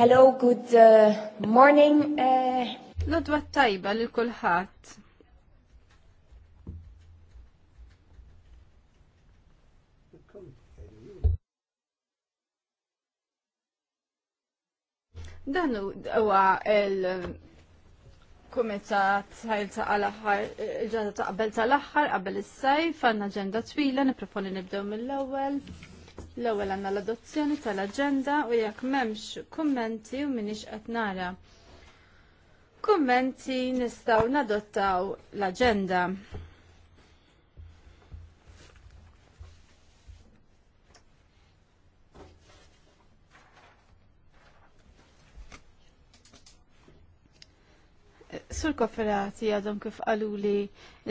Hello, good uh, morning. Uh... tajba lil kulħadd. Dan huwa il-kumitat ħajlta għal-aħħar, il-ġadda ta' qabel tal-aħħar, qabel is-sajf, għandna ġenda twila, nipproponi nibdew mill-ewwel. L-ewwel għandna l-adozzjoni tal-aġenda u jekk m'hemmx kummenti u minix qed nara. Kummenti nistgħu nadottaw l-aġenda. Sur kofferati għadhom kif qaluli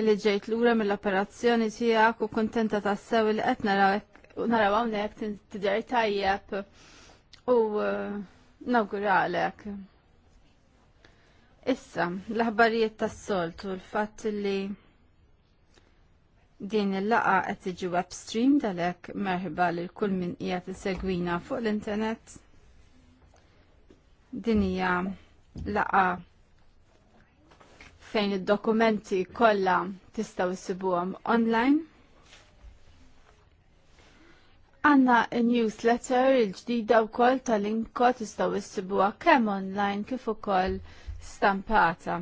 li ġejt lura mill-operazzjoni tiegħek u kuntenta tassew li qed naraw naraw hawnhekk tidher tajjeb u eh, nawguralek. Issa, l-aħbarijiet tas-soltu, l fat li din il-laqa qed tiġi web dalek merħba li kull min qiegħed isegwina fuq l-internet. Din hija laqa fejn id-dokumenti kollha tistgħu issibuhom online. Għanna newsletter il-ġdida u kol tal-inko tistaw issibuwa kemm online kif ukoll stampata.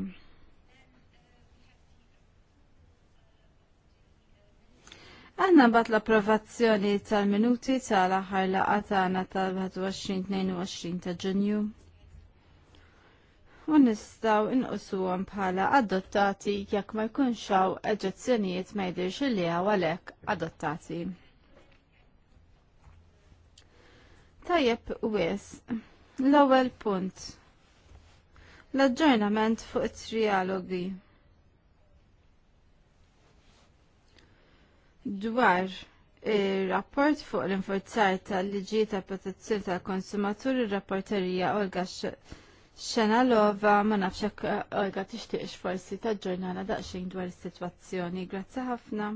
Għanna bat l-approvazzjoni tal-minuti tal-aħħar laqa tagħna tal 22 22 ta' Ġunju. U nistgħu għan bħala adottati jekk ma jkunx hawn ma jidhirx li għalhekk adottati. Tajjeb wis. L-ewwel punt. L-aġġornament fuq it-trialogi. Dwar il-rapport fuq l-infurzar tal-liġi ta' protezzjoni tal-konsumaturi r-rapporterija Olga Xenalova ma nafxek Olga tixtieqx forsi ta' ġurnala daqsxejn dwar is-sitwazzjoni. Grazzi ħafna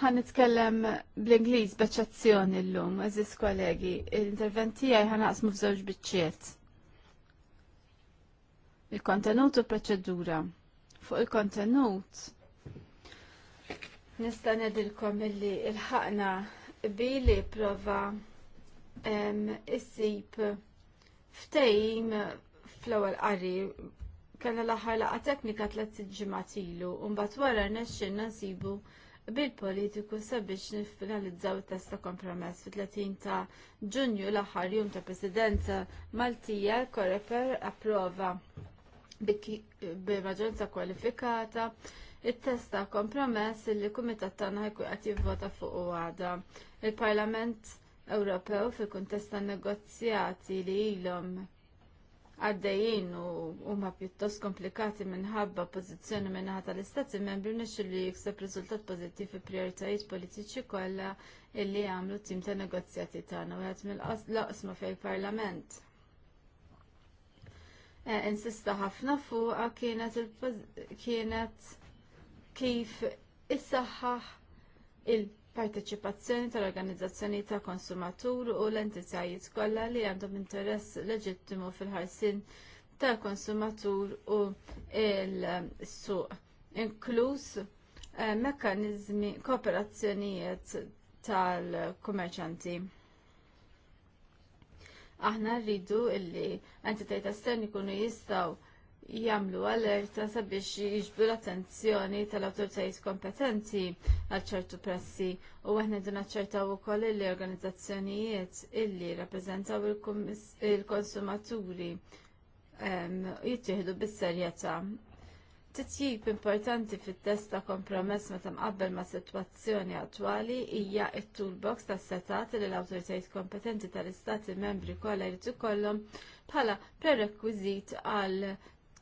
ħan nitkellem bl-Ingliż l llum, eżis kollegi, l-intervent tiegħi għan għasmu f'żewġ biċċiet. Il-kontenut u proċedura. Fuq il-kontenut nista' ngħidilkom illi il-ħaqna bili prova issib ftejim fl-ewwel qari kellna l-aħħar laqgħa teknika tliet ġimgħat ilu u mbagħad wara rnexxinna nsibu bil-politiku sabiex nifinalizzaw it kompromess fit-30 ta' ġunju l-aħħar jum ta' presidenza Maltija Koreper approva b'maġġoranza kwalifikata it testa kompromess li kumitat tagħna ħajkun qed jivvota fuq u għada. Il-Parlament Ewropew fil kuntesta negozjati li ilhom għaddejjien u huma pjuttost komplikati minħabba pożizzjoni minnaħa tal-istati membri nixxu li jiksab riżultat pożittiv fi prioritajiet politiċi kollha illi għamlu tim ta' negozjati tagħna u għed mill-laqsma fej parlament e, Insista ħafna fuqha kienet kienet kif issaħħaħ il parteċipazzjoni tal-organizzazzjoni ta' konsumatur u l-entitajiet kollha li għandhom interess leġittimu fil-ħarsin tal-konsumatur u l-suq, inkluż eh, mekkaniżmi kooperazzjonijiet tal-kummerċanti. Aħna rridu illi entitajiet esterni jkunu jistgħu jamlu alerta sabiex jiġbdu l-attenzjoni tal-autoritajiet kompetenti għal ċertu pressi u għahna din u ukoll li organizzazzjonijiet illi rappresentaw il-konsumaturi ehm, jittieħdu bis-serjetà. Titjib importanti fit-test ta' kompromess meta mqabbel ma' sitwazzjoni attwali hija t toolbox tas setat li l-awtoritajiet kompetenti tal-istati membri kollha jrid ikollhom bħala prerekwiżit għal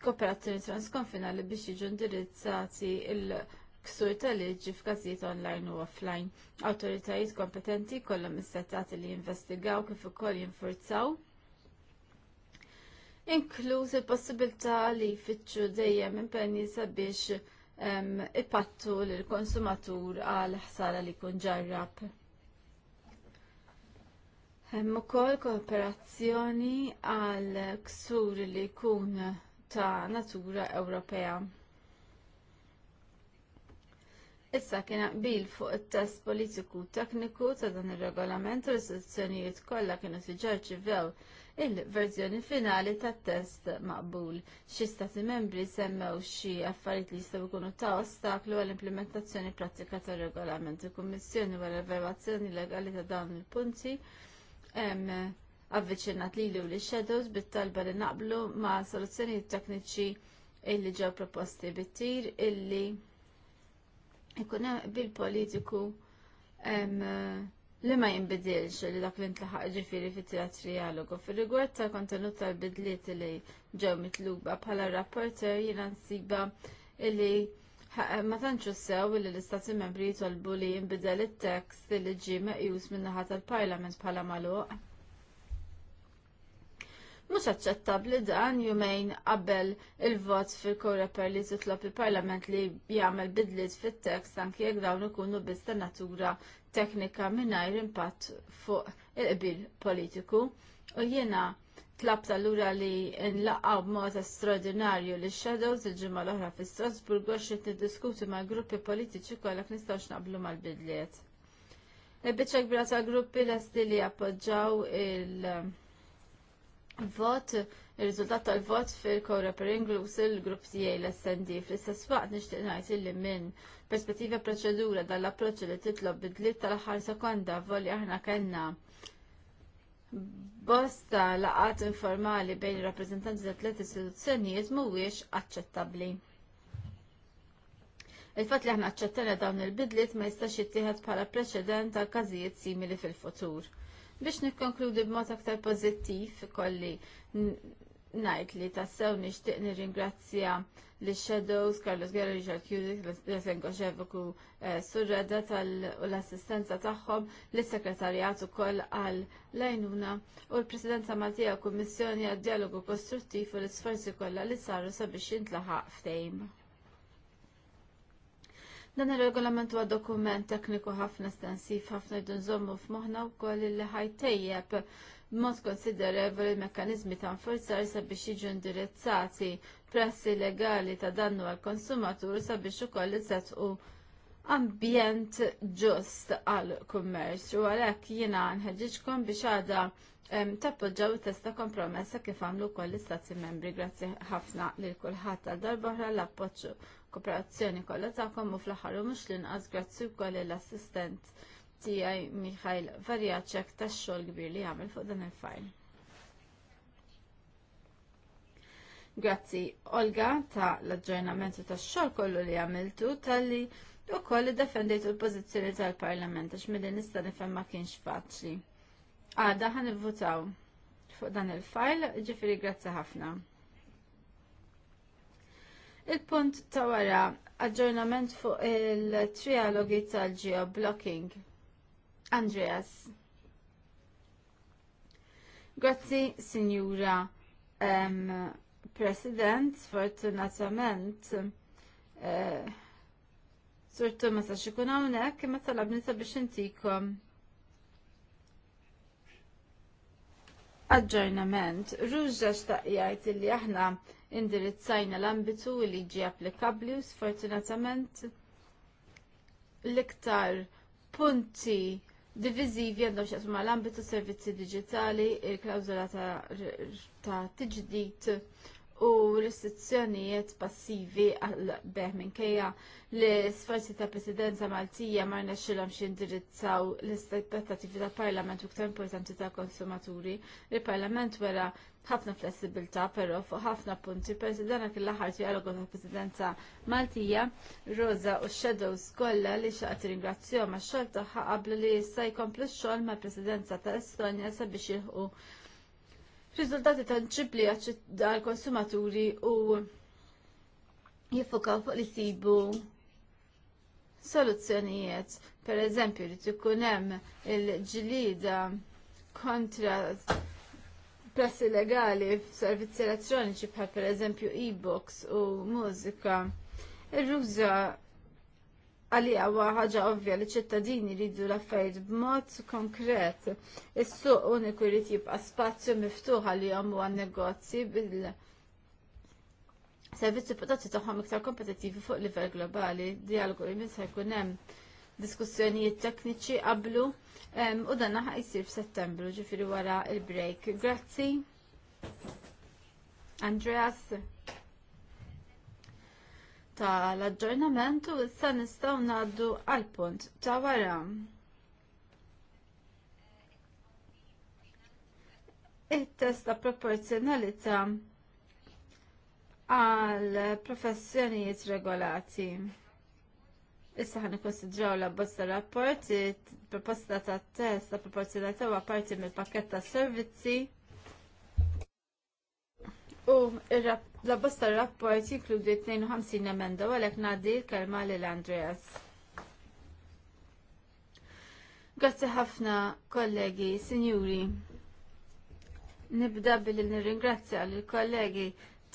kooperazzjoni transkonfinali biex jiġu indirizzati l ksur tal-liġi f'każijiet online u offline. Awtoritajiet kompetenti jkollhom is li jinvestigaw kif ukoll jinfurzaw. Inkluż il-possibilità li jfittxu dejjem impenni sabiex ipattu lill konsumatur għal ħsara li jkun ġarrab. Hemm ukoll kooperazzjoni għal ksur li jkun ta' natura Ewropea. Issa kien qbil fuq it-test politiku tekniku ta' dan ir-regolament u l-istituzzjonijiet kollha kienu tiġarċivew il-verżjoni finali tat-test maqbul. Xi stati membri semmew xi affarijiet li jistgħu jkunu ta' ostaklu għall-implementazzjoni prattika tar-regolament. Il-Kummissjoni wara l-evalwazzjoni legali ta' dawn il-punti avviċinat li li u li shadows bit-talba li naqblu ma' soluzzjonijiet tekniċi illi ġew proposti bit-tir illi ikun bil-politiku li ma jinbidilx li dak li ntlaħaq ġifiri fit trialogu. Fil-rigward ta' kontenut tal-bidliet li ġew mitluba bħala rapporter jina nsiba illi ma tantxu sew li l-istati membri jitolbu li jinbidel it-tekst li ġie meqjus min-naħa tal-Parlament bħala magħluq. Mhux aċċettabbli dan jumejn qabel il-vot fil-Koreper li titlob il-Parlament li jagħmel bidliet fit-tekst anke jekk dawn ikunu biss ta' natura teknika mingħajr impatt fuq il-qbil politiku. U jiena tlabta tal-lura li nlaqgħu b'mod estraordinarju li shadows il-ġimgħa l-oħra fi Strasburgu għax qed niddiskuti mal-gruppi politiċi kollha nistgħux naqblu mal-bidliet. Il-biċċa kbira ta' gruppi lesti li appoġġaw il- vot, il-rizultat tal-vot fil-kora per inglus il-grupp tiegħi l-SND fl-istess waqt nixtieq ngħid illi minn perspettiva proċedura dal-approċċ li titlob bidliet tal-aħħar sekonda voli aħna kellna bosta laqat informali bejn rappreżentanti ta' tliet istituzzjonijiet mhuwiex aċċettabbli. Il-fatt li aħna aċċettana dawn il-bidliet ma jistax jittieħed bħala preċedent għal każijiet simili fil-futur. Biex nikkonkludi b'mod aktar pożittiv kolli najt li tassew nixtieq nirringrazzja li shadows Carlos Guerra, Richard Cusick, Lesen Goxeviku, eh, Surreda u l-assistenza tagħhom, lis sekretarjat ukoll għal lajnuna u l-Presidenza Maltija Kummissjoni għad dialogu kostruttiv u l-isforzi kollha li saru sabiex jintlaħaq ftehim. Dan il-regolament huwa dokument tekniku ħafna stensiv ħafna jdu nżommu f'moħħna wkoll li ħajtejjeb b'mod konsiderevoli l-mekkaniżmi ta' nforzar sabiex jiġu indirizzati prassi legali ta' dannu għall konsumatur sabiex ukoll isettqu ambjent ġust għal kummerċ u għalhekk jiena nħeġġiġkom biex għadha tappoġġaw testa kompromessa kif għamlu koll l-istati membri grazzi ħafna lil kulħadd għal darba l-appoġġ kooperazzjoni kollha tagħkom u fl-aħħar u mhux linqas grazzi wkoll l-assistent tiegħi Mikhail Varjaċek tax-xogħol kbir li jagħmel fuq dan il-fajl. Grazzi Olga ta' l-aġġornamentu tax-xogħol kollu li għamiltu u wkoll iddefendejtu l-pożizzjoni tal-Parlament għax milli nista' nifhem ma kienx faċli. Għada votaw fuq dan il-fajl, ġifiri grazzi ħafna. Il-punt ta' wara aġġornament fuq il-trialogi tal-geoblocking. Andreas. Grazzi, Signora um, President, fortunatament. Uh, eh, Surtu ma sax ikun hawnhekk imma talabni biex intikom aġġornament. rruġġa xtaqjajt li aħna indirizzajna l-ambitu li ġi applikabli u sfortunatament l-iktar punti diviżivi għandhom xaqsmu mal ambitu servizzi digitali, il-klawzola ta', ta tiġdid u restrizzjonijiet passivi għal beħ minkejja li sforzi ta' presidenza Maltija ma rnexxilhom xindirizzaw l-istattattivi ta' parlament u ktar importanti ta' konsumaturi. Il-parlament wera ħafna flessibilità però fuq ħafna punti presidenta kien l-aħħar dialogu ta' presidenza Maltija, Rosa u Shadows kollha li xaqt ringrazzjom għax-xogħol tagħha qablu li jista' jkomplu x-xogħol mal-presidenza ta' Estonja sabiex jilħu riżultati tanġibli għal konsumaturi u jiffokaw fuq li sibu soluzzjonijiet. Per eżempju, li ikun hemm il ġilida kontra prassi legali f'servizzi elettroniċi bħal per eżempju e-books u mużika. il ruża għalija huwa ħaġa ovvja li ċittadini jridu l-affarijiet b'mod konkret. Is-suq uniku jrid jibqa' spazju miftuħ għalihom u għan-negozji bil- servizzi prodotti tagħhom iktar kompetittivi fuq livell globali, dialogu jmiss jkun hemm diskussjonijiet tekniċi qablu u dan ħa jsir f'Settembru ġifieri wara il-break. Grazzi. Andreas tal-aġġornament u issa nistgħu ngħaddu għall punt ta' wara. it-test ta' proporzjonalità għal professjonijiet regolati. Issa ħan ikkonsidraw la bosta rapport, proposta ta' test ta' proporzjonalità huwa parti mill-pakket ta' servizzi U l-abbasta rapport jinkludi 52 emenda u għalek naddi l-kelma l-Andreas. Grazzi ħafna kollegi, sinjuri. Nibda billi nirringrazzja l-kollegi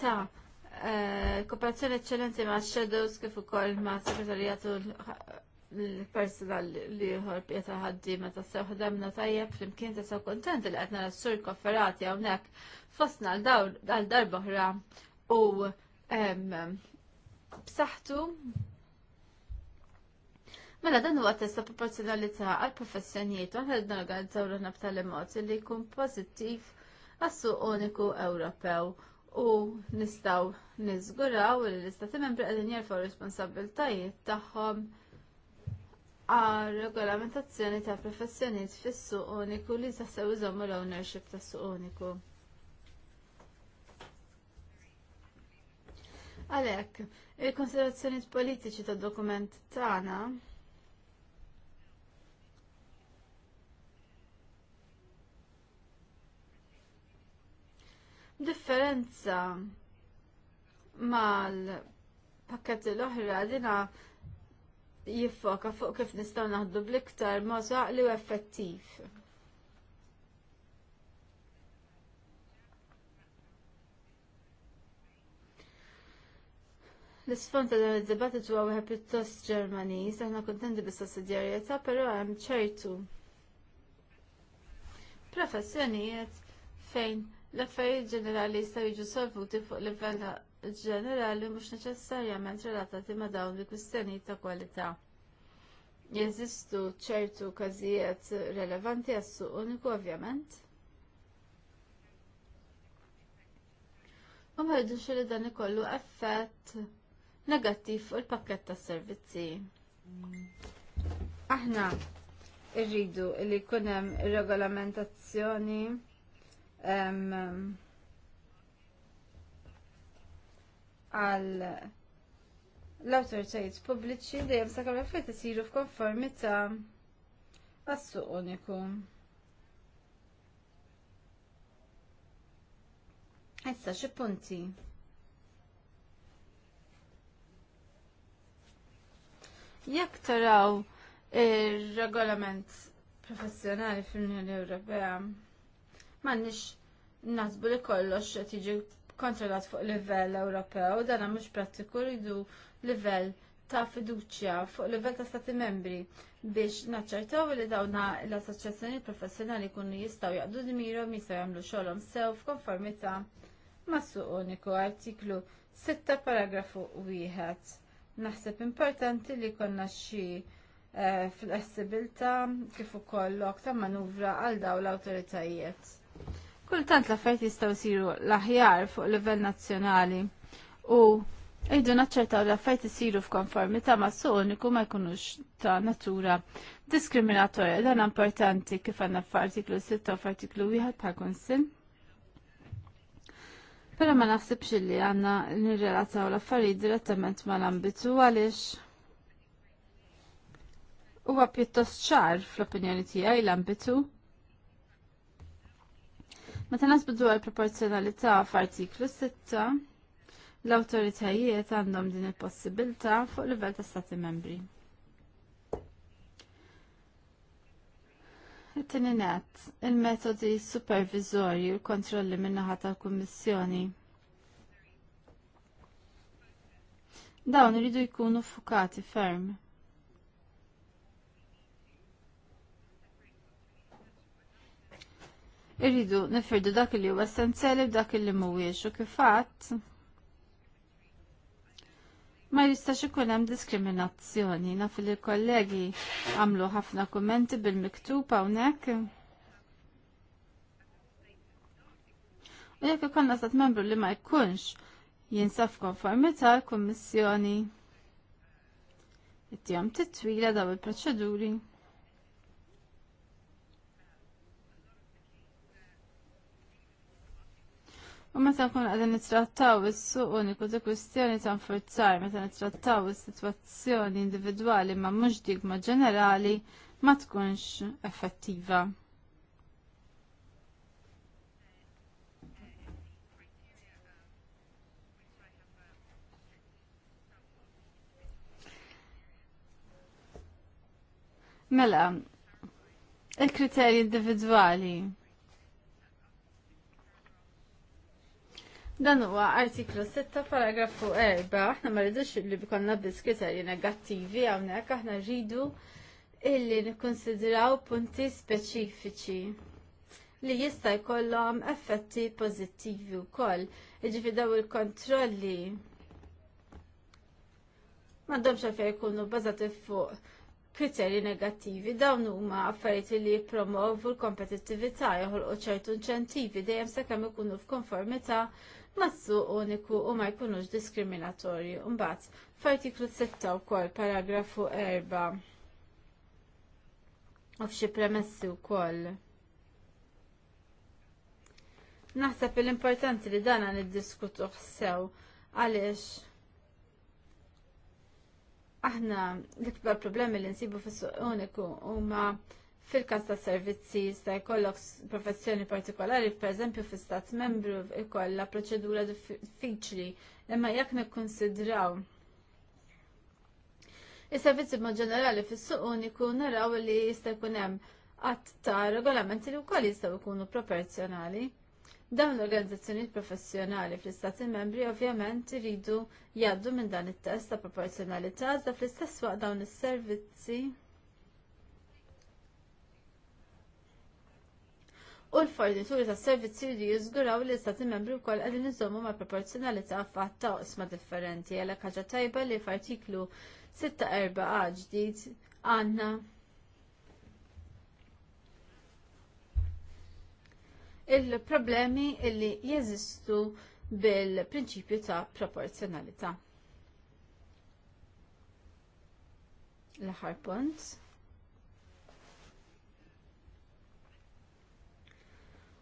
ta' eh, kooperazzjoni eccellenti ma' Shadows kif ukoll ma' Sekretarjatu l-persona li jħor pieta ma ta' damna ħadamna tajjeb flimkien ta' sew kontent li għetna l-sur kofferati għawnek fosna għal darba ħra u b'saħħtu. Mela dan huwa test ta' proporzjonalità għal professjonijiet għal għedna organizzaw l b'tal-imot li jkun pozittiv għassu uniku Ewropew u nistaw niżguraw li l-istati membri qegħdin jirfaw responsabiltajiet tagħhom. Ta għal regolamentazzjoni ta' professjoniet fis-suq uniku li taħseb iżommu l-ownership tas suq uniku. Għalhekk, il-konsiderazzjonijiet politiċi tad dokument tagħna differenza mal-pakketti l-oħra dina jiffoka fuq kif nistgħu naħdu bl-iktar możaq u effettiv. L-isfond ta' dan id-dibattitu huwa wieħed pjuttost Ġermaniż, aħna kuntenti bis-sussidjarjetà, però hemm ċertu professjonijiet fejn l-affarijiet ġenerali jistgħu jiġu solvuti fuq livell ġenerali mhux neċessarjament relatati ma' dawn il kwistjonijiet ta' kwalità. Jeżistu ċertu każijiet relevanti għassu uniku ovvjament. U ma jidux li dan ikollu effett negattiv fuq il-pakket tas servizzi. Aħna rridu li jkun hemm regolamentazzjoni għal l-autoritajiet pubbliċi dejjem sa kemm affett isiru f'konformità għas għassu uniku. Issa xi punti. Jekk taraw ir-regolament professjonali fl-Unjoni Ewropea, m'għandniex nasbu li kollox qed jiġi kontrollat fuq livell Ewropew, dan mhux prattiku rridu livell ta' fiduċja fuq livell ta' stati membri biex naċċertaw li dawna l-assoċjazzjoni professjonali kunu jistgħu jaqdu dmirhom jistgħu jagħmlu xogħolhom sew f'konformità mas suq uniku artiklu 6 paragrafu 1. Naħseb importanti li konna xi eh, fil kif ukoll ta' manuvra għal dawn l-awtoritajiet. Kultant l-affarijiet jistgħu jsiru l-aħjar fuq livell nazzjonali u Ejdu naċċertaw li affajt isiru f'konformità ma' suq uniku ma' jkunux ta' natura diskriminatorja dan importanti kif għandna f'artiklu 6 u f'artiklu 1 ta' kunsil. Però ma naħsibx li għandna nirrelataw l-affarijiet direttament mal-ambitu għaliex huwa pjuttost ċar fl-opinjoni tiegħi l-ambitu Meta nasbidu għal proporzjonalità f'artiklu 6, l-awtoritajiet għandhom din il-possibilità fuq livell ta' stati membri. tininet il-metodi supervizori u l-kontrolli minnaħat tal-Kummissjoni. Dawn iridu jkunu fukati ferm. irridu nifirdu dak li huwa essenzjali b'dak li mhuwiex u kif fatt ma jistax ikun hemm diskriminazzjoni. Naf li kollegi għamlu ħafna kummenti bil-miktub hawnhekk. U jekk ikollna stat membru li ma jkunx jinsaf f'konformità l-Kummissjoni. Ittihom titwila daw il-proċeduri. U meta nkun qegħdin nittrattaw is-suq uniku di kwistjoni ta' nfurzar meta nittrattaw is-sitwazzjoni individwali ma' mhux digma ġenerali ma tkunx effettiva. Mela, il-kriterji individwali Dan huwa artiklu 6 paragrafu 4, aħna ma rridux li bikonna biss kriterji negattivi hawnhekk aħna rridu illi nikkonsidraw punti speċifiċi li jista' jkollhom effetti pożittivi wkoll. Jiġifieri daw il-kontrolli m'għandhomx għalfejn jkunu bbażati fuq kriterji negattivi dawn huma affarijiet li jippromovu l-kompetittività joħolqu ċertu inċentivi dejjem sakemm ikunu f'konformità mas-suq uniku u ma jkunux diskriminatorji. Mbagħad f'artiklu 6 wkoll paragrafu 4 u f'xi premessi wkoll. Naħseb l-importanti li dan niddiskutu sew għaliex aħna l-ikbar problemi li nsibu fis-suq uniku huma ma Fil-kas ta' servizzi jista' jkollok professjoni partikolari, pereżempju fi stat membru ikollha proċedura diffiċli, imma jekk nikkonsidraw Is-servizzi b'mod ġenerali fis-suq uniku naraw li jista' jkun hemm qatt ta' regolamenti li wkoll jistgħu jkunu proporzjonali. Dawn l-organizzazzjonijiet professjonali fl-Istati membri ovvjament iridu jgħaddu minn dan it-test ta' proporzjonalità iżda fl-istess waqt dawn is-servizzi u l-fornituri tas servizzi li jiżguraw li l-istati membri wkoll qegħdin iżommu ma' proporzjonalità fatt ta' oqsma differenti għalhekk ħaġa tajba li f'artiklu 6 a ġdid għandna il-problemi li jeżistu bil-prinċipju ta' proporzjonalità. L-aħħar punt.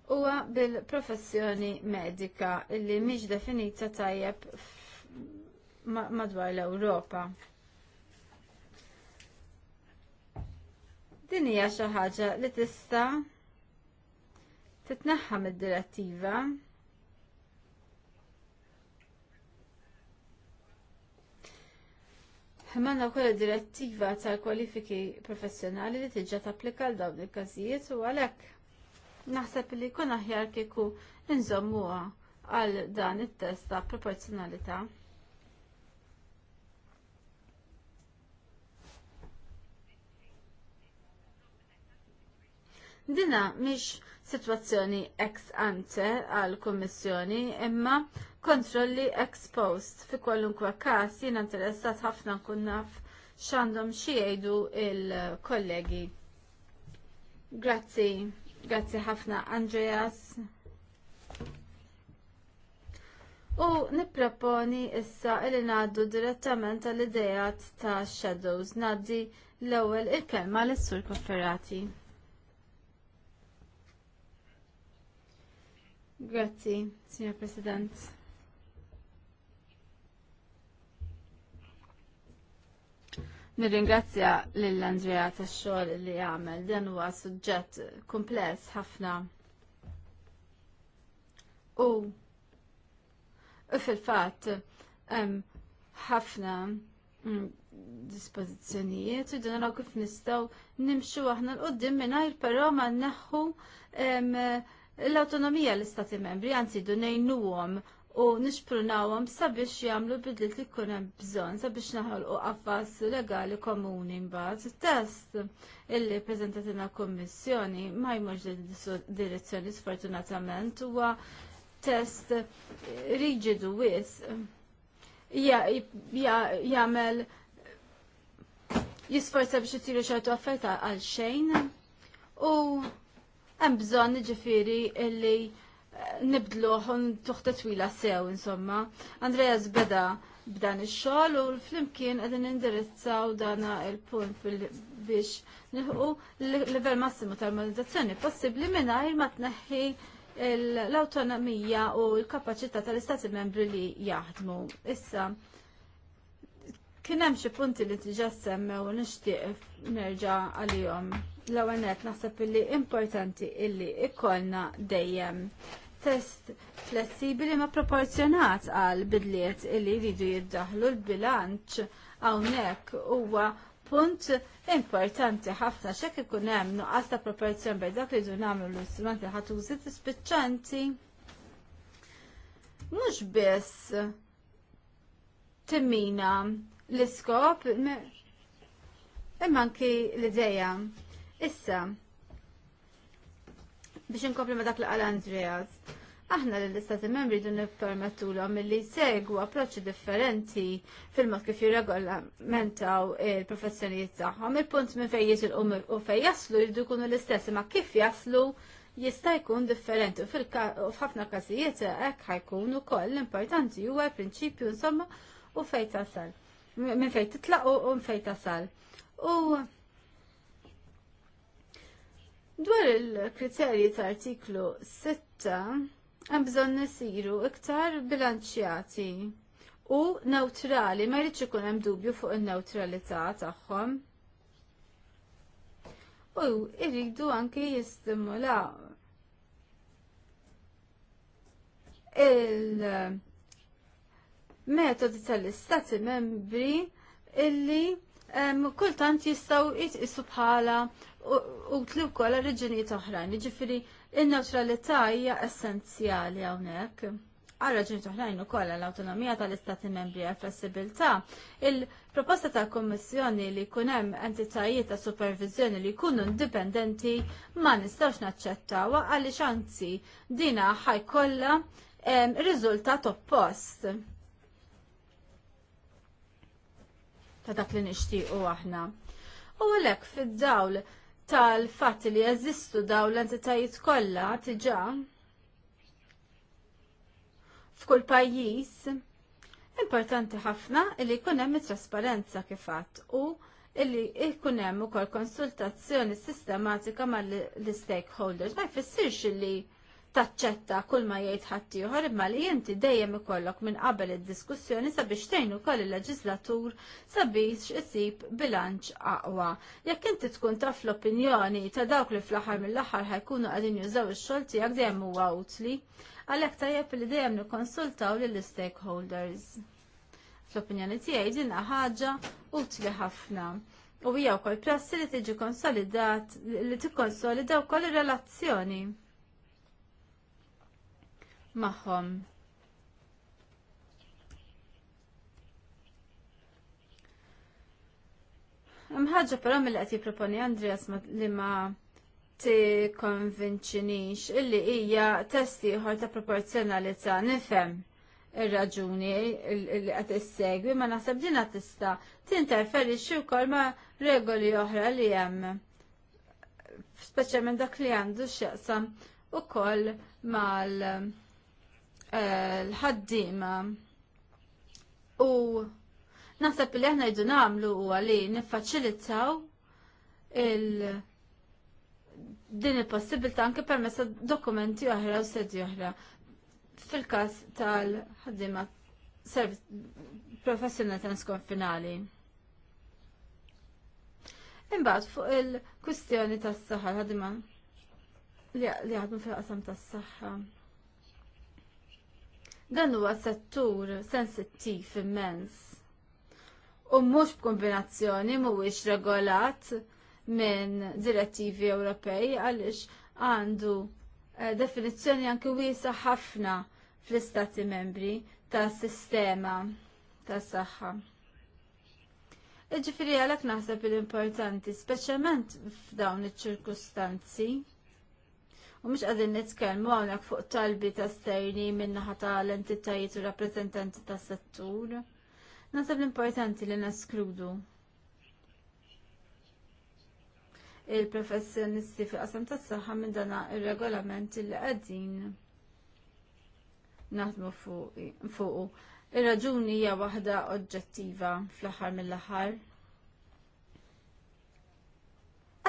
huwa bil-professjoni medika li mhix definita tajjeb madwar l-Ewropa. Din hija xi ħaġa li tista' titneħħa mid-direttiva Ħemmanna kolla direttiva tal-kwalifiki professjonali li tiġġa tapplika l dawn il-każijiet u għalhekk naħseb li kun aħjar kieku nżommuha għal dan it-test ta' proporzjonalità. Dina miex sitwazzjoni ex ante għal kummissjoni imma kontrolli ex post fi kwalunkwe każ jina interessat ħafna nkun naf x'għandhom xi jgħidu il-kollegi. Grazzi. Grazzi ħafna Andreas. U nipproponi issa li ngħaddu direttament għall idejat ta' Shadows ngħaddi l-ewwel il-kelma lis sur Kofferati. Grazzi, Signor President. Nirringrazzja lill-Andrea tax-xogħol li għamel dan huwa suġġett kumpless ħafna. U fil-fatt hemm ħafna mm, dispożizzjonijiet u dan naraw kif nistgħu nimxu aħna l qudiem mingħajr però ma nneħħu l-awtonomija l-Istati Membri, anzi dunejnuhom u nixprunawhom sabiex jagħmlu bidliet li jkun hemm bżonn sabiex naħolqu għaffas legali komuni mbaħt. It-test illi preżentatina l-Kummissjoni ma jmorx direzzjoni sfortunatament huwa test riġidu wis jagħmel jisforza biex jitiru xartu affetta għal xejn u hemm bżonn ġifieri illi nibdluħ un tuħta twila sew, insomma. Andreas beda b'dan ix-xogħol u flimkien qegħdin indirizzaw dan il-punt biex nilħu l-livell massimu tal-modernizzazzjoni possibbli mingħajr ma tneħħi l-awtonomija u l-kapaċità tal-istati membri li jaħdmu. Issa, kien hemm xi punti li diġà semmew nixtieq nerġa' għalihom l-ewwel naħseb illi importanti illi ikollna dejjem test flessibili ma proporzjonat għal bidliet illi jridu jiddaħlu l-bilanċ hawnhekk huwa punt importanti ħafna xek ikun hemm nuqqas ta' proporzjon bejn dak li jridu nagħmlu l-istrumenti ħatużi spiċċanti. mhux biss timmina l-iskop imma anki l-idea. Issa, biex inkopli ma dak li qal Andreas. Aħna l istati membri dun nippermettulhom milli jsegwu approċċi differenti fil-mod kif jirregolamentaw il-professjonijiet tagħhom. Il-punt minn fejn jisilqu u fejn jaslu jridu jkunu l-istess ma kif jaslu jista' jkun differenti u f'ħafna każijiet hekk ħajkun ukoll l-importanti huwa l-prinċipju insomma u fejn tasal. Minn fejn titlaq u minn tasal. U Dwar il-kriterji ta' artiklu 6 hemm bżonn isiru iktar bilanċjati u neutrali, ma jridx ikun hemm dubju fuq in-neutralità tagħhom. U jridu anke jistimula il-metodi tal-istati membri illi ehm, kultant jistaw jitqisu bħala u tlu kol reġunijiet oħrajn. Ġifiri, il-neutralità hija essenzjali hawnhekk. Għal raġuni toħrajn ukoll l-autonomija tal-Istati membri għal flessibilità, il-proposta tal-Kommissjoni li jkun hemm entitajiet ta' supervizjoni li jkunu indipendenti ma nistgħux naċċettawha għaliex anzi dina ħajkollha riżultat oppost. Ta' dak li nixtiequ aħna. U għalhekk fid-dawl tal-fatt li jeżistu daw l-entitajiet kollha tiġa f'kull pajjiż importanti ħafna li jkun hemm trasparenza kif fatt u illi jkun hemm ukoll konsultazzjoni sistematika mal-stakeholders ma jfissirx li taċċetta kull ma jgħid ħaddieħor imma li inti dejjem ikollok minn qabel id-diskussjoni sabiex tgħin ukoll il-leġislatur sabiex isib bilanċ aqwa. Jekk inti tkun taf l-opinjoni ta' dawk li fl-aħħar mill-aħħar ħajkunu qegħdin jużaw ix-xogħol tiegħek dejjem huwa utli, għalhekk tajjeb li dejjem nikkonsultaw lill-stakeholders. Fl-opinjoni tiegħi din ħaġa utli ħafna. U hija wkoll prassi li tiġi konsolidat li tikkonsolida wkoll ir-relazzjoni magħhom. Hemm ħaġa però mill qed jipproponi Andreas li ma tikkonvinċinix illi hija test ieħor ta' proporzjonalità nifhem ir-raġuni li qed issegwi ma naħseb din tista' tinterferixxi wkoll ma' regoli oħra li hemm. Speċjalment dak li għandu x'jaqsam ukoll mal Eh, l-ħaddima u naħseb li aħna jdu nagħmlu huwa li niffaċilitaw il- din il-possibilità anke permessa dokumenti oħra u sedji oħra. Fil-każ tal-ħaddima servizz professjonali finali Imbagħad fuq il-kwistjoni tas-saħħa ħaddima li għadmu fil-qasam tas-saħħa. Dan huwa settur sensittiv immens. U mhux b'kombinazzjoni mhuwiex regolat minn direttivi Ewropej għaliex għandu eh, definizzjoni anke wiesa ħafna fl-istati membri ta' sistema ta' saħħa. Iġifiri għalhekk naħseb l-importanti, specialment f'dawn iċ-ċirkustanzi. U mhux qegħdin nitkellmu hawnhekk fuq talbi ta' sterni min-naħa tal-entitajiet u rappreżentanti tas settur. Nasab l-importanti li naskludu il-professjonisti fi qasam tas saħħa minn dan ir-regolament li qegħdin naħdmu fuqu. Ir-raġuni hija waħda oġġettiva fl-aħħar mill-aħħar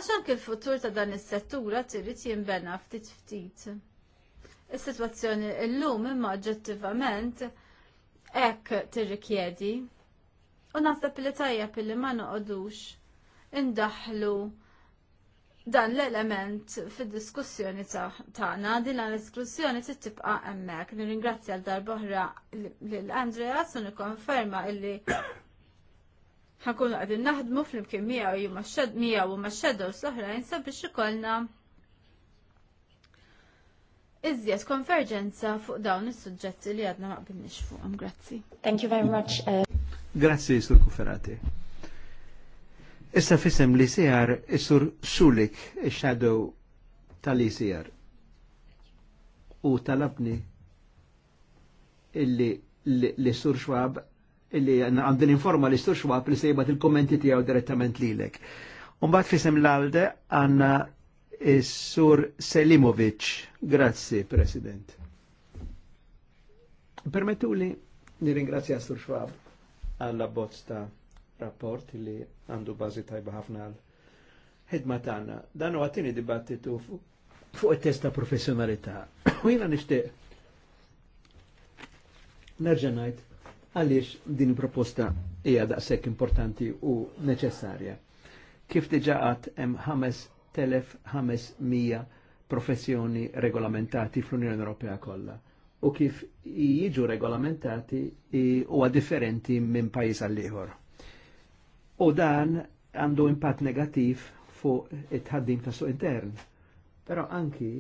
Għax anke l-futur ta' dan is-settura trid jinbena ftit ftit. Is-sitwazzjoni llum imma oġġettivament hekk tirrikjedi. U naħseb li tajjeb li ma noqogħdux indaħlu dan l-element fil-diskussjoni tagħna din l-diskussjoni trid tibqa' hemmhekk. Nirringrazzja l darboħra lil Andreas u nikkonferma illi ħankunu għadin naħdmu fl-imkien miegħu jew miegħu ma' shadows l-oħrajn sabiex ikollna iżjed konverġenza fuq dawn is-suġġetti li għadna ma qbilniex fuqhom. Grazzi. Thank you very much. Uh, Grazzi, Sur Kuferati. Issa fisem li sijar Sur Sulik, il-shadow tal sijar. U talabni illi li Sur Schwab illi għandin informa li sturx waqt li sejbat il-kommenti tijaw direttament lilek. Umbat fisem l-alde għanna Sur Selimovic. Grazzi, President. Permettu li nirringrazzja Sur Schwab għalla bozz ta' rapport li għandu bazi tajba ħafna għal ħidma tagħna. Dan huwa tieni dibattitu fuq it testa ta' professjonalità. U jiena nixtieq nerġa' ngħid għaliex din proposta hija daqshekk importanti u neċessarja. Kif diġa qatt hemm 5500 professjoni regolamentati fl-Unjoni Ewropea kollha u kif jiġu regolamentati huwa differenti minn pajjiż għal ieħor. U dan għandu impatt negativ fuq it-ħaddim ta' suq intern, però anki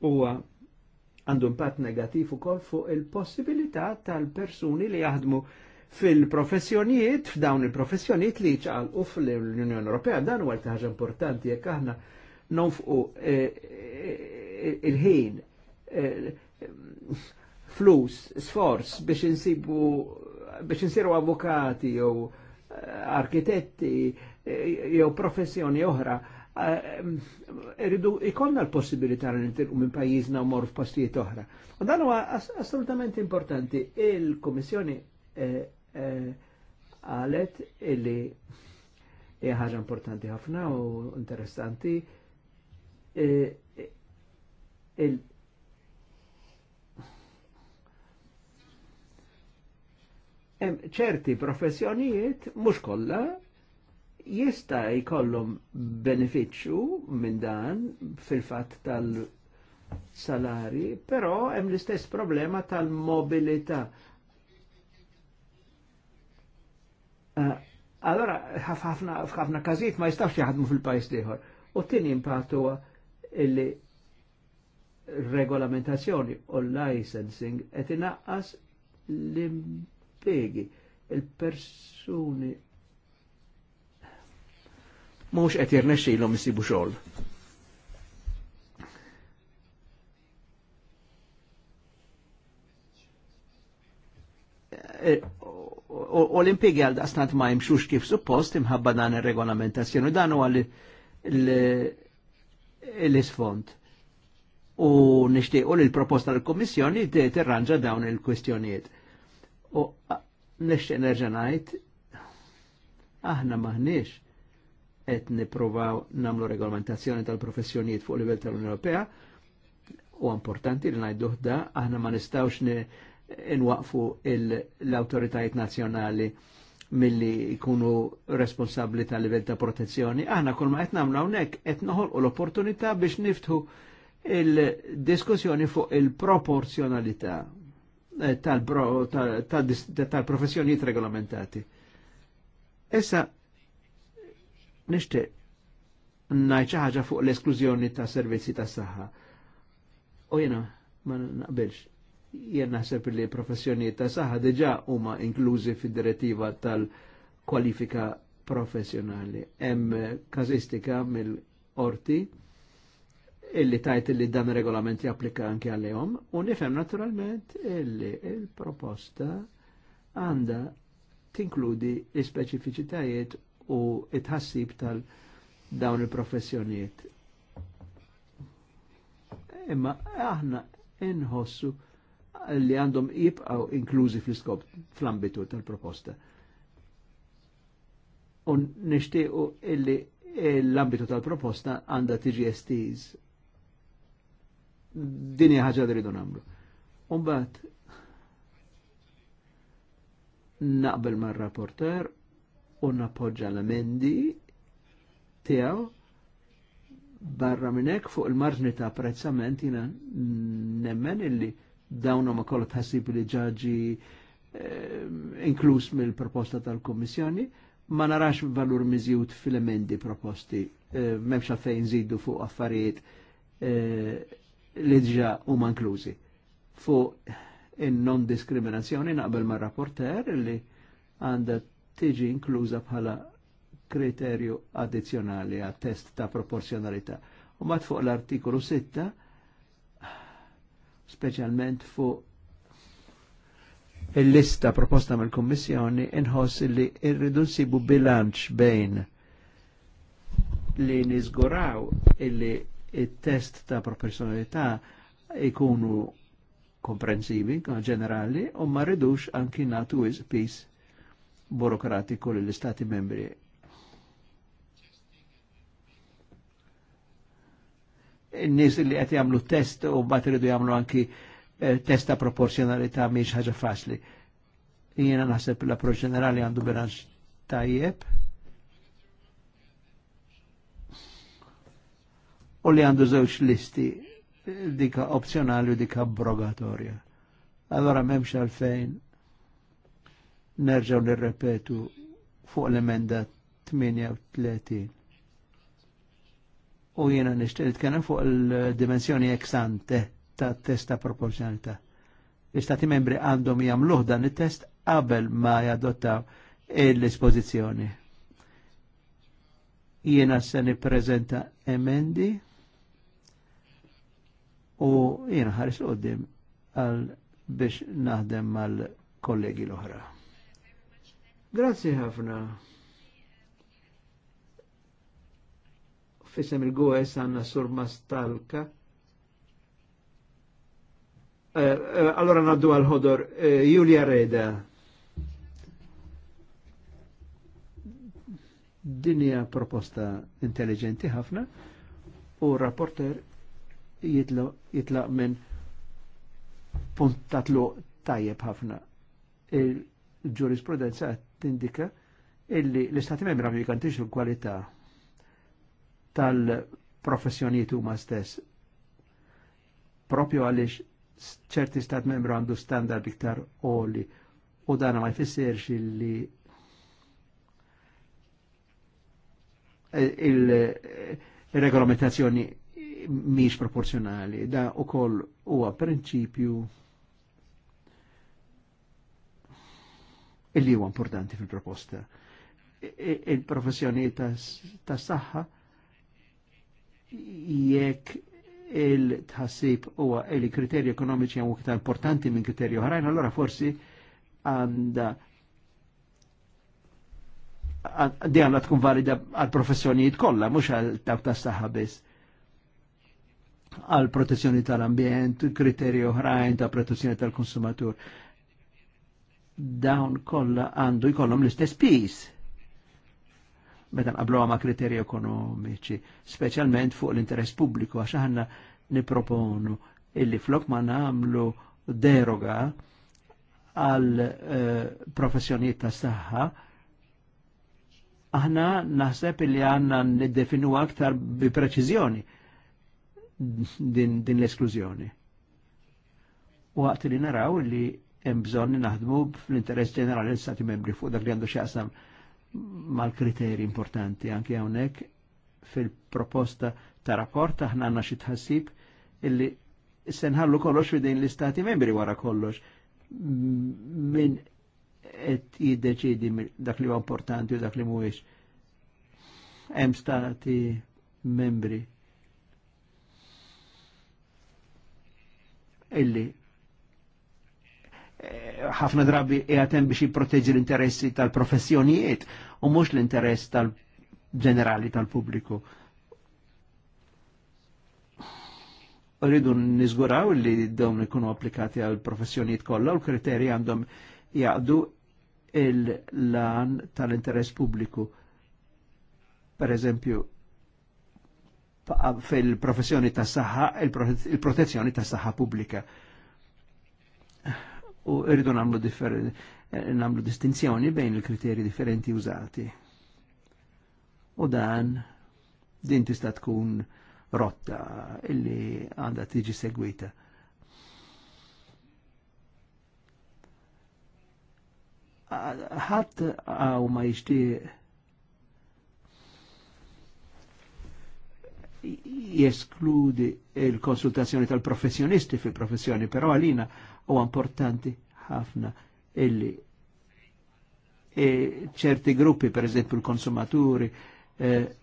huwa għandu impatt negativ ukoll fuq il-possibilità tal-persuni li jaħdmu fil-professjonijiet, f'dawn il-professjonijiet li u fl-Unjoni Ewropea, dan huwa ħaġa importanti jekk aħna nonfqu eh, eh, eh, il-ħin, flus, sforz biex insibu biex insiru avukati jew arkitetti jew professjoni oħra Eh, rridu ikonna l-possibilità li nitilqu minn pajjiżna u morru f'postijiet oħra. U dan huwa assolutament importanti. Il-Kummissjoni għalet eh, eh, illi hija ħaġa importanti ħafna u interessanti. Il ċerti professjonijiet, mhux kollha, jista jkollhom benefiċċju minn dan fil-fatt tal-salari, però hemm l-istess problema tal-mobilità. Eh, allora, ħafna każijiet ma jistax jaħdmu fil-pajis ieħor. U tieni impatt huwa illi regolamentazzjoni u licensing qed inaqqas l impiegi Il-persuni mux qed jirnexxilhom isibu xogħol. U e, l-impiegi għal daqstant ma jimxux kif suppost imħabba dan ir-regolamentazzjoni dan huwa l-isfond. U nishtiq li l-proposta l-Kommissjoni tirranġa dawn il-kwistjonijiet. U nishtiq nerġa' ngħid aħna maħniex qed nipprovaw namlu regolamentazzjoni tal-professjonijiet fuq livell tal-Unjoni Ewropea u importanti li ngħidu da aħna ma nistgħux inwaqfu l-awtoritajiet nazzjonali milli jkunu responsabbli tal-livell ta' protezzjoni. Aħna kull ma qed nagħmlu hawnhekk qed noħolqu l-opportunità biex niftħu il-diskussjoni fuq il-proporzjonalità eh, tal-professjonijiet regolamentati. Issa nishtiq ngħid xi ħaġa fuq l-esklużjoni ta' servizzi ta' saħħa. U jiena ma naqbilx. jena naħseb li professjoni ta' saħħa diġà huma inklużi fid-direttiva tal-kwalifika professjonali. Hemm kazistika mill-orti illi tajt illi dan regolament japplika anke għalihom u nifhem naturalment illi il-proposta għandha tinkludi l-speċifiċitajiet u it-ħassib tal-dawn il-professjonijiet. Imma aħna inħossu li għandhom jibqaw inklużi fl-iskop fl-ambitu tal-proposta. U nishtiqu illi l-ambitu tal-proposta għanda tiġi estiz. Dini ħagġa li rridu namlu. Umbat, naqbel mar rapporter u napoġġa l-emendi tiegħu barra minnek fuq il-marġni ta' apprezzament jina nemmen illi dawna ma kollu tħassib li ġaġi eh, inkluż mill-proposta tal-Kommissjoni, ma narax valur miżjut fil-emendi proposti, eh, m'hemmx għalfejn żidu fuq affarijiet eh, li ġa huma inklużi. Fuq in-non diskriminazzjoni naqbel ma' rapporter li għandha tiġi inkluża bħala kriterju addizzjonali għat test ta' proporzjonalità. U mat fuq l-artikolu 6, specialment fuq il-lista proposta mill kommissjoni inħoss li irridu nsibu bilanċ bejn li nizguraw illi il-test ta' proporzjonalità ikunu komprensivi ġenerali u ma rridux anki natu is peace burokratiku li l istati membri. n nis li għati għamlu test u bat ridu għamlu anki eh, testa proporzjonalità miex ħaġa faċli. Jena naħseb l-approċċ ġenerali għandu bilanċ tajjeb. U li għandu żewġ listi dika opzjonali u dika abrogatorja. Allora memx għalfejn nerġaw nirrepetu fuq l-emenda 38. U jena nishtiq nitkellem fuq il-dimensjoni ex ante ta' testa proporzjonalità. L-istati membri għandhom jagħmluh dan it-test qabel ma jadottaw l-espożizzjoni. Jiena se nippreżenta emendi u jiena ħares l għal biex naħdem mal-kollegi l-oħra. Grazzi ħafna. Fissem il-għuħes għanna sur mastalka. Eh, eh, allora naddu għal-ħodor, eh, Julia Reda. Dinja proposta intelligenti ħafna u rapporter jitlaq minn puntatlu tajjeb ħafna ġurisprudenza tindika illi l-Istati membri għamlu jikantix l-kualita tal-professjonijiet huma stess. Propju għalix ċerti stat membru għandu standard iktar oli u dana ma jfissirx illi il-regolamentazzjoni miex proporzjonali. Da u koll huwa prinċipju illi huwa importanti fil-proposta. Il-professjoni tas saħħa jekk il-tħassib huwa li kriterji ekonomiċi għu iktar importanti minn kriterji oħrajn, allora forsi għandha di għandha tkun valida għal professjonijiet kollha, mhux għal dawk tas-saħħa biss għal protezzjoni tal-ambjent, kriterji oħrajn ta' protezzjoni tal-konsumatur dawn kollha għandu jkollhom l-istess pis. Meta nqablu ma' kriterji ekonomiċi, speċjalment fuq l-interess pubbliku għax aħna niproponu illi flok ma nagħmlu deroga għal eh, professjonijiet ta' saħħa, aħna naħseb illi għanna niddefinu aktar bi preċiżjoni din, din l-esklużjoni. U li naraw li hemm bżonn naħdmu fl-interess ġenerali l-Stati membri fuq dak li għandu x'jaqsam mal-kriteri importanti anke hawnhekk fil-proposta ta' rapport aħna għandna xi tħassib illi se nħallu kollox fidejn l-Istati membri wara kollox min qed jiddeċidi dak li huwa importanti u dak li mhuwiex. Hemm stati membri illi ħafna drabi jgħatem biex jipproteġi l-interessi tal-professjonijiet u mux l-interess tal-ġenerali tal publiku Rridu nizguraw li dawn ikunu applikati għal professjonijiet kollha u l-kriteri għandhom jgħaddu il-lan tal-interess publiku. Per eżempju, fil-professjoni tas-saħħa, il-protezzjoni tas-saħħa pubblika u irridu namlu, eh, namlu distinzjoni bejn il-kriterji differenti użati. U dan din tista' tkun rotta illi għandha tiġi segwita. ħadd għaw ma jixtieq jeskludi il-konsultazzjoni tal-professjonisti fil-professjoni, però għalina u importanti ħafna illi e, ċerti gruppi, per eżempju l-konsumaturi, eh,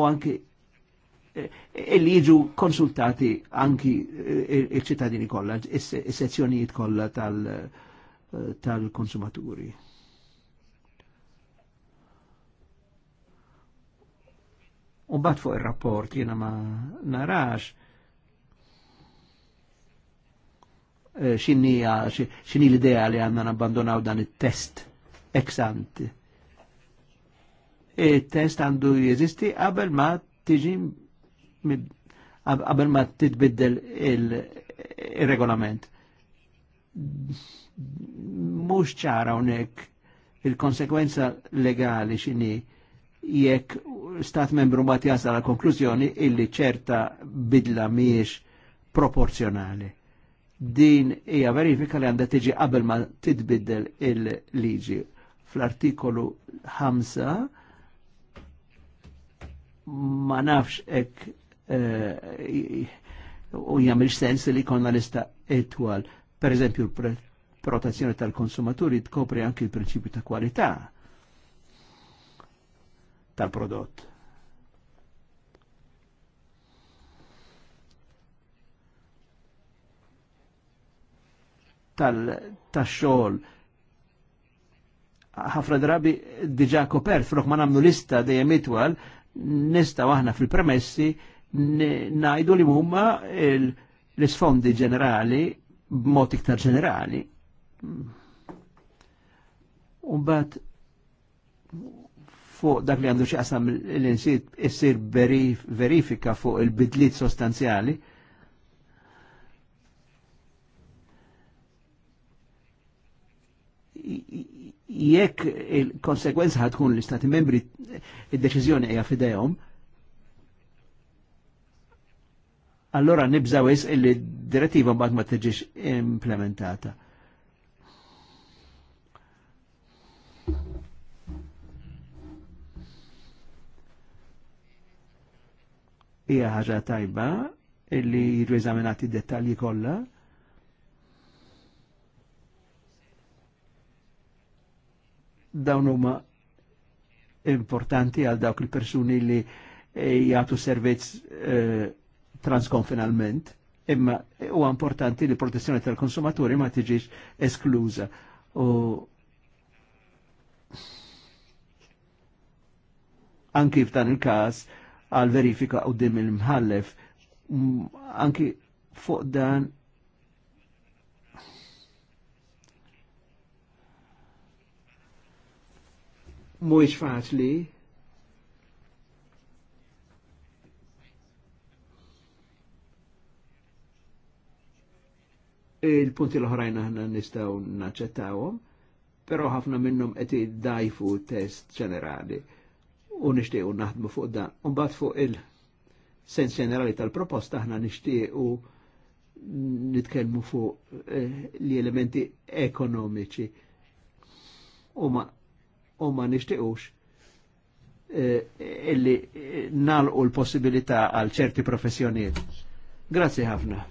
anche e li jiġu konsultati anki e, e, il-ċittadini kollha, is-sezzjonijiet kollha tal-konsumaturi. Tal Umbat fuq ir-rapport jiena ma narax Eh, xinija, xini l-idea li għanna nabbandonaw dan il-test eksant. Il-test għandu jizisti għabel ma tiġi għabel ma titbiddel il-regolament. Mux ċara unek il-konsekwenza legali xini jekk stat membru ma jasal la konklużjoni illi ċerta bidla miex proporzjonali din hija verifika li għandha tiġi qabel ma titbiddel il-liġi. Fl-artikolu 5 ma nafx ek eh, u jagħmel sens li konna lista etwal. Per eżempju, protezzjoni tal-konsumaturi tkopri anki il-prinċipju ta' kwalità tal-prodott. tal-xogħol. Ħafna drabi diġà kopert, flok ma nagħmlu lista dejjem itwal, nista' aħna fil-premessi ngħidu li huma l-isfondi ġenerali b'mod iktar ġenerali. U mbagħad fuq dak li għandu qasam l-insit issir verifika fuq il-bidliet sostanzjali jekk il-konsekwenza ħatkun l-istati membri id-deċizjoni hija fidejhom, allora nibżaw is il direttiva mbagħad ma tiġix implementata. Hija ħaġa tajba illi jirriżaminati d-dettalji kollha dawn huma importanti għal dawk il-persuni li eh, jgħatu servizz eh, transkonfinalment, imma huwa importanti li protezzjoni tal-konsumaturi ma tiġix esklusa. U anki f'dan il-każ għal verifika u dim il-mħallef, anki fuq dan mhuwiex faċli. Il-punti l-oħrajn aħna nistgħu naċċettawhom, però ħafna minnhom qed iddajfu test ġenerali u nixtiequ naħdmu fuq dan. Mbagħad fuq il-sens ġenerali tal-proposta aħna nixtiequ nitkellmu fuq eh, li elementi ekonomiċi huma u ma nishtiqux eh, illi eh, nalqu l-possibilità għal ċerti professjoniet. Grazzi ħafna.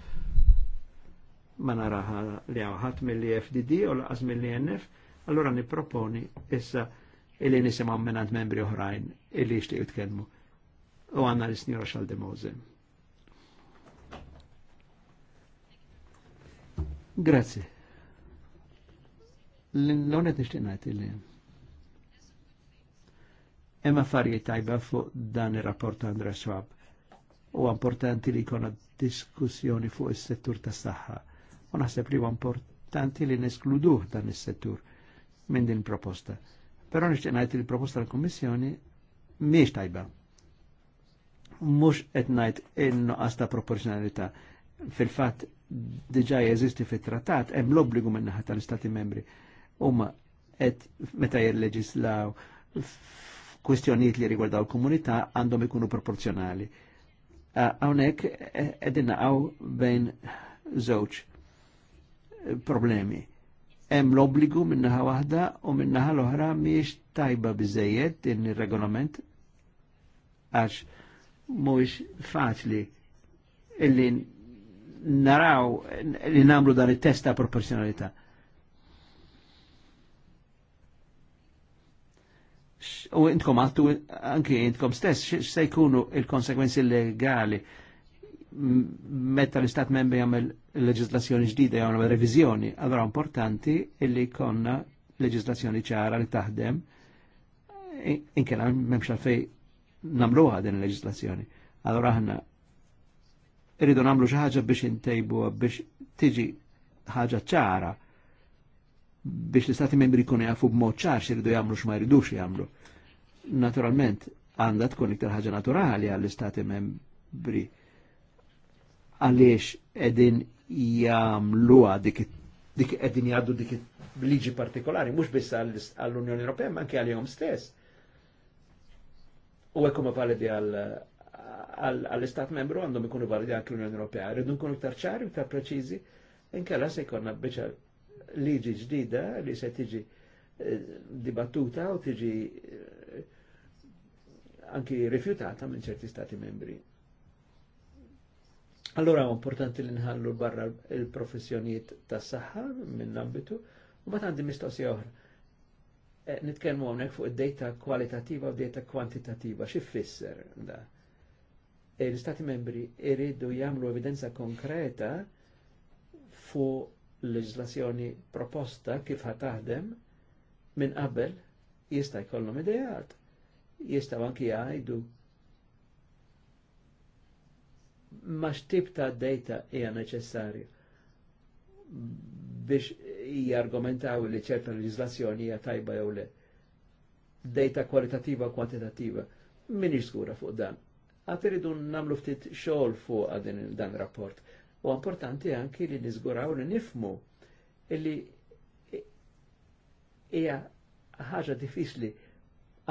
Ma naraħa li għawħat mill-FDD u laqas mill NF, allora niproponi issa illi nisim għammenant membri oħrajn illi jishtiq jitkelmu. U għanna l-snira xaldemose. Grazzi. L-għonet nishtiq najt illi emma affarijiet tajba fuq dan il rapport Andra Schwab. U importanti li kona diskussjoni fuq is-settur tas-saħħa. U naħseb li importanti li neskluduh dan is-settur minn din proposta. Però nixtieq li proposta tal kommissjoni miex tajba. Mhux etnajt inno in-noqas proporzjonalità. Fil-fatt diġa jeżisti fit-trattat hemm l-obbligu min-naħa tal-Istati membri. Umma, et meta jel-leġislaw kwistjonijiet li rigwardaw komunità għandhom ikunu proporzjonali. Hawnhekk e, qegħdin naqgħu bejn żewġ problemi. Hemm l-obbligu minnaħa waħda u minnaħa l-oħra mhijiex tajba biżejjed din ir-regolament għax mhuwiex faċli illi naraw li namlu dan it-test ta' proporzjonalità. u intkom għattu anki intkom stess se jkunu il-konsekwenzi legali meta l-istat membri jagħmel leġislazzjoni ġdida għamil reviżjoni, għadra importanti illi konna leġislazzjoni ċara li taħdem inkella memx għalfej namluha din il-leġislazzjoni. Allora aħna irridu namlu xi ħaġa biex intejbu biex tiġi ħaġa ċara biex l-istati membri kunu jafu b'mod ċar xirridu jamlu x'ma jridux jamlu. Naturalment, għandha tkun iktar ħaġa naturali għall-istati membri għaliex edin jamlu dik edin jaddu dik liġi partikolari, mux biss għall-Unjoni Ewropea, ma anke għal-jom stess. U għekum huma validi għall-Istat membru għandhom ikunu validi anke l-Unjoni Ewropea, rridu nkunu iktar ċari, iktar preċizi, inkella se jkollna biċċa liġi ġdida li se tiġi eh, dibattuta u tiġi eh, anki rifjutata minn ċerti stati membri. Allora importanti li nħallu barra il-professjonijiet tas saħħa minn ambitu u ma tandi mistoqsija oħra. Eh, nitkellmu hawnhekk fuq id-data kwalitativa u data kwantitativa, xi fisser da. L-Istati membri iridu jagħmlu evidenza konkreta fuq l-leġislazzjoni proposta kif taħdem minn qabel jista' jkollhom idejat. Jistgħu anki jgħidu ma x'tib ta' data hija neċessarja biex jargumentaw li ċerta leġislazzjoni hija tajba jew le. Data kwalitativa u kwantitativa. Min skura fuq dan. Għat iridu namlu ftit xogħol fuq dan ir rapport U importanti anki li nizguraw li nifmu illi hija ħaġa diffiċli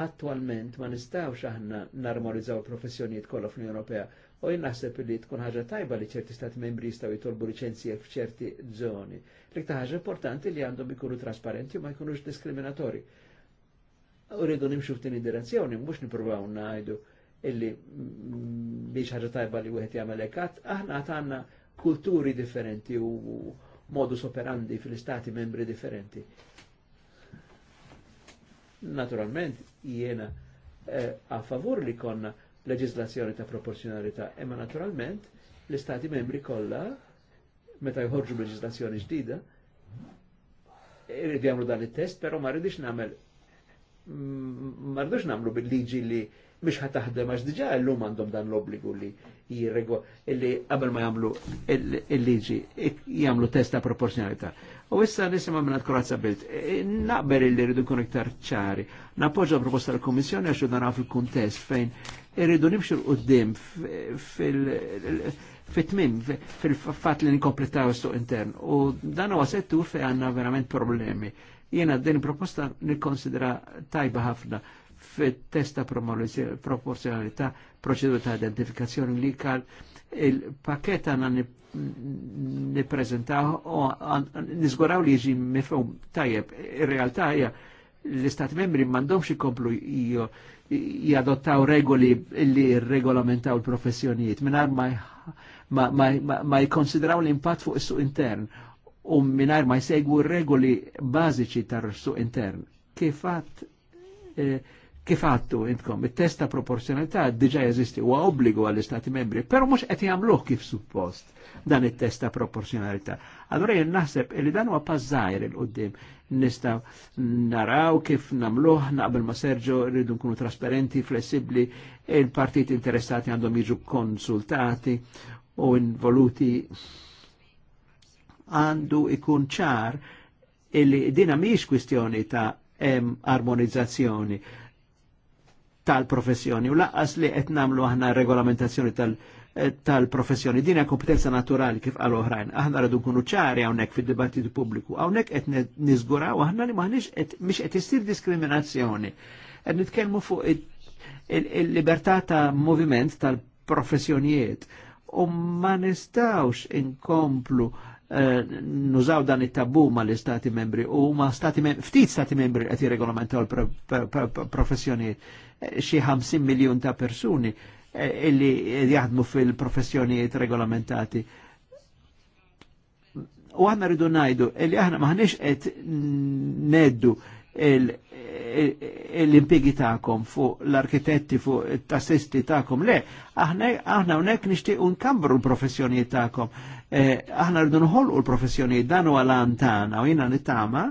attualment ma nistawx aħna normalizzaw professjonijiet kollha fl-Unjoni Ewropea u jinnaħseb li tkun ħaġa tajba li ċerti stati membri jistgħu jitolbu liċenzji f'ċerti żoni. L-iktar ħaġa importanti li għandhom ikunu trasparenti u ma jkunux diskriminatori. U rridu nimxu f'tin id-direzzjoni, mhux nippruvaw ngħidu illi biex ħaġa tajba li wieħed jagħmel ekat, aħna għandna kulturi differenti u modus operandi fil-istati membri differenti. Naturalment, jiena eh, a favur li konna leġislazzjoni ta' proporzjonalità, imma naturalment l-istati membri kollha meta jħorġu leġislazzjoni ġdida, irridjamlu dan it-test, però ma rridix nagħmel ma rridux nagħmlu bil-liġi li biex ħataħdem għax diġa l-lum għandhom dan l-obbligu li jirregwa illi qabel ma jamlu il-liġi jamlu ta' proporzjonalità. U issa nisimma minna Korazza Bilt, e, naqber illi rridu kun iktar ċari, napoġġa proposta l-Komissjoni għax dan għaf il kuntest fejn irridu nimxu l-qoddim fit-tmim, fil-fat li nikompletaw s-suq intern. U dan huwa settur fejn għandna verament problemi. Jena din proposta nikkonsidra tajba ħafna fit-testa proporzjonalità proċedura ta' identifikazzjoni li kal il-pakket għanna niprezentaw u nizguraw li jiġi mifum tajjeb. Ir-realtà hija l istat membri m'għandhomx ikomplu jadottaw regoli li regolamentaw il-professjonijiet mingħajr ma jkonsidraw l-impatt fuq is-suq intern u minar ma jsegwu regoli bażiċi tar suq intern. Kifat eh, Kif għattu intkom, il-testa proporzjonalità diġa jeżisti huwa obbligu għall-Istati membri, però mhux qed jamluħ kif suppost dan it-testa proporzjonalità. Allora jien naħseb li dan huwa pażajr il qudiem nista' naraw kif namluħ naqbel ma Serġo rridu nkunu trasparenti, flessibbli, il-partiti interessati għandhom jiġu konsultati u involuti għandu ikun ċar illi dina kwistjoni ta' em, armonizzazzjoni tal-professjoni u laqqas li qed nagħmlu aħna regolamentazzjoni eh, tal-professjoni. Din hija kompetenza naturali kif qal oħrajn. Aħna rridu nkunu ċari hawnhekk fid-dibattitu pubbliku. Hawnhekk qed niżguraw aħna li maħniex mhix qed issir diskriminazzjoni. Qed nitkellmu fuq il-libertà ta' moviment tal-professjonijiet u ma nistawx inkomplu Eh, nużaw dan it-tabu ma l-istati membri u ma stati membri, ftit stati membri għati jirregolamentaw l-professjoni eh, xie 50 miljon ta' persuni eh, illi jaħdmu fil-professjonijiet regolamentati. U għanna rridu najdu, illi aħna maħniex qed neddu l-impigi ta'kom fuq l-arkitetti fuq t tassisti ta'kom, le, aħna unek nishtiq unkambru l-professjonijiet ta'kom Eh, aħna rridu nħolqu l-professjoni dan u għal tagħna u jiena nittama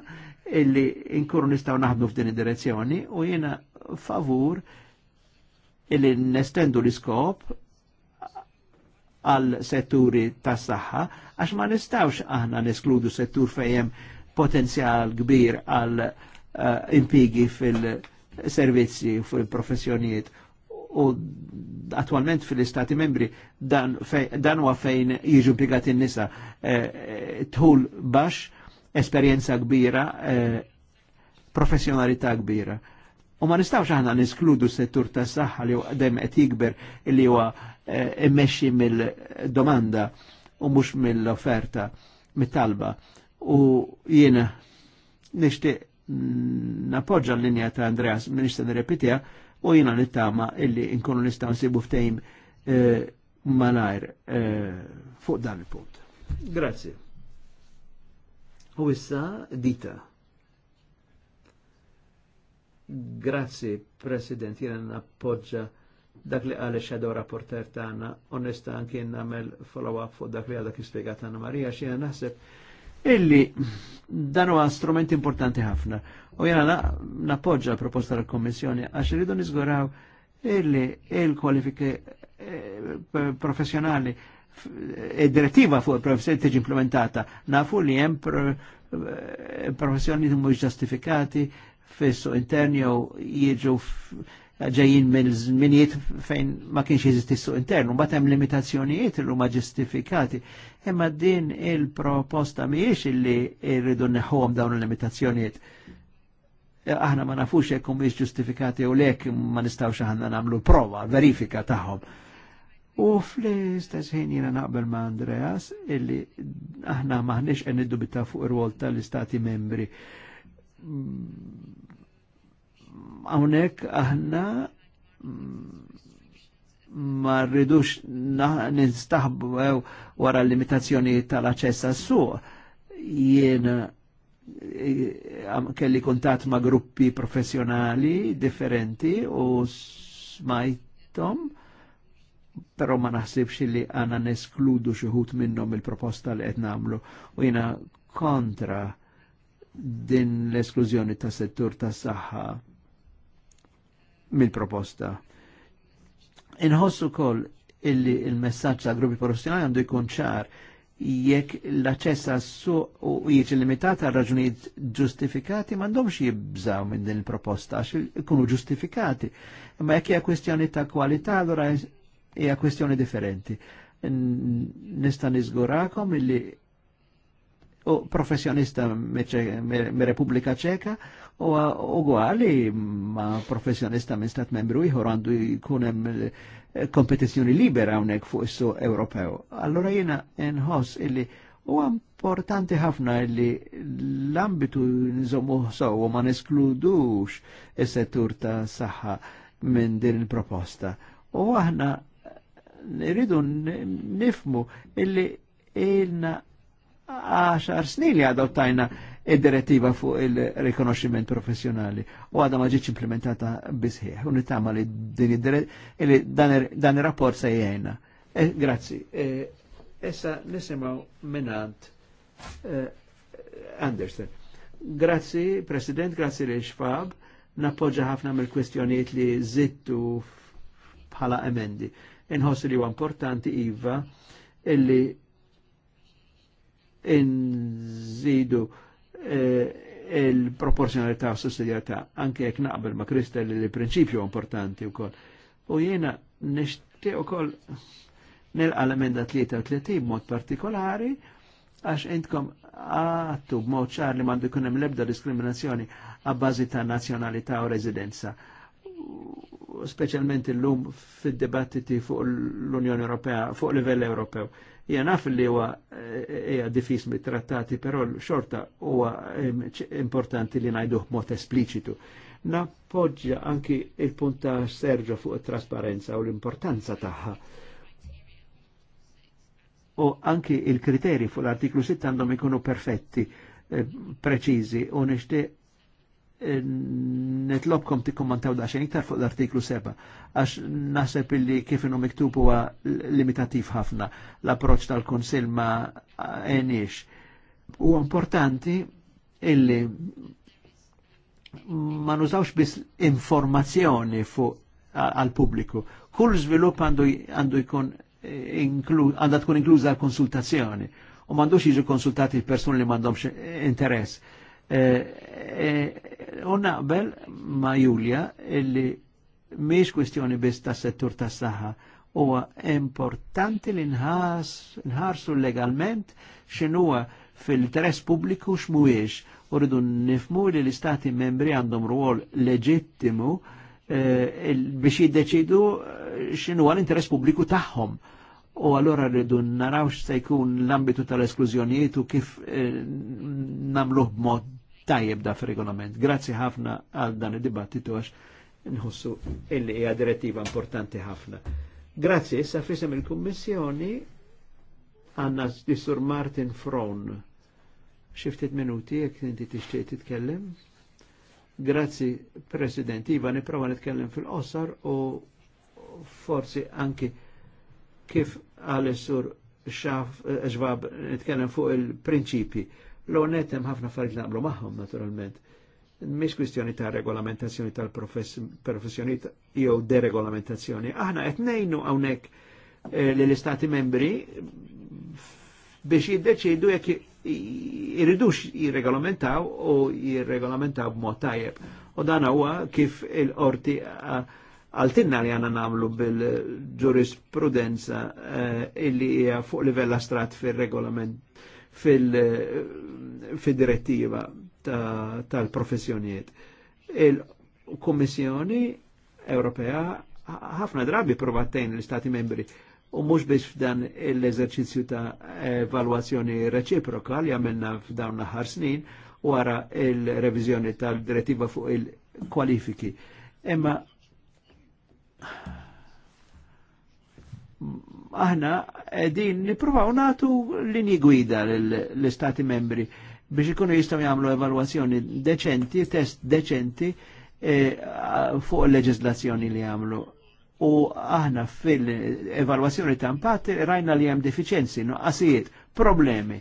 illi inkunu nistgħu naħdmu f'din id-direzzjoni u jiena favur illi nestendu l-iskop għal setturi tas saħħa għax ma nistawx aħna neskludu settur fejjem potenzjal kbir għal eh, impigi fil-servizzi u fil-professjonijiet u attualment fil-istati membri dan, fej, dan wa fejn jiġu pigat in-nisa eh, eh, tħul baxx, esperjenza kbira, eh, professjonalità kbira. U ma nistawx aħna niskludu settur tas saħħa li dem qed jikber li huwa eh, immexxi mill-domanda u mhux mill-offerta mit-talba. U jiena nixtieq napoġġa l-linja ta' Andreas, minix se nirrepitiha u jina nittama illi nkunu nistaw nsibu ftejm eh, malajr eh, fuq dan il-punt. Grazie. U issa dita. Grazzi, President, jena nappoġġa dak li għale xadu rapporter tagħna, onesta anki namel follow-up fuq dak li għadak ispiegat għanna Marija, xena naħseb illi dan huwa strument importanti ħafna. U jena napoġġa na proposta tal-Kommissjoni għax iridu niżguraw illi il-kwalifiki eh, professjonali id-direttiva eh, fuq il-professjoni teġi implementata. Nafu li hemm eh, professjoni mux ġastifikati fissu interni jew jieġu ġejjin minn żminijiet fejn ma kienx jeżisti suq internu, bat hemm limitazzjonijiet li huma ġustifikati. Imma din il-proposta mhijiex illi rridu neħħuhom dawn il-limitazzjonijiet. Aħna ma nafux jekk mhix ġustifikati u lek ma nistgħux aħna nagħmlu prova, verifika tagħhom. U fl-istess ħin jiena naqbel ma' Andreas illi aħna maħniex qed niddubita fuq ir-rwol tal-istati membri Hawnhekk aħna ma rridux nistaħbu wara l-limitazzjoni tal-aċċess għas-suq. Jien eh, kelli kuntat ma' gruppi professjonali differenti u smajtom, pero ma naħsibx li għana neskludu xuħut minnom il-proposta li qed namlu u jina kontra din l-esklużjoni ta' settur ta' saħħa mill-proposta. Inħossu kol illi il-messagġ ta' gruppi professjonali għandu jkun ċar jekk l-aċċess għas-su u jiġi limitat għal raġunijiet ġustifikati m'għandhomx jibżaw minn din il-proposta għax ikunu ġustifikati. Ma jekk hija kwestjoni ta' kwalità allura hija kwestjoni differenti. Nista' niżgurakom illi u professjonista mir-Repubblika Ċeka u uguali ma professjonista minn stat membru ieħor għandu jkunem eh, kompetizjoni libera unek fuq is-suq Ewropew. Allora jena nħoss illi u importanti ħafna illi l-ambitu nżommu sew u ma neskludux il settur ta' saħħa minn din il-proposta. U għahna nridu nifmu illi ilna għaxar snin li adottajna id-direttiva fuq il rekonoximent professjonali u għadha ma ġietx implementata bisħieħ u nittama li din dan il rapport se jgħinna. Eh, grazzi. Eh, issa nisimaw minnant eh, Andersen. Grazzi, President, grazzi li xfab, nappoġġa ħafna mill-kwestjonijiet li zittu bħala emendi. Inħossi li huwa importanti iva illi nżidu eh, il-proporzjonalità u sussidjarità anke jekk naqbel ma' Kristel li l-prinċipju importanti wkoll. U jiena nixtieq ukoll nilqa l-emenda 33 b'mod partikolari għax intkom għattu b'mod ċar li mandu jkun hemm l-ebda diskriminazzjoni għabbażi ta' nazzjonalità u residenza specialment il-lum fil-debattiti fuq l-Unjoni Ewropea, fuq livell Ewropew. Jena fil li huwa eh, hija difis mit-trattati, però xorta huwa importanti li ngħiduh mod espliċitu. Nappoġġja anki il-punta Sergio fuq it-trasparenza u l-importanza tagħha. U anki il-kriteri fuq l-artiklu 6 għandhom ikunu perfetti, eh, preċizi, u nixtieq netlobkom tikkommentaw daċen iktar fuq l-artiklu 7, għax naħseb illi kif inhu miktub huwa limitativ ħafna l-approċ tal-Kunsill ma enix. U importanti illi ma nużawx biss informazzjoni fuq għal pubbliku. Kull żvilupp għandu jkun eh, għandha tkun inkluża l-konsultazzjoni u m'għandux jiġu konsultati persuni li m'għandhomx interess. Eh, eh, U naqbel ma' Julia illi miex kwestjoni biss ta' settur ta' saħħa huwa importanti li nħarsu legalment x'inhuwa fil-interess pubbliku x'mhuwiex. Uridu nifmu li l-istati membri għandhom rwol leġittimu eh, biex jiddeċidu eh, x'inhuwa l-interess pubbliku tagħhom. U allora rridu naraw se jkun l-ambitu tal-esklużjonijiet u kif eh, namluh b'mod tajjeb da fil-regolament. Grazzi ħafna għal dan id-dibattitu għax nħossu illi hija direttiva importanti ħafna. Grazzi, issa fisem il-Kummissjoni għanna dissur Martin Fron. Xiftit minuti, jek inti t titkellem. Grazzi, President, Iva, niprofa nitkellem fil-qosar u forsi anki kif għal sur xaf eh, xvab, nitkellem fuq il-prinċipi L-onet hemm ħafna affarijiet naqblu magħhom naturalment. Mhix kwistjoni ta' regolamentazzjoni tal-professjoni jew deregolamentazzjoni. Aħna qed ngħinu hawnhekk eh, l-istati membri biex jiddeċidu jekk irridux jirregolamentaw u jirregolamentaw b'mod tajjeb. U dan huwa kif il-qorti għaltinna li għanna namlu bil-ġurisprudenza eh, illi hija fuq livella strat fil-regolament fil-direttiva fil tal-professjonijiet. Il-Kommissjoni Ewropea ħafna drabi provattejn l-Stati membri u mhux biex f'dan l-eżerċizzju ta' evalwazzjoni reċiproka li għamilna f'dawn naħar snin wara il-reviżjoni tal-direttiva fuq il-kwalifiki. Emma aħna din nipruvaw natu linji gwida l-istati membri biex ikunu jistaw jagħmlu evalwazzjoni deċenti, test deċenti e, fuq il leġizlazzjoni li jgħamlu. U aħna fil-evalwazzjoni ta' impatt rajna li hemm defiċenzi, asijiet, problemi.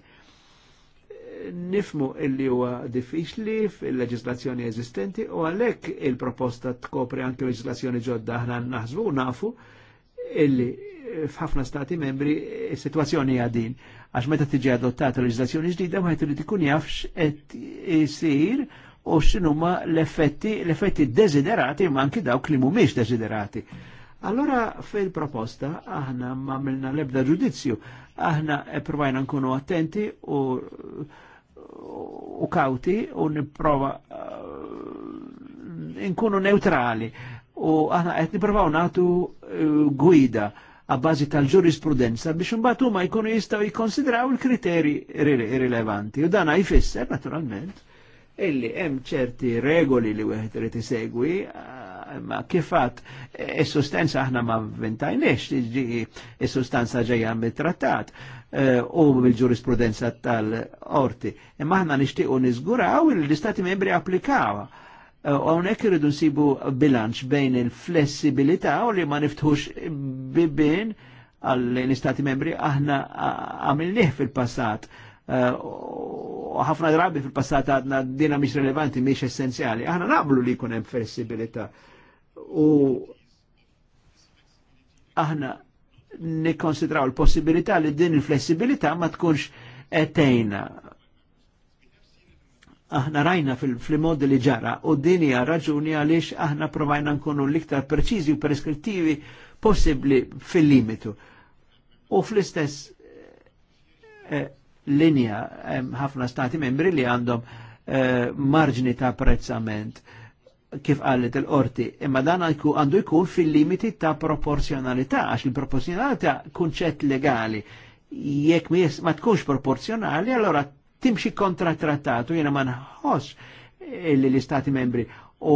Nifmu illi huwa diffiċli fil-leġislazzjoni eżistenti u għalhekk il-proposta tkopri anke leġislazzjoni ġodda aħna naħsbu nafu. nafu illi f'ħafna stati membri s sitwazzjoni għadin Għax meta tiġi adottata leġislazzjoni ġdida ma irid ikun jafx qed isir u x'inhuma l-effetti l-effetti desiderati ma anki dawk li mhumiex desiderati. Allora fil-proposta aħna ma l-ebda ġudizzju, aħna provajna nkunu attenti u u kauti u niprova uh, eh, nkunu neutrali u aħna qed nippruvaw nagħtu eh, gwida għabbażi tal-ġurisprudenza biex imbagħad ma jkunu jistgħu jikkonsidraw il-kriteri rilevanti. U dan jfisser naturalment illi hemm ċerti regoli li wieħed irid isegwi eh, ma kifat eh, is-sustanza aħna ma ventajniex, is-sustanza ġejja mit-trattat u mill-ġurisprudenza tal-orti. Imma aħna nixtiequ niżguraw li l-istati membri applikawa Għonek eh, irridu nsibu bilanċ bejn il-flessibilità u li ma niftħux bibin għall-istati membri aħna għamilnieh fil-passat. Eh, u ħafna drabi fil-passat għadna dina mish relevanti, mish essenzjali. Aħna naqblu li jkun hemm flessibilità. U aħna nikkonsidraw l-possibilità li din il-flessibilità ma tkunx etejna aħna rajna fil-mod li ġara u dinja hija raġuni għaliex aħna provajna nkunu l-iktar preċiżi u preskrittivi possibbli fil-limitu. U fl-istess eh, linja ħafna stati membri li għandhom eh, marġni ta' prezzament kif għallet il-qorti, imma dan għandu jkun fil-limiti ta' proporzjonalità, għax il-proporzjonalità kunċett legali jekk ma tkunx proporzjonali, allora timxi kontra trattatu, jena ma nħoss eh, li l-istati membri u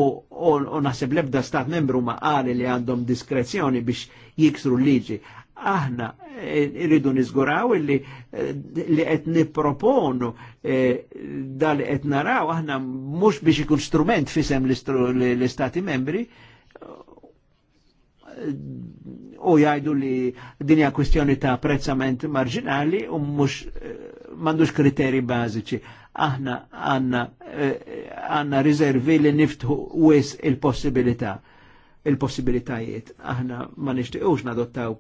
naħseb lebda stat membru ma għali li għandhom diskrezzjoni biex jiksru l-liġi. Aħna eh, irridu nizguraw li eh, li qed nipproponu dal qed naraw aħna mhux biex ikun strument fisem l-istati membri u jgħidu li dinja kwestjoni ta' prezzament marġinali u mux eh, mandux kriteri bażiċi. Aħna għanna eh, għanna riservi li niftħu wis il-possibilità il-possibilitajiet. Aħna ma nixtiqux nadottaw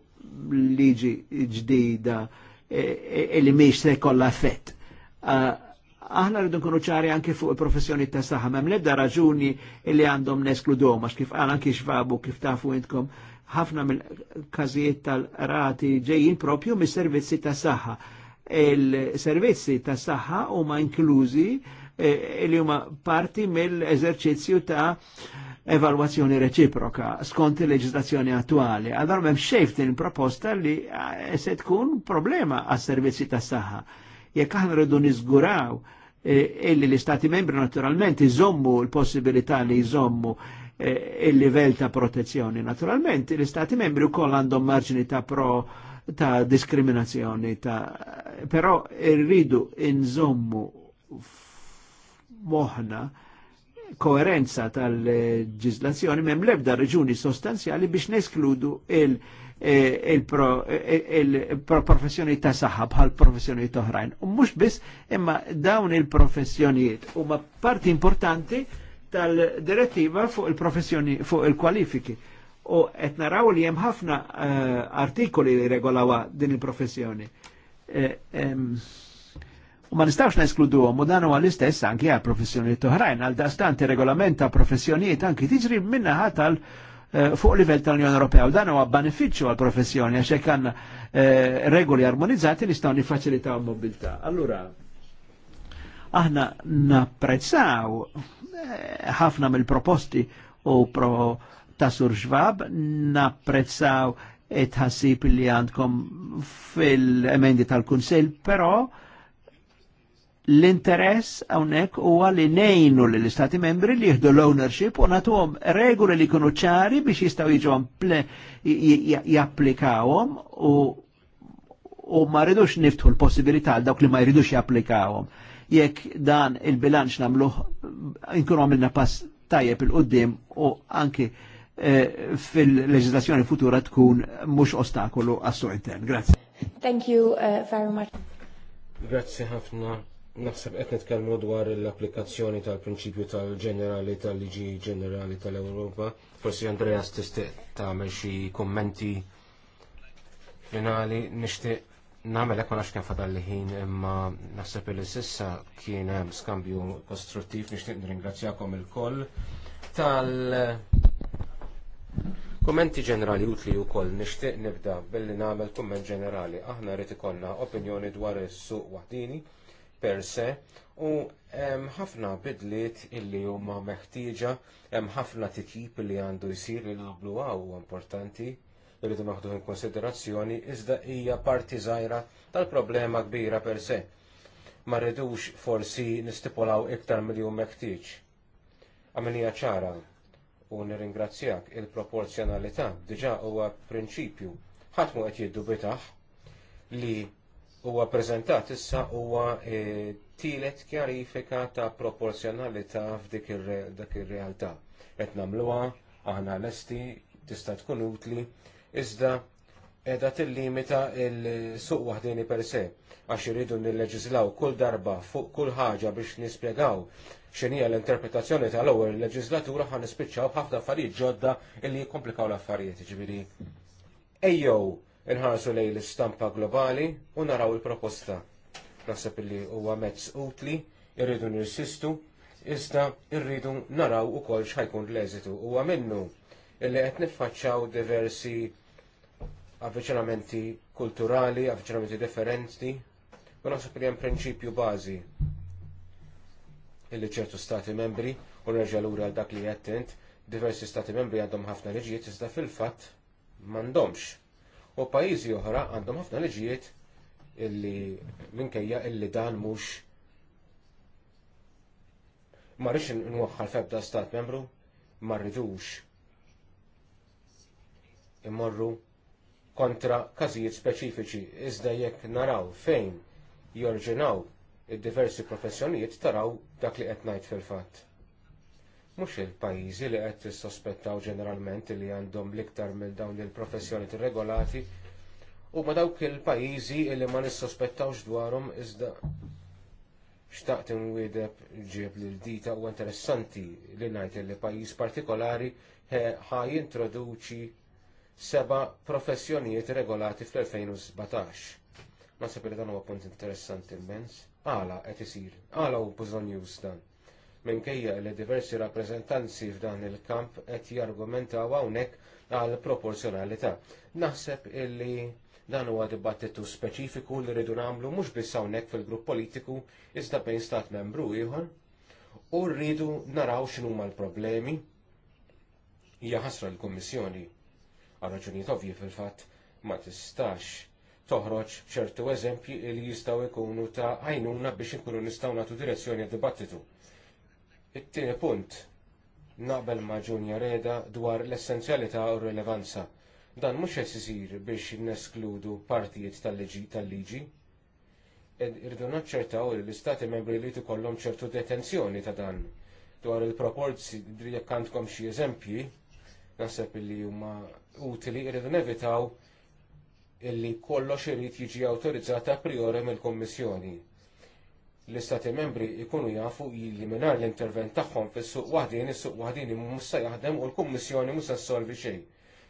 liġi ġdida eh, li miex se kolla effett. Ah, aħna rridu nkunu ċari anke fuq il-professjoni ta' saħħa m'hemm l raġuni li għandhom neskludhom għax kif għal anke xfabu kif tafu intkom ħafna mill-każijiet tal-rati ġejjin propju mis-servizzi ta' saħħa. Il-servizzi ta' saħħa huma inklużi eh, li huma parti mill-eżerċizzju ta' evalwazzjoni reċiproka skont il-leġislazzjoni attuali. Għadar m'hemm xejn din proposta li eh, se tkun problema għas-servizzi ta' saħħa Jekk aħna rridu niżguraw Eh, illi l-Istati membri naturalment iżommu l-possibilità li jżommu eh, il-livell ta' protezzjoni. Naturalment l-Istati membri wkoll għandhom marġini ta' pro ta' diskriminazzjoni, ta' però irridu inżommu moħna koerenza tal-leġislazzjoni mem lebda reġuni sostanzjali biex neskludu il- E, il-professjoni e, e, ta' saħħa bħal professjoni oħrajn. U mhux biss imma dawn il-professjonijiet huma parti importanti tal-direttiva fuq il-professjoni fuq il-kwalifiki. U qed naraw li hemm ħafna artikoli li regolawa din il-professjoni. u ma nistawx neskluduhom u dan huwa l-istess anki għal professjonijiet oħrajn għal dastant ir-regolament ta' professjonijiet anki tiġri minnaħa tal- Eh, fuq livell tal-Unjoni Ewropea. U dan huwa benefiċċju għal professjoni għax hekk għandna eh, regoli armonizzati li jistgħu niffaċilitaw mobilità. Allura aħna napprezzaw eh, ħafna mill-proposti u pro ta' Sur Xvab napprezzaw it-ħassib li għandkom fil-emendi tal-Kunsel, però L-interess hawnhekk huwa li nejnu l istati membri li jieħdu l-ownership u nagħtuhom regoli li jkunu ċari biex jistgħu jiġu japplikawhom u u ma rridux niftħu l-possibilità dawk li ma jridux japplikawhom. Jekk dan il-bilanċ nagħmluh inkunu għamilna pass tajjeb il-qoddim u anki eh, fil-leġislazzjoni futura tkun mhux ostakolu għas-suq intern. Grazie. Thank you uh, very much. Grazie ħafna Naħseb qed nitkellmu dwar l-applikazzjoni tal-prinċipju tal-ġenerali tal-liġi ġenerali tal-Ewropa. Forsi Andreas tistiq tagħmel xi kummenti finali nixtieq nagħmel hekk ma nafx kemm fadal ħin imma naħseb li sissa kien hemm skambju kostruttiv nixtieq nirringrazzjakom il-koll tal Kommenti ġenerali utli u koll nishtiq nibda billi namel kumment ġenerali. Aħna rrit ikollna opinjoni dwar is-suq waħdini per se u hemm ħafna bidliet illi huma meħtieġa, hemm ħafna titjib li għandu jsir li naqblu huwa importanti irridu naħdu in konsiderazzjoni iżda hija parti żgħira tal-problema kbira per se. Ma rridux forsi nistipulaw iktar miljum meħtieġ. Għamilija ċara u nirringrazzjak il-proporzjonalità diġà huwa prinċipju ħadd mu qed jiddubitaħ li huwa preżentat issa huwa e, tielet kjarifika ta' proporzjonalità f'dik ir-realtà. Qed nagħmluha aħna lesti tista' tkun utli iżda edha tillimita il-suq waħdini per se, għax iridu nil-leġizlaw kull darba fuq kull ħaġa biex nispjegaw x'inhija l-interpretazzjoni tal-ewwel leġislatura ħan nispiċċaw ħafna affarijiet ġodda illi jikkomplikaw l-affarijiet, ġifieri. Ejjew inħarsu lejn l-istampa globali u naraw il-proposta. Naħseb li huwa mezz utli, irridu nirsistu, iżda irridu naraw ukoll x'ħajkun l-eżitu. Huwa minnu illi qed niffaċċaw diversi avviċinamenti kulturali, avviċinamenti differenti, u naħseb li hemm prinċipju bażi illi ċertu stati membri u nerġa' lura għal dak li qed diversi stati membri għandhom ħafna liġijiet iżda fil-fatt m'għandhomx u pajjiżi oħra għandhom ħafna liġijiet illi minkejja illi dan mhux ma rridx nwaħħal febda stat membru, ma rridux imorru kontra każijiet speċifiċi iżda jekk naraw fejn jorġinaw id-diversi professjonijiet taraw dak li qed ngħid fil-fatt mhux il-pajjiżi li qed tissospettaw ġeneralment li għandhom l-iktar mill dawn il-professjoni irregolati huma dawk il-pajjiżi li ma nissospettawx dwarhom iżda xtaqt imwiedeb ġieb lil dita u interessanti li ngħid li pajjiż partikolari ħa jintroduċi seba professjonijiet regolati fl-2017. Ma li dan huwa punt interessanti immens. Għala qed isir, għala hu bżonn dan minkejja li diversi rappreżentanzi f'dan il-kamp qed jargumentaw hawnhekk għal proporzjonalità. Naħseb illi dan huwa dibattitu speċifiku li rridu nagħmlu mhux biss hawnhekk fil-grupp politiku iżda bejn stat membru ieħor u rridu naraw x'huma l-problemi hija ħasra l-Kummissjoni għal raġunijiet ovvji fil-fatt ma tistax toħroġ ċertu eżempji li jistgħu jkunu ta' għajnuna biex inkunu nistgħu nagħtu direzzjoni d-dibattitu. It-tieni punt naqbel ma' Junior Reda dwar l-essenzjalità u r-rilevanza. Dan mhux qed isir biex neskludu partijiet tal-liġi Irridu naċċertaw li l-istati membri li ikollhom ċertu detenzjoni ta' dan dwar il-proporzi jekk għandkom xi eżempji, naħseb li huma utili irridu nevitaw illi kollox irid jiġi awtorizzat a priori mill-Kummissjoni l-istati membri jkunu jafu li mingħajr l-intervent tagħhom fis-suq waħdin, is-suq waħdin mhux se jaħdem u l-Kummissjoni mhux se ssolvi xejn.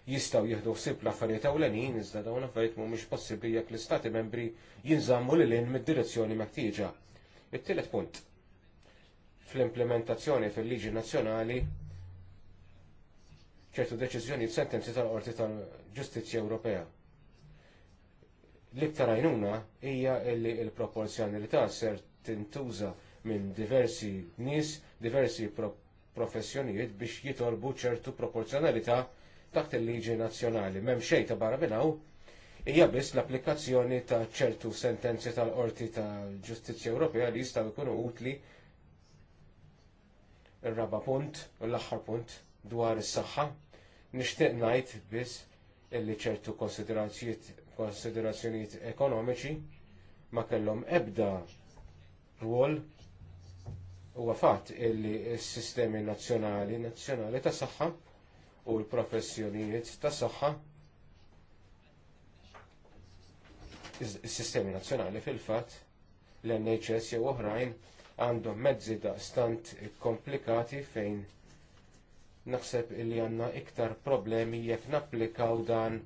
Jistgħu jieħdu ħsieb l-affarijiet ewlenin iżda dawn affarijiet mhumiex possibbli jekk l-istati membri jinżammu lil hinn mid-direzzjoni meħtieġa. It-tielet punt. Fl-implementazzjoni fil-liġi nazzjonali ċertu deċiżjoni sentenzi tal-Qorti tal-Ġustizzja Ewropea l-iktar għajnuna hija li l proporzjonalità ser tintuża minn diversi nies, diversi professjonijiet biex jitolbu ċertu proporzjonalità taħt il-liġi nazzjonali. M'hemm xejn ta' barra minn hawn hija biss l-applikazzjoni ta' ċertu sentenzi tal-Qorti tal-Ġustizzja Ewropea li jistgħu jkunu utli ir-raba punt u l-aħħar punt dwar is-saħħa. Nixtieq ngħid biss illi ċertu konsiderazzjonijiet ekonomiċi ma kellhom ebda rwol huwa fatt illi s-sistemi nazzjonali nazzjonali ta' saħħa u l-professjonijiet ta' saħħa is-sistemi nazzjonali fil-fatt l-NHS jew oħrajn għandhom mezzi daqstant komplikati fejn naħseb illi għandna iktar problemi jekk napplikaw dan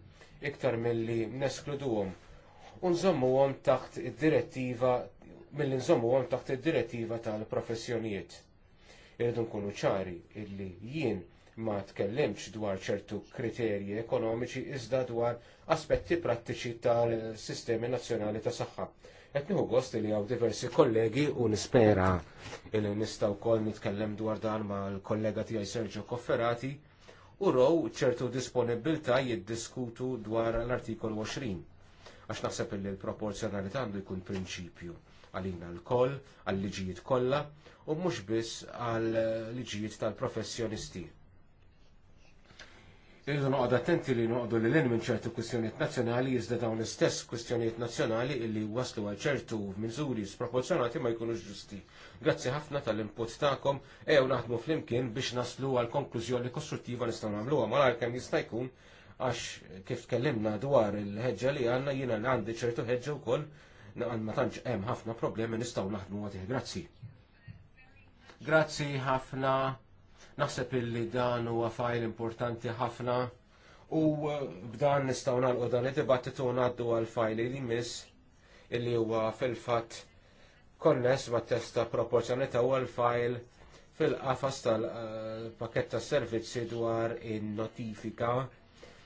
iktar milli neskluduhom u nżommuhom taħt id-direttiva mill nżommu għom taħt id-direttiva tal-professjonijiet. Irridu nkunu ċari illi jien ma tkellimx dwar ċertu kriterji ekonomiċi iżda dwar aspetti prattiċi tal-sistemi nazzjonali ta' saħħa. Qed nieħu gost li hawn diversi kollegi u nispera li nista' wkoll nitkellem dwar dan mal-kollega tiegħi Sergio Kofferati u row ċertu disponibilità jiddiskutu dwar l artikol 20 għax naħseb li l-proporzjonalità għandu jkun prinċipju għalina l-koll, għal-liġijiet kollha u mhux biss għal-liġijiet tal-professjonisti. Irridu noqgħod attenti li noqdu li hinn minn ċertu kwistjonijiet nazzjonali iżda dawn l-istess kwistjonijiet nazzjonali illi waslu għal ċertu miżuri sproporzjonati ma jkunux ġusti. Grazzi ħafna tal-input tagħkom ew naħdmu flimkien biex naslu għal konklużjoni kostruttiva nistgħu nagħmluha malar kemm jista' jkun għax kif tkellimna dwar il-ħeġġa li għanna jina għandi ċertu ħeġġa u koll naqan ma tantx hemm ħafna problemi nistgħu naħdmu għatih. Grazzi. Grazzi ħafna. Naħseb illi dan huwa fajl importanti ħafna u uh, b'dan nistgħu nagħlqu dan id-dibattitu ngħaddu għal fajl li miss illi huwa fil-fatt konness ma' testa proporzjonita u għal-fajl fil-qafas tal-pakett tas servizzi dwar in-notifika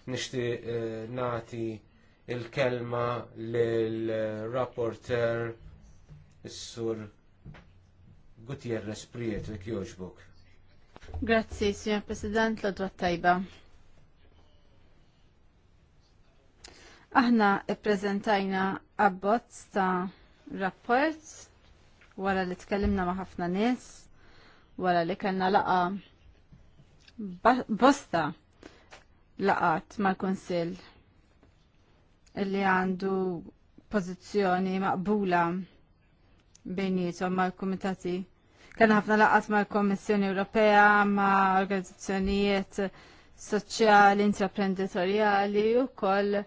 nixti eh, nati il-kelma l-rapporter Sur Gutierrez Priet li kjoġbuk. Grazzi, Signor President, l-odwa tajba. Aħna e-prezentajna abbozz ta' rapport wara li tkellimna ma' ħafna nies, wara li kellna laqa bosta laqat mal-Kunsill li għandu pozizjoni maqbula bejnietom mal kumitati Kena ħafna laqat l kommissjoni Ewropea, ma' organizzazzjonijiet soċjali, intraprenditoriali u koll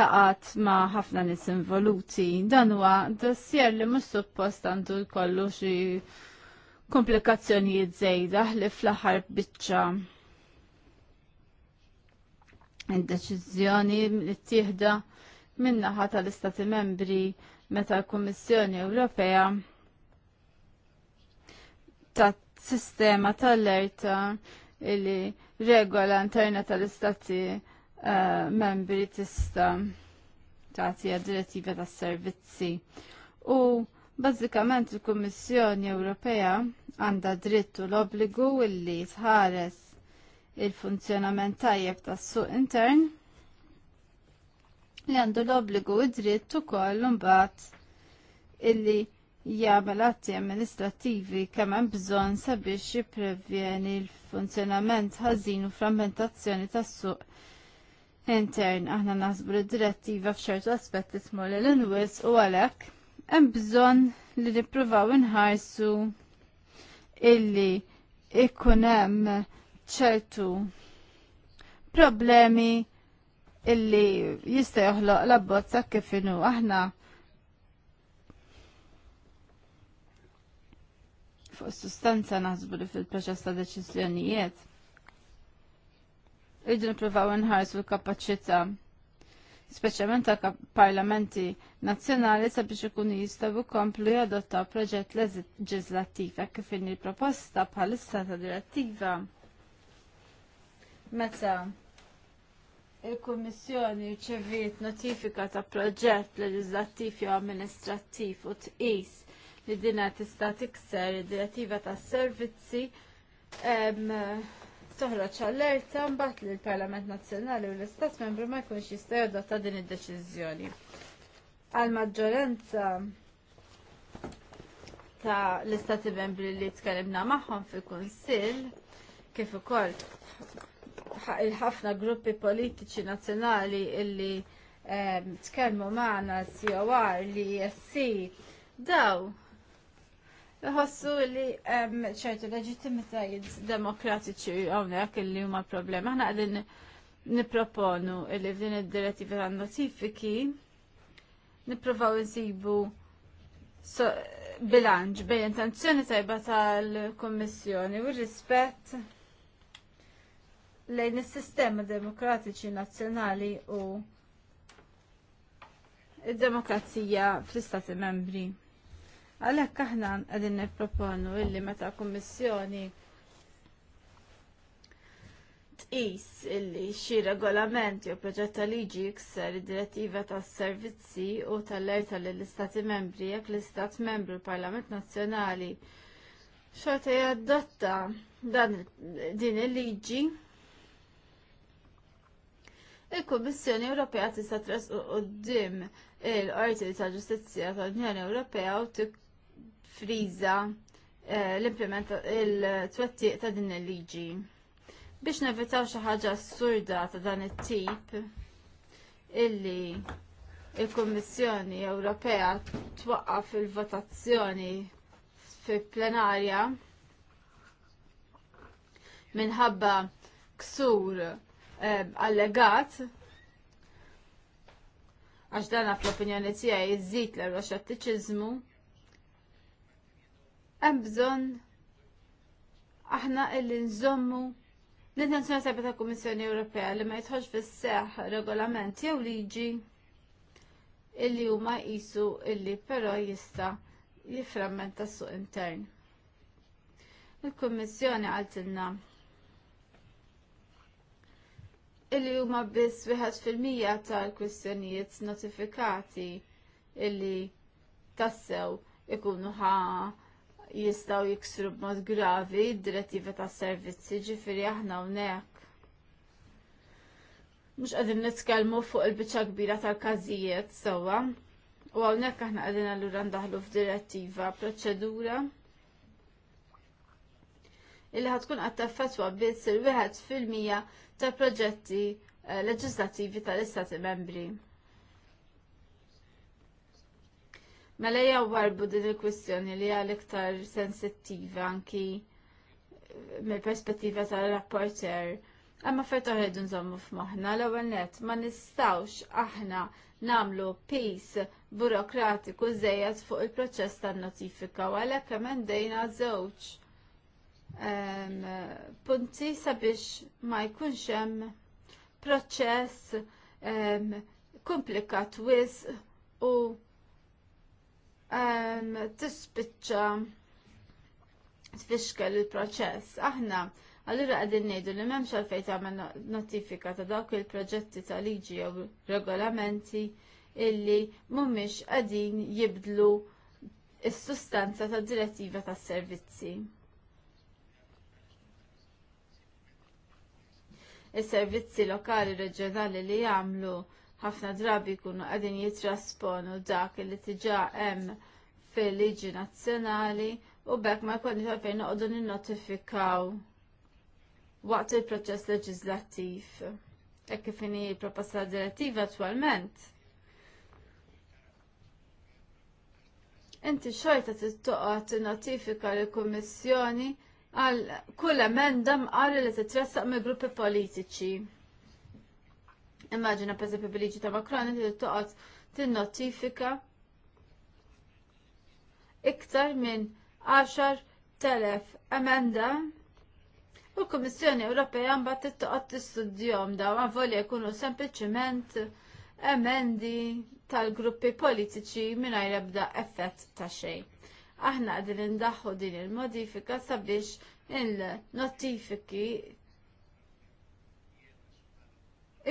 laqat ma' ħafna nis involuti. Dan huwa dossier li mhux suppost għandu jkollu xi komplikazzjonijiet żejda li fl-aħħar biċċa id-deċiżjoni li ttieħda min-naħa tal-Istati Membri meta l-Kummissjoni Ewropea ta' sistema tal-alerta li regola interna tal-Istati eh, Membri tista' tagħti direttiva tas-servizzi. U Bazzikament il-Kummissjoni Ewropea għandha dritt u l-obbligu illi tħares il-funzjonament tajjeb tas-suq intern li għandu l-obbligu id-dritt ukoll imbagħad illi jagħmel atti amministrattivi kemm hemm bżonn sabiex jipprevjeni l-funzjonament ħażin u frammentazzjoni tas-suq intern. Aħna naħsbu d direttiva f'ċertu aspetti tmur l inwis u għalhekk hemm bżonn li nippruvaw inħarsu illi ikun hemm ċertu problemi illi jista' joħloq l-abbozza kif inhu aħna fuq sustanza naħsbu li fil-proċess ta' deċiżjonijiet. Rridu nippruvaw nħarsu l kapaċità speċjalment ta' parlamenti nazzjonali sabiex ikunu jistgħu jkomplu jadottaw proġett leġislattiv kif inhi proposta bħalissa ta' direttiva. Meta il-Kummissjoni rċeviet notifika ta' proġett leġislattiv jew amministrattiv u tqis li dina tista' tikser id-direttiva tas servizzi toħroġ allerta mbagħad li l-Parlament Nazzjonali u l-Istat Membru ma jkunx jista' jadotta din id-deċiżjoni. Għal maġġoranza ta' l-Istati Membri li tkellimna magħhom fil-Kunsill kif ukoll il-ħafna gruppi politiċi nazzjonali illi ehm, tkellmu maħna COR e li jessi daw Iħossu li ċertu leġittimitajiet demokratiċi hawnhekk li huma problema. Aħna qegħdin nipproponu li f'din id-direttiva tan notifiki nippruvaw insibu bilanċ bejn intenzjoni tajba tal-Kummissjoni u rispett lejn is-sistema demokratiċi nazzjonali u id-demokrazija fl-istati membri. Għalhekk aħna qegħdin nipproponu illi meta kummissjoni tqis illi xi regolament jew proġett ta' liġi jikser id-direttiva tas servizzi u tal-erta lill istati membri jekk l-Istat membru l-Parlament Nazzjonali xorta jadotta din il-liġi il-Kummissjoni Ewropea tista' trasqu quddiem il-Qorti ta' Ġustizzja tal-Unjoni Ewropea u friża eh, l implementa il-twettiq ta' din il-liġi. Biex nevitaw xi ħaġa assurda ta' dan it-tip illi il-Kummissjoni Ewropea twaqqaf il-votazzjoni fi plenarja minħabba ksur Eh, allegat għax dan fl-opinjoni tiegħi jizzit l-euroxettiċiżmu hemm bżonn aħna illi nżommu l-intenzjoni tajba ta' Kummissjoni Ewropea li ma jitħoġ fis-seħ regolament jew liġi illi huma jqisu illi però jista' jiframmenta s-suq intern. Il-Kummissjoni għaltilna illi huma biss wieħed fil-mija tal-kwistjonijiet notifikati illi tassew ikunu ħa jistaw jiksru b'mod gravi d-direttiva tas servizzi ġifiri aħna hawnhekk. Mhux qegħdin nitkellmu fuq il-biċċa kbira tal-każijiet sewwa. U hawnhekk aħna qegħdin allura ndaħlu f'direttiva proċedura illi ħatkun qed taffetwa biss il wieħed fil-mija ta' proġetti eh, leġislattivi tal-Istati membri. Mela jew warbu din il-kwistjoni li għal iktar sensittiva anki eh, mill-perspettiva tal-rapporter. Amma fetta toħredu nżommu f'moħna l-ewwel nett ma nistgħux aħna namlu pis burokratiku żejjed fuq il-proċess tan-notifika u għalhekk hemm dejna żewġ punti sabiex ma jkunx hemm proċess komplikat wis u tispiċċa tfixkel il-proċess. Aħna Allura għadin nejdu li memx għalfejn tagħmel notifika ta' dawk il-proġetti ta' liġi jew regolamenti illi mhumiex qegħdin jibdlu s-sustanza tad direttiva tas servizzi. is-servizzi lokali reġjonali li jagħmlu ħafna drabi jkunu qegħdin jitrasponu dak li tiġa hemm fil-liġi nazzjonali u bekk ma jkunni għalfejn noqogħdu ninnotifikaw waqt il-proċess leġislattiv. Hekk kif inhi proposta direttiva attwalment. Inti xorta tittoqgħod notifika lill kummissjoni għal kull emenda mqarri li titressaq mill gruppi politiċi. Immaġina per eżempju bil ta' Macron li toqgħod tinnotifika iktar minn 10,000 emenda u l-Kummissjoni Ewropea mbagħad tittoqgħod tistudjhom dawn voli jkunu sempliċiment emendi tal-gruppi politiċi mingħajr ebda effett ta' xejn aħna għadin ndaħħu din il-modifika sabiex il-notifiki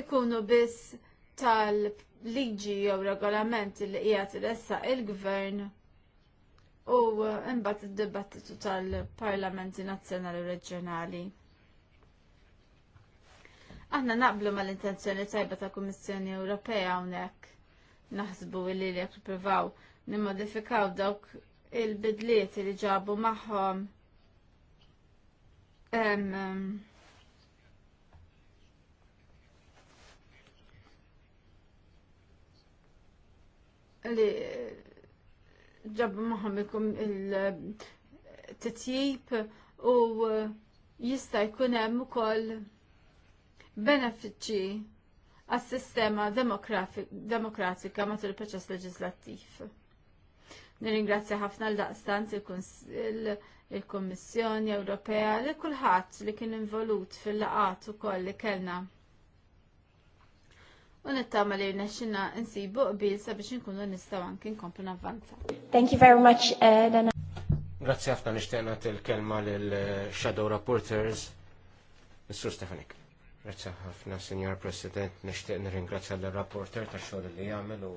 ikunu biss tal-liġi jew regolamenti li qiegħed iressa il-gvern u imbagħad id-dibattitu tal-parlamenti nazzjonali u reġjonali. Aħna naqblu mal-intenzjoni tajba ta' Kummissjoni Ewropea hawnhekk naħsbu li li ippruvaw nimmodifikaw dawk il-bidliet li ġabu magħhom li ġabu magħhom il-titjib u jista' jkun hemm ukoll benefiċċji għas-sistema demokratika matul il-proċess leġislattiv. Nirringrazzja ħafna l-daqstant il-Kommissjoni Ewropea li kulħadd li kien involut fil-laqat ukoll li kellna. U nittama li rnexxinna insibu qbil sabiex inkunu nistgħu anke nkomplu navvanza. Thank you very much, uh, Dana. Grazzi ħafna nixtieqna il-kelma lil uh, Shadow Reporters, Mr. Stefanik. Grazzi ħafna, Signor President, nixtieq nirringrazzja l-rapporter tax xogħol li jagħmel u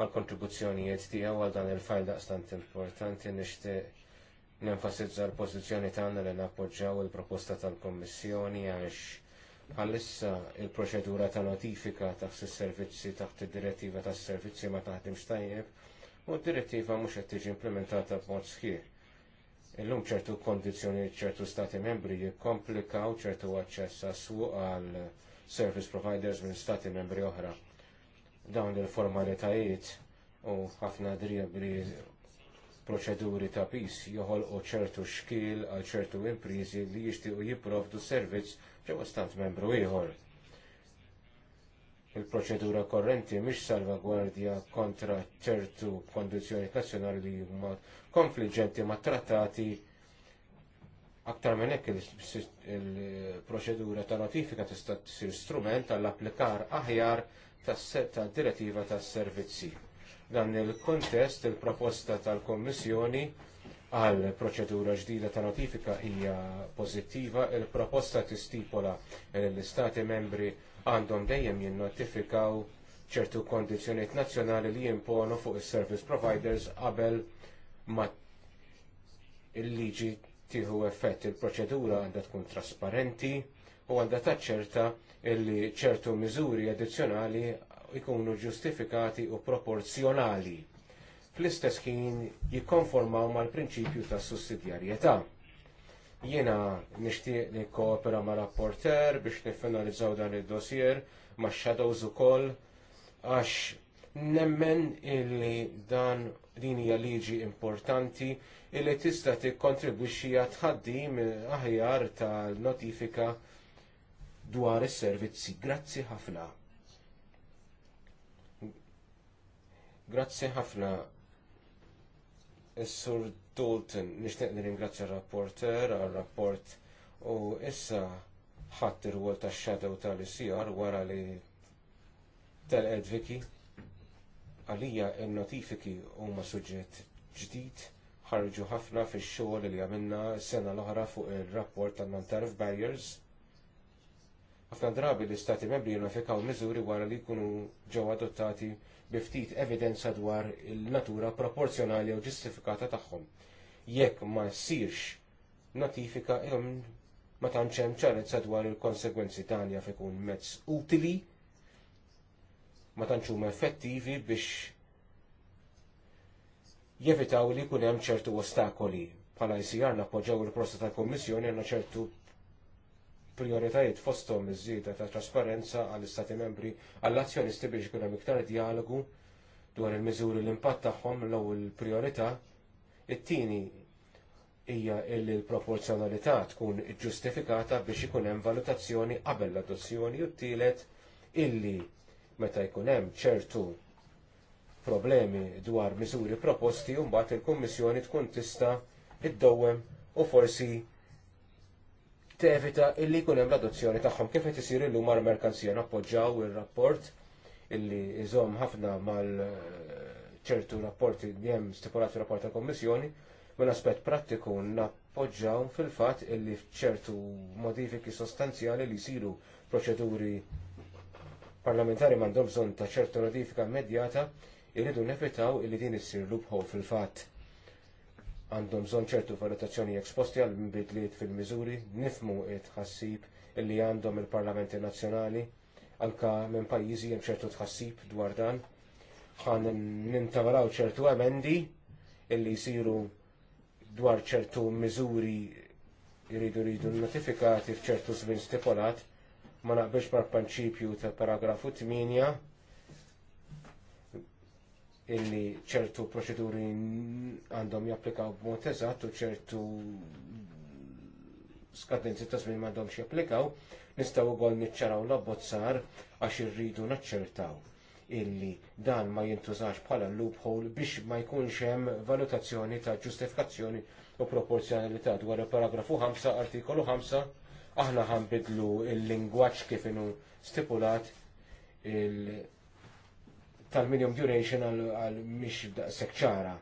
għal kontribuzzjonijiet tiegħu għal dan il-fajl daqstant importanti nixtieq nenfasizza l-pożizzjoni tagħna li nappoġġjaw il-proposta tal-Kommissjoni għax bħalissa il-proċedura ta' notifika taħt is-servizzi taħt id-direttiva tas-servizzi ma taħdimx tajjeb u d-direttiva mhux qed tiġi implementata b'mod sħiħ. Illum ċertu kondizjoni ċertu stati membri jikkomplikaw ċertu aċċess għas-suq għal service providers minn stati membri oħra dawn il-formalitajiet u ħafna dribli proċeduri ta' pis joħolqu ċertu xkil għal ċertu impriżi li jixtiequ jipprovdu servizz ġewwa stat membru ieħor. Il-proċedura korrenti mhix salvagwardja kontra ċertu kondizjoni nazjonali li huma konfliġenti mat trattati aktar minn hekk il-proċedura ta' notifika tista' tsir strument għall-applikar aħjar tad direttiva tas servizzi. Dan il kuntest il-proposta tal kummissjoni għal proċedura ġdida ta' notifika hija pożittiva, il-proposta tistipola l-istati membri għandhom dejjem jinnotifikaw ċertu kondizzjonijiet nazzjonali li jimponu fuq is-service providers qabel ma il-liġi tieħu effett il-proċedura għandha tkun trasparenti u għandha taċċerta illi ċertu miżuri addizzjonali jkunu ġustifikati u proporzjonali. Fl-istess ħin jikkonformaw mal-prinċipju ta' sussidjarjetà. Jiena nixtieq nikkoopera mal rapporter biex niffinalizzaw dan id-dossier ma' shadows ukoll għax nemmen illi dan din hija liġi importanti illi tista' tikkontribwixxi għat ħaddim aħjar tal-notifika dwar is-servizzi. Grazzi ħafna. Grazzi ħafna. Is-Sur Dalton, nixtieq nirringrazzja r-rapporter għal-rapport u issa ħadd ir-rwol tax-shadow tal-ICR wara li tal Viki għalija il-notifiki huma suġġett ġdid ħarġu ħafna fix xogħol li għamilna s-sena l-oħra fuq ir rapport tan non barriers Ħafna drabi l-istati membri jonifikaw miżuri wara li jkunu ġew adottati bi ftit evidenza dwar il-natura proporzjonali u ġustifikata tagħhom. Jekk ma ssirx notifika hemm ma tantx hemm ċarezza dwar il-konsegwenzi tagħna ikun mezz utili ma tantx huma effettivi biex jevitaw li jkun hemm ċertu ostakoli bħala ICR nappoġġaw il-prosta tal-Kommissjoni għandna ċertu prioritajiet fosthom iż-żieda ta' trasparenza għall-Istati membri għall-azzjonisti biex ikun hemm iktar dialogu dwar il-miżuri l-impatt tagħhom l-ewwel priorità. It-tieni hija li l-proporzjonalità tkun ġustifikata biex ikun hemm valutazzjoni qabel l-adozzjoni u t-tielet illi meta jkun hemm ċertu problemi dwar miżuri proposti u mbagħad il-Kummissjoni tkun tista' iddowwem u forsi tevita illi jkun hemm l-adozzjoni tagħhom kif qed isir illum mal merkanzija nappoġġjaw ir-rapport illi jżomm ħafna mal eh, ċertu rapporti li hemm stipulati rapport tal kommissjoni minn aspett prattiku nappoġġaw fil-fatt illi f'ċertu modifiki sostanzjali li jsiru proċeduri parlamentari m'għandhom bżonn ta' ċertu notifika immedjata irridu nevitaw illi din issir lubħu fil-fatt għandhom bżonn ċertu valutazzjoni eksposti għal bidliet fil-miżuri, nifmu it-ħassib illi għandhom il-Parlamenti Nazzjonali, anka minn pajjiżi hemm ċertu tħassib dwar dan. Ħan nintavalaw ċertu emendi illi jsiru dwar ċertu miżuri jridu jridu notifikati f'ċertu żmien stipulat ma naqbilx mal-prinċipju ta' paragrafu 8 illi ċertu proċeduri għandhom japplikaw b'mod eżatt u ċertu skadenzi ta' żmien m'għandhomx japplikaw, nistgħu wkoll niċċaraw l-abbozzar għax irridu naċċertaw illi dan ma jintużax bħala loophole biex ma jkunx hemm valutazzjoni ta' ġustifikazzjoni u proporzjonalità dwar il-paragrafu 5 artikolu 5 aħna ħanbidlu il-lingwaġġ kif inhu stipulat il- tal minimum duration għal miex daqshekk ċara.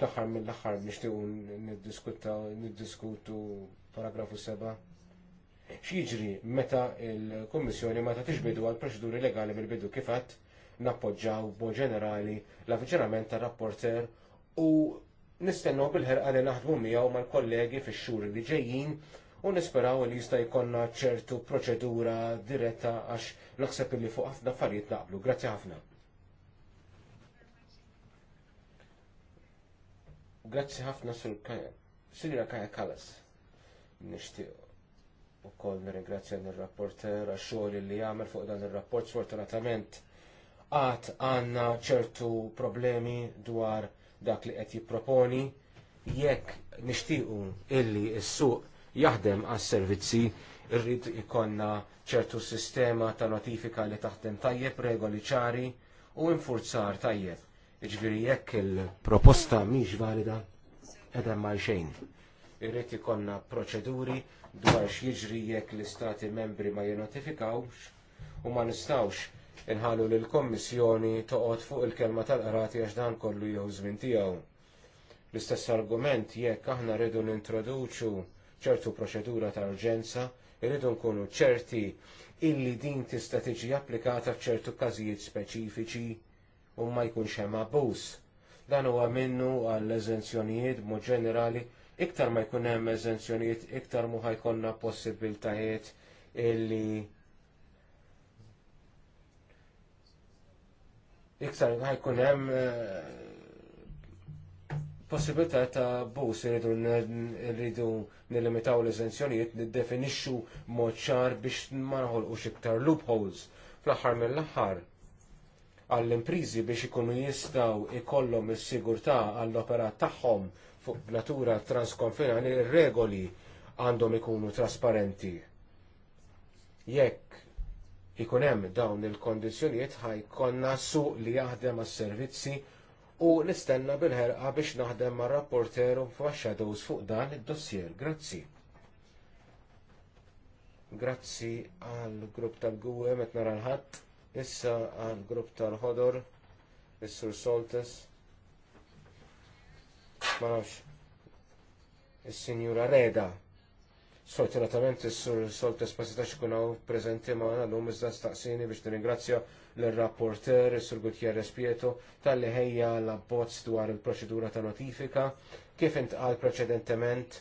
Fl-aħħar mill-aħħar nixtiequ niddiskuta niddiskutu paragrafu 7. X'jiġri meta l-Kummissjoni meta tixbidu għal proċeduri legali mill-bidu kif nappoġġaw bo ġenerali l-avviċinament tar-rapporter u nistennu bil ħer għalli naħdmu miegħu mal-kollegi fix-xhur li ġejjin u nisperaw li jista' jkollna ċertu proċedura diretta għax naħseb li fuq ħafna affarijiet naqblu. Grazzi ħafna. Grazzi ħafna sur Sinjora Kaja Kallas. Nixtieq ukoll nirringrazzja nir rapporter għax-xogħol li jagħmel fuq dan ir-rapport sfortunatament għad għandna ċertu problemi dwar dak li qed jipproponi jekk nixtiequ illi s-suq jaħdem għas-servizzi irrid ikonna ċertu sistema ta' notifika li taħdem tajjeb regoli ċari u infurzar tajjeb Iġviri jekk il-proposta mhix valida edem ma xejn. Irrid ikonna proċeduri dwar x'jiġri jekk l-istati membri ma jinotifikawx u ma nistawx inħallu l kommissjoni toqgħod fuq il-kelma tal-qrati għax dan kollu jew żmien tiegħu. L-istess argument jekk aħna rridu nintroduċu ċertu proċedura ta' urġenza, irridu nkunu ċerti illi din tista' tiġi applikata f'ċertu każijiet speċifiċi u ma jkunx hemm abbuż. Dan huwa minnu għall eżenzjonijiet mod ġenerali iktar ma jkun hemm eżenzjonijiet iktar mu ħajkonna possibiltajiet illi iktar ħajkun hemm eh, possibilità ta' bus irridu nilimitaw l-eżenzjonijiet niddefinixxu mod ċar biex ma naħolqux iktar loopholes fl-aħħar mill-aħħar għall-imprizi biex ikunu jistaw jkollhom is-sigurtà għall-operat tagħhom fuq natura transkonfinali regoli għandhom ikunu trasparenti. Jekk ikun hemm dawn il-kondizzjonijiet ħajkonna suq li jaħdem għas-servizzi u nistenna bil-ħerqa biex naħdem mar rapporter u f'Shadows fuq dan id-dossier. Grazzi. Grazzi għall grupp tal-gwe met nara l Issa għal grupp tal-ħodor, is-sur Soltes, ma nafx, is-sinjura Reda. Sfortunatament is-sur Soltes ma setax ikun hawn preżenti magħna llum iżda staqsini biex nirringrazzja l-rapporter, is-sur Gutierrez Pieto, talli ħejja l-abbozz dwar il-proċedura ta' notifika, kif intqal preċedentement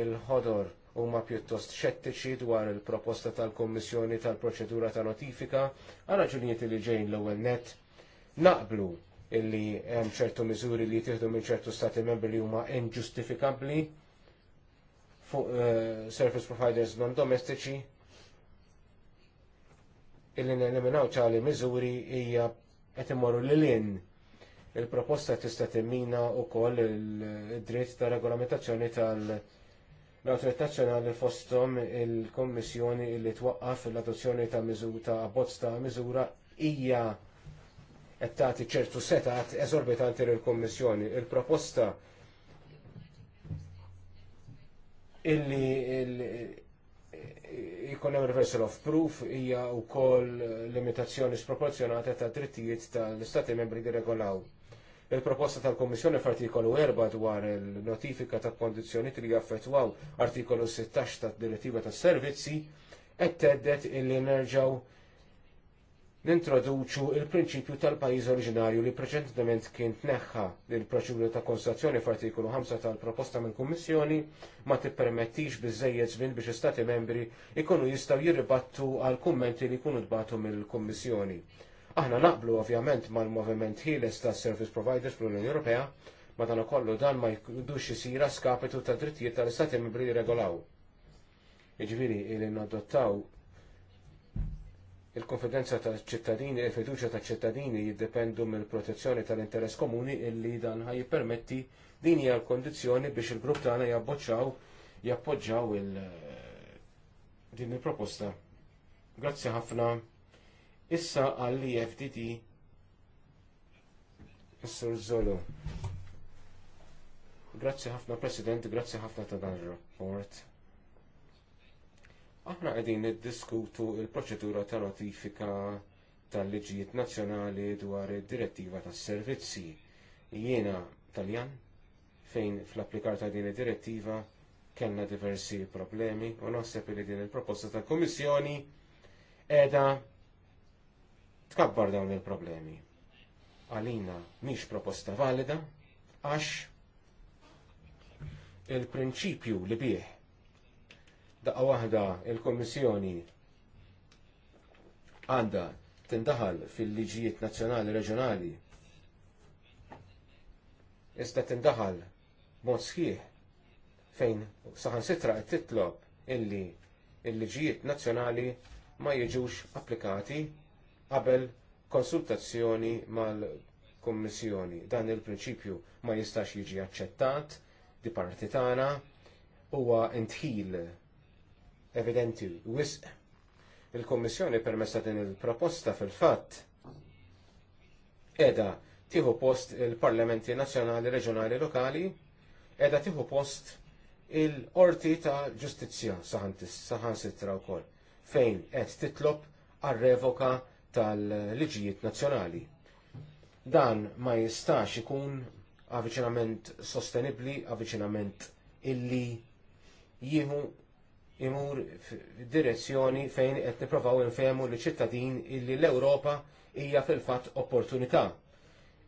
il-ħodor huma pjuttost xettiċi dwar il-proposta tal-Kommissjoni tal-Proċedura ta' Notifika għal raġunijiet li ġejn l-ewwel net naqblu illi hemm ċertu miżuri li jtieħdu minn ċertu stati membri li huma inġustifikabbli fuq uh, service providers non domestiċi illi neliminaw ċali miżuri hija qed imorru lil in il-proposta tista' timmina wkoll id-dritt ta' regolamentazzjoni tal- l-autorità Nazzjonali fosthom il kummissjoni li twaqqaf l-adozzjoni ta' miżura ta' abbozz ta' miżura hija qed tagħti ċertu setat eżorbitanti lill kummissjoni Il-proposta illi jkun hemm reversal of proof hija wkoll limitazzjoni sproporzjonata ta' drittijiet tal-istati membri li regolaw il-proposta tal-Komissjoni f'artikolu 4 dwar il-notifika ta' kondizjoniet li jaffettwaw artikolu 16 ta' direttiva ta' servizzi qed teddet illi nerġaw nintroduċu il-prinċipju tal-pajjiż oriġinarju li preċedentement kien tneħħa il-proċedura ta' konsultazzjoni f'artikolu 5 tal-proposta mill kummissjoni ma tippermettix biżejjed żmien biex istati membri ikunu jistgħu jirribattu għal kummenti li jkunu dbatu mill-Kummissjoni Aħna naqblu ovvjament mal-moviment ħieles ta' service providers fl-Unjoni Ewropea, dan ukollu dan ma jkudux isir skapitu ta' drittijiet tal-istati membri regolaw. Iġviri ili nadottaw il-konfidenza ta' ċittadini, il-fiduċa ta' ċittadini jiddependu mill-protezzjoni tal-interess komuni illi dan ħaj permetti din hija l-kondizzjoni biex il-grupp tagħna jabboċċaw jappoġġaw il- din il-proposta. Grazzi ħafna. Issa għalli FTT Sur Zolo. Grazzi ħafna President, grazzi ħafna ta' dan il-rapport. Aħna qegħdin niddiskutu l proċedura ta' notifika tal-liġijiet nazzjonali dwar id-direttiva tas servizzi. Jiena Taljan fejn fl-applikar ta' din id-direttiva kellna diversi problemi u naħseb li din il-proposta tal-Kummissjoni qiegħda tkabbar dawn il-problemi. Għalina miex proposta valida għax il-prinċipju li bih daqqa waħda il komissjoni għanda tindaħal fil-liġijiet nazzjonali reġjonali iżda tindaħal mod sħiħ fejn saħansitra qed titlob illi il-liġijiet nazzjonali ma jiġux applikati qabel konsultazzjoni mal-Kommissjoni. Dan il-prinċipju ma jistax jiġi aċċettat di parti tagħna huwa intħil evidenti wisq. Il-Kommissjoni permessa din il-proposta fil-fatt edha tieħu post il-Parlamenti Nazzjonali, Reġjonali, Lokali, edha tieħu post il-Qorti ta' Ġustizzja saħan sitra wkoll fejn qed titlob għal revoka tal-liġijiet nazzjonali. Dan ma jistax ikun avviċinament sostenibli, avviċinament illi jieħu imur direzzjoni fejn qed niprofaw infemu li ċittadin illi l-Ewropa hija fil-fatt opportunità.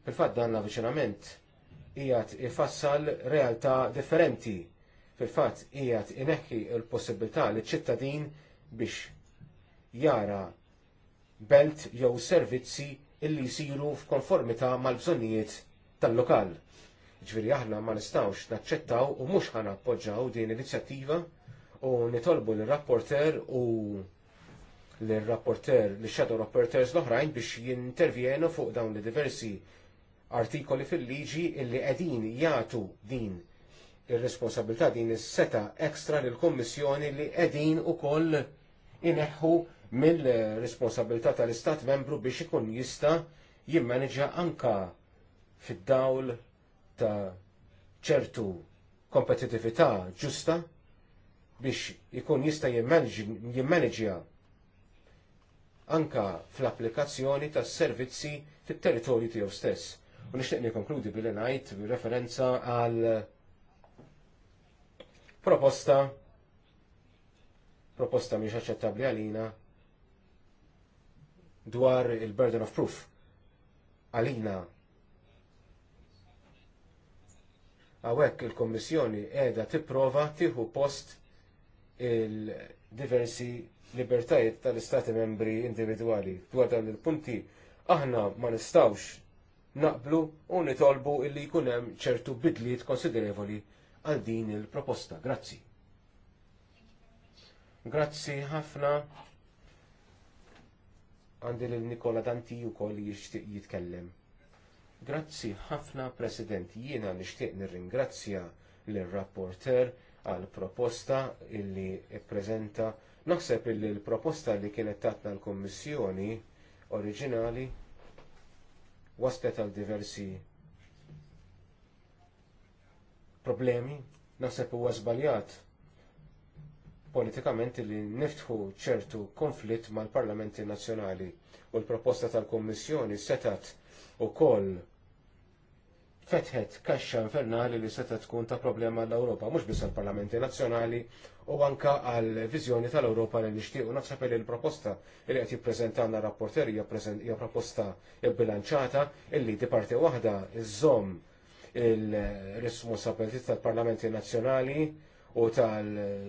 Fil-fatt dan l-avviċinament hija ifassal realtà differenti. Fil-fatt hija ineħħi l-possibilità li ċittadin biex jara belt jew servizzi illi jsiru f'konformità mal-bżonnijiet tal-lokal. Ġviri aħna ma nistawx naċċettaw u mhux ħana appoġġaw din inizjattiva u nitolbu l-rapporter u l-rapporter, l-shadow rapporters l-oħrajn biex jintervjenu fuq dawn li diversi artikoli fil-liġi illi qegħdin jagħtu din ir-responsabilità din is-seta ekstra lill kommissjoni li qegħdin ukoll ineħħu mill-responsabilità tal-Istat membru biex ikun jista jimmaneġa anka fid-dawl ta' ċertu kompetitività ġusta biex ikun jista jimmaneġja anka fl-applikazzjoni tas servizzi fit-territorju tiegħu stess. U nixtieq nikkonkludi billi ngħid referenza għal proposta proposta mhix aċċettabbli għalina dwar il-burden of proof. Għalina għawek il kummissjoni qiegħda tipprova tieħu post il-diversi libertajiet tal-istati membri individwali dwar dan il-punti aħna ma nistawx naqblu u nitolbu illi jkun hemm ċertu bidliet konsiderevoli għal din il-proposta. Grazzi. Grazzi ħafna għandi lil nikola Danti u koll jishtiq jitkellem. Grazzi ħafna President, jiena nishtiq nirringrazzja l-rapporter għal proposta illi prezenta. Naħseb illi l-proposta li kienet tatna l-Kommissjoni oriġinali waslet għal diversi problemi. Naħseb huwa żbaljat politikament li niftħu ċertu konflitt mal-parlamenti nazzjonali u l-proposta tal kummissjoni setat ukoll fetħet kaxxa infernali li setgħet tkun ta' problema għall ewropa mhux biss għall-parlamenti nazzjonali u anke għall viżjoni tal-Ewropa li nixtiequ naħseb li l-proposta li qed jippreżentana rapporter hija proposta bbilanċata illi di parti waħda iżżomm il-responsabilità tal-parlamenti nazzjonali u tal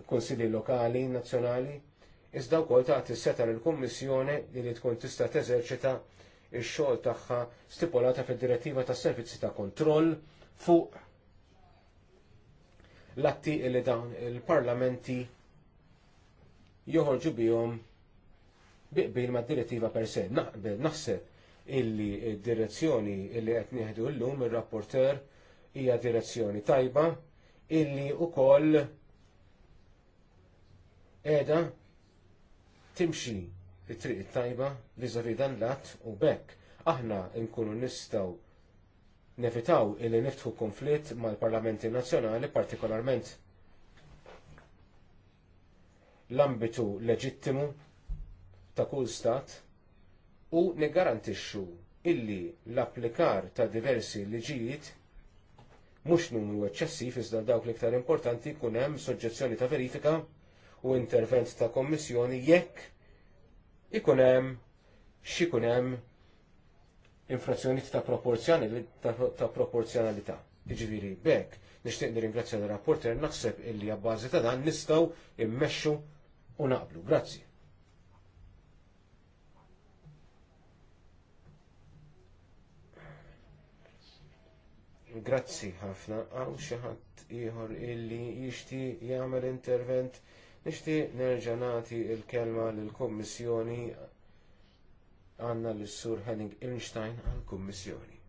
konsili Lokali Nazzjonali, iżda wkoll tagħti seta lill kummissjoni li tkun tista' teżerċita x-xogħol tagħha stipulata fid-Direttiva tas-Servizzi ta' Kontroll fuq l-atti li dawn il-parlamenti joħorġu bihom biqbil ma' direttiva per se. Naħseb illi d direzzjoni illi qed nieħdu llum ir rapporter hija direzzjoni tajba illi wkoll qiegħda timxi it-triq it-tajba li zavi dan lat u bekk aħna nkunu nistgħu nevitaw illi niftħu konflitt mal-parlamenti nazzjonali partikolarment l-ambitu leġittimu ta' kull stat u niggarantixxu illi l-applikar ta' diversi liġijiet mhux numru eċċessiv iżda dawk l-iktar importanti jkun hemm soġġezzjoni ta' verifika u intervent ta' kommissjoni jekk ikun hemm x'ikun hemm infrazzjoni ta' proporzjonalità. Jiġifieri bekk nixtieq nirringrazzja l-rapporter naħseb illi għabbażi ta' dan nistgħu immexxu u naqblu. Grazzi. Grazzi ħafna, għaw xaħat iħor illi jishti jgħamil intervent, nishti nerġanati il-kelma l-Kommissjoni għanna l-Sur Henning Einstein għal-Kommissjoni.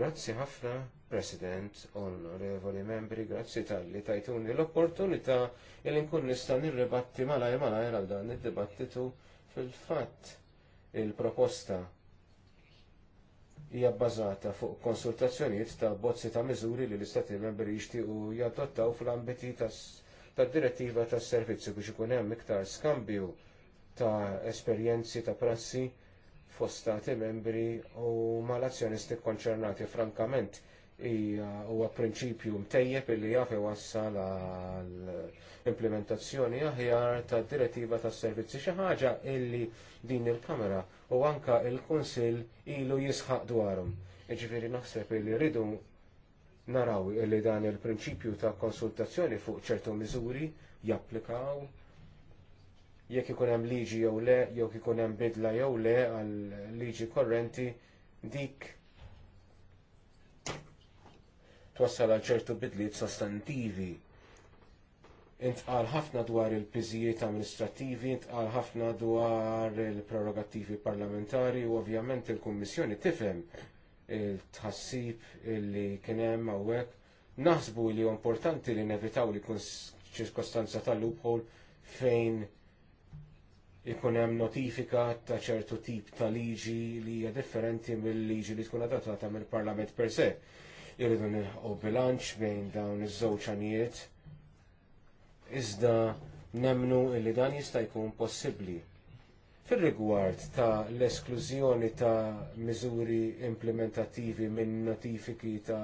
Grazzi ħafna, President, onorevoli membri, grazzi tal-li tajtuni l-opportunità li nkun nista' nirribatti malaj malaj għal dan id-dibattitu fil-fatt il-proposta hija bbażata fuq konsultazzjonijiet ta' bozzi ta' miżuri li l-Istati membri jixtiequ jadottaw fl-ambiti tad-direttiva tas servizzi biex ikun hemm iktar skambju ta' esperjenzi ta' prassi fost stati membri u mal-azzjonisti konċernati frankament huwa prinċipju mtejjeb illi jaf iwassal għal implementazzjoni aħjar tad direttiva tas servizzi xi ħaġa illi din il-Kamera u anke l kunsill ilu jisħaq dwarhom. Jiġifieri naħseb illi rridu naraw illi dan il-prinċipju ta' konsultazzjoni fuq ċertu miżuri japplikaw jekk ikun hemm liġi jew le, jew ikun hemm bidla jew le għal liġi korrenti dik twassal għal ċertu bidliet sostantivi. Intqal ħafna dwar il-biżijiet amministrattivi, intqal ħafna dwar il-prerogattivi parlamentari u ovvjament il-Kummissjoni tifhem il-tħassib li kien hemm hawnhekk. Naħsbu li importanti li nevitaw li kun ċirkostanza tal-loophole fejn ikun hemm notifika ta' ċertu tip ta' liġi li hija differenti mill-liġi li tkun adottata mill-Parlament per se irridu nilħqu bilanċ bejn dawn iż-żewġ għanijiet, iżda nemnu li dan jista' jkun possibbli. Fir-rigward ta' l-esklużjoni ta' miżuri implementattivi minn notifiki ta'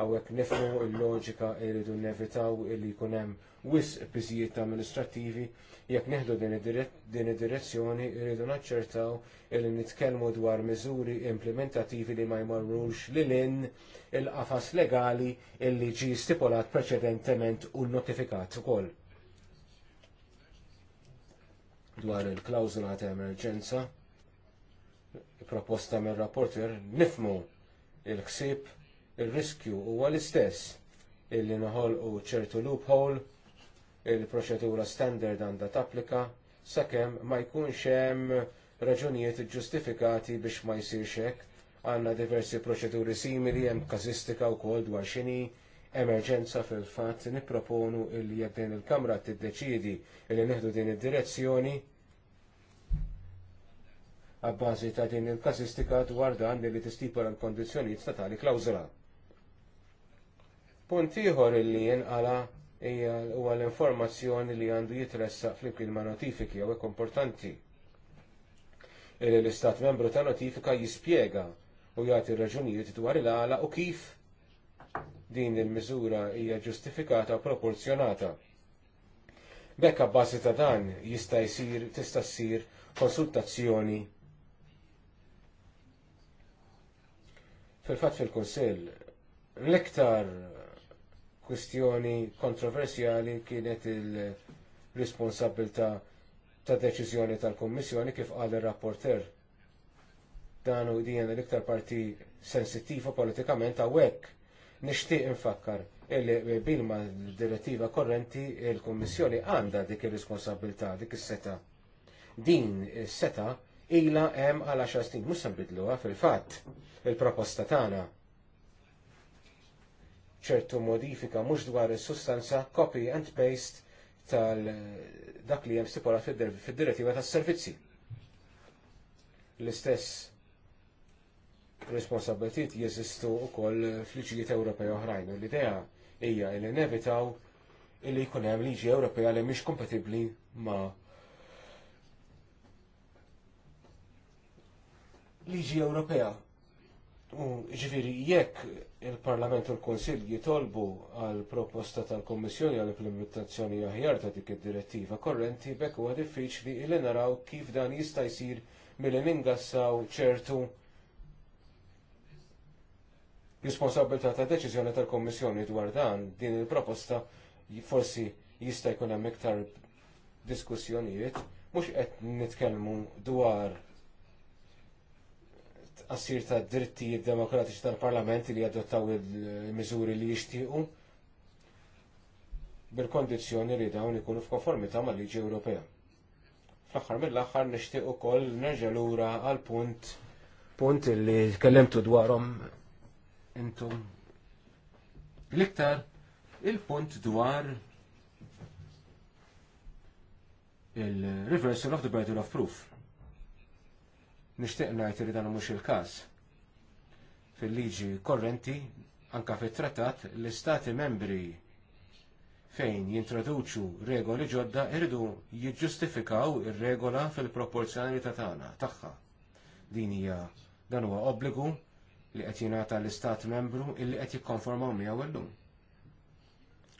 hawnhekk nifhmu l loġika irridu nevitaw li jkun hemm wisq biżijiet amministrattivi jekk neħdu din id-direzzjoni irridu naċċertaw li nitkellmu dwar miżuri implementativi li ma jmarrux lil in il-qafas legali illi ġie stipulat preċedentement u notifikat ukoll. Dwar il-klawzula ta' emerġenza proposta mir rapporter nifmu il ħsieb ir riskju huwa l-istess illi u ċertu loophole il-proċedura standard għandha tapplika sakemm ma jkunx hemm raġunijiet ġustifikati biex ma jsirx hekk. Għandna diversi proċeduri simili hemm każistika wkoll dwar x'inhi emerġenza fil-fatt nipproponu li jekk din il-Kamra tiddeċiedi li nieħdu din id-direzzjoni għabbażi ta' din il-każistika dwar dan li tistipula l-kondizzjonijiet tali klawżola. Punt ieħor illi jinqala' hija huwa l-informazzjoni li għandu jitressaq flimkien ma' notifiki jew importanti. Illi l-istat membru ta' notifika jispjega u jagħti raġunijiet dwar il-għala u kif din il-miżura hija ġustifikata u proporzjonata. B'hekk abbażi ta' dan jista' jsir tista' ssir konsultazzjoni fil-fatt fil-Kunsill l-iktar kwistjoni kontroversjali kienet il-responsabilta ta' deċiżjoni tal-Kommissjoni kif qal ir-rapporter. Dan u dijen l-iktar parti sensittiva politikament hawnhekk Nixtieq infakkar illi bilma direttiva korrenti il kummissjoni għandha dik ir-responsabilità, dik is-seta. Din is-seta ilha hemm għal 10 snin mhux se nbidluha fil-fatt il-proposta tagħna ċertu modifika mhux dwar is-sustanza copy and paste tal dak li hemm stipulat fid-direttiva tas-servizzi. L-istess responsabbiltiet jeżistu wkoll fil liġijiet Ewropej oħrajn u l-idea hija li nevitaw illi jkun hemm liġi Ewropea li mhix kompatibbli ma liġi Ewropea U ġifiri, jekk il-Parlament u l-Konsil jitolbu għal proposta tal-Kommissjoni għal implementazzjoni aħjar ta' dik id-direttiva korrenti, bekk huwa diffiċli li naraw kif dan jista' jsir milli ningassaw ċertu responsabilità ta' deċiżjoni tal-Kommissjoni dwar dan din il-proposta forsi jista' jkun hemm iktar diskussjonijiet, mhux qed nitkellmu dwar tqassir ta' drittijiet demokratiċi tal-Parlament li adottaw il-miżuri li jixtiequ bil-kondizzjoni li dawn ikunu f'konformità mal-liġi Ewropea. Fl-aħħar mill-aħħar nixtieq ukoll nerġa' lura għal punt punt li kellemtu dwarhom intum. l-iktar il-punt dwar il-reversal of the burden of proof Nixtieq ngħid li dan mhux il-każ. Fil-liġi korrenti, anke fit-trattat, l-istati membri fejn jintroduċu regoli ġodda irridu jiġġustifikaw ir-regola fil-proporzjonalità tagħna tagħha. Din hija dan huwa obbligu li qed jingħata l-istat membru illi qed jikkonformaw miegħu llum.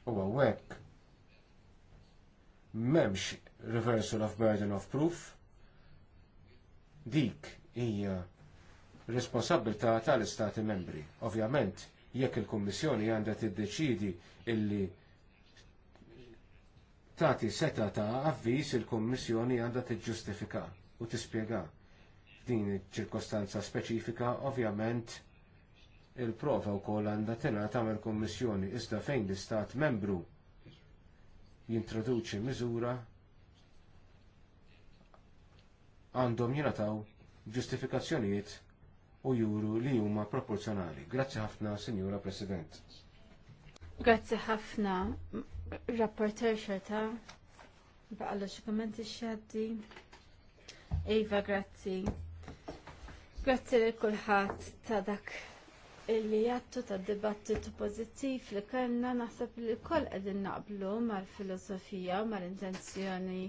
U hawnhekk m'hemmx reversal of burden of proof Dik hija responsabilità tal-Istati membri. Ovvjament, jekk il-Kummissjoni għandha tiddeċidi illi tagħti seta ta' avvis il-Kummissjoni għandha tiġġustifika u tispjega. Din ċirkostanza speċifika ovvjament il-prova wkoll għandha tingħata mill-Kummissjoni iżda fejn l-Istat membru jintroduċi miżura għandhom jingħataw ġustifikazzjonijiet u juru li huma proporzjonali. Grazzi ħafna, Sinjura President. Grazzi ħafna, rapporter xeta, baqallu xi xaddi. Iva, grazzi. Grazzi li kulħadd ta' dak illi jattu ta' dibattitu pozittif li kellna naħseb li koll qegħdin naqblu mal-filosofija u mal-intenzjoni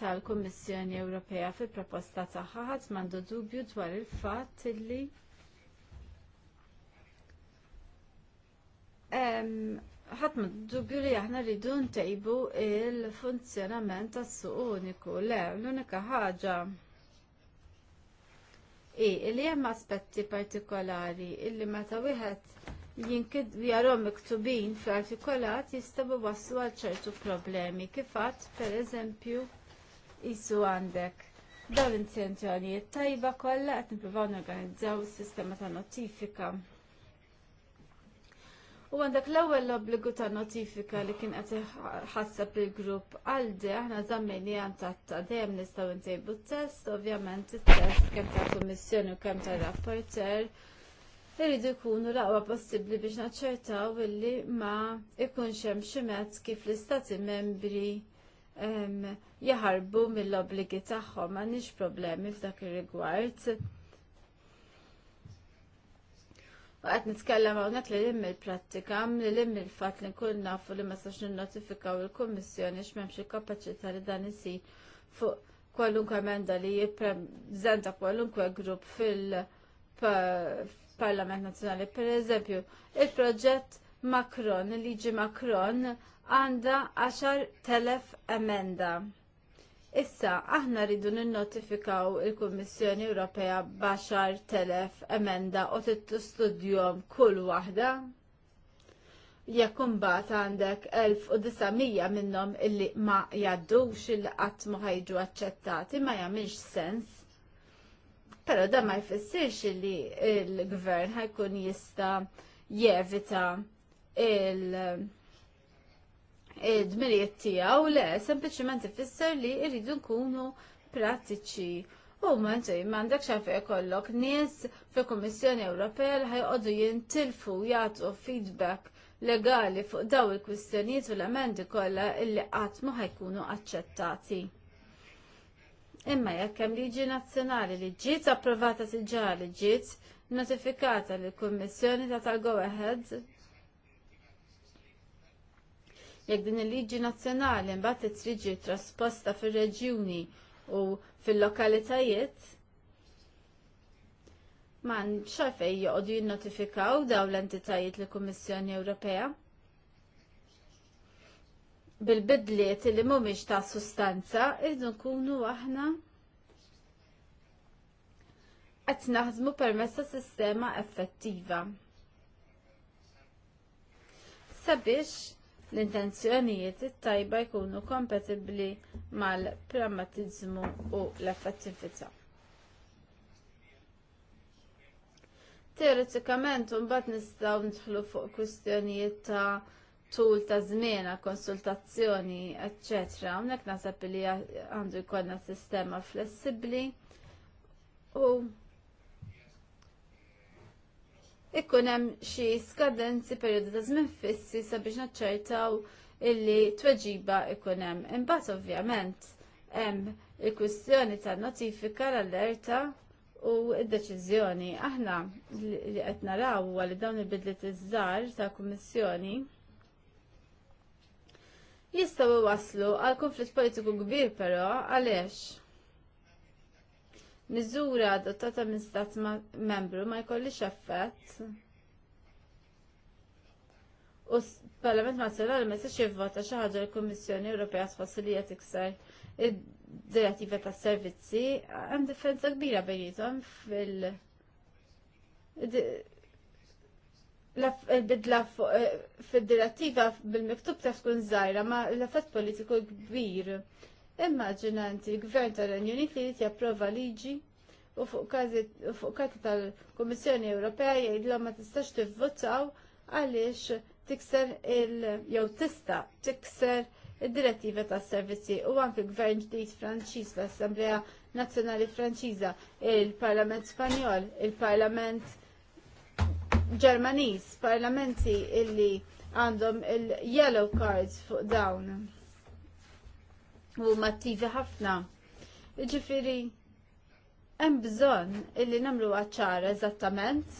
tal-Kummissjoni Ewropea fil proposta tagħha ħadd m'għandu dubju dwar il-fatt li ħadd um, dubju li aħna rridu ntejbu l funzjonament tas-suq uniku. Le, l-unika ħaġa i li hemm aspetti partikolari illi meta wieħed jinkid jarom miktubin fl-artikolat jistabu waslu għal ċertu problemi kifat per eżempju isu għandek dawn l-intenzjonijiet tajba kollha qed nippruvaw norganizzaw is-sistema ta' notifika. U għandek l-ewwel obbligu ta' notifika li kien qed ħassab il-grupp għaldi aħna żammini għantatta dejjem nistgħu ntejbu t-test, ovvjament it-test kemm ta' kummissjoni u kemm ta' rapporter irridu jkunu l-aqwa possibbli biex naċċertaw illi ma ikunx hemm xi mezz kif l-istati membri jaħarbu mill-obligi tagħhom għandix problemi f'dak ir-rigward. U qed nitkellem hawnhekk li lim il-prattika, li lim il-fatt li nkun nafu li ma sax ninnotifikaw il-Kummissjoni x'mem il-kapaċità li dan isir fuq kwalunkwe emenda li jippreżenta kwalunkwe grupp fil-Parlament Nazzjonali. Per eżempju, il-proġett Macron, il-liġi Macron, għanda 10.000 emenda. Issa, aħna rridu ninnotifikaw il-Kummissjoni Ewropea b'10.000 emenda u t-studjom kull waħda. Jekk bat għandek 1900 minnhom illi ma jgħaddux il qatt ma ħajġu aċċettati ma jagħmilx sens. Però da ma jfissirx li l-gvern ħajkun jista' jevita il- id-dmirijiet tiegħu le, sempliċement ifisser li jridu nkunu prattiċi. U manti, mandek xan fej kollok nis fi Komissjoni Ewropea li ħajqogħdu jintilfu jagħtu feedback legali fuq daw il-kwistjonijiet u l-amendi kollha illi qatt ma ħajkunu aċċettati. Imma jekk hemm liġi nazzjonali li ġiet approvata tiġà li ġiet notifikata lill kummissjoni ta' tal-go ahead Jekk din il-liġi nazzjonali mbagħad li triġi trasposta fir-reġjuni u fil-lokalitajiet, man xafej joqogħdu jinnotifikaw dawn l-entitajiet li Kummissjoni Ewropea bil-bidliet li mhumiex ta' sustanza irridu nkunu aħna qed naħdmu permezz ta' sistema effettiva. Sabiex l-intenzjonijiet it-tajba jkunu kompatibbli mal-pragmatizmu u l-effettività. Teoretikament, mbagħad nistgħu ndħlu fuq kwistjonijiet ta' tul ta' żmien konsultazzjoni, ecc. Hawnhekk naħseb li għandu jkollna sistema flessibbli u ikkun hemm xi skadenzi perjodi ta' żmien fissi sabiex naċċertaw illi tweġiba ikun hemm. Imbagħad ovvjament hemm il-kwistjoni ta' notifika l-allerta u d-deċiżjoni. Aħna li qed naraw huwa li dawn il-bidliet iż-żgħar ta' kummissjoni jistgħu waslu għal konflitt politiku kbir però għaliex miżura adottata minn stat membru ma jkollix effett u s-Parlament Nazzjonali ma jistax jivvota xi ħaġa l-Kummissjoni Ewropea tfassilija tikser id-direttiva tas servizzi hemm differenza kbira bejnietom fil- bidla eh, fil-direttiva bil-miktub ta' tkun żgħira ma l-effett politiku kbir Immaġinanti il gvern tal-Renju Unit li japprova liġi u fuq kati tal-Kummissjoni Ewropea jgħidlhom ma tistax tivvotaw għaliex tikser il- jew tista' tikser id-direttiva tas servizzi u anke gvern ġdid Franċiż l-Assemblea Nazzjonali Franċiża, il-Parlament Spanjol, il-Parlament Ġermaniż, parlamenti illi għandhom il-yellow cards fuq dawn u mattivi ħafna. Ġifiri, hemm bżonn illi nagħmlu għacċar eżattament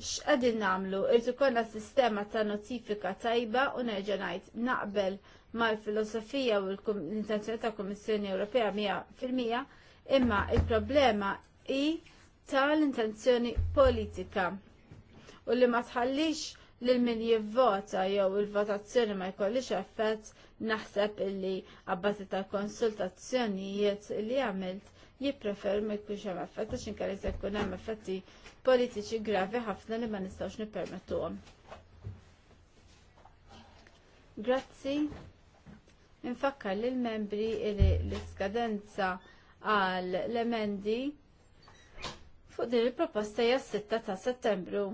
x'qegħdin nagħmlu irid ikollna sistema ta' notifika tajba u nerġa' ngħid naqbel mal-filosofija u l-intenzjoni ta' Kummissjoni Ewropea mija fil-mija, imma il-problema i tal-intenzjoni politika u li ma tħallix lil min jivvota jew il-votazzjoni ma jkollix effett naħseb illi għabbażi ta' konsultazzjonijiet li għamilt jipprefer ma jkunx hemm effett għax inkella se jkun hemm effetti politiċi gravi ħafna li ma nistgħux nippermettuhom. Grazzi. Infakkar lil membri li l-iskadenza għal l-emendi fuq din il-proposta hija 6 ta' Settembru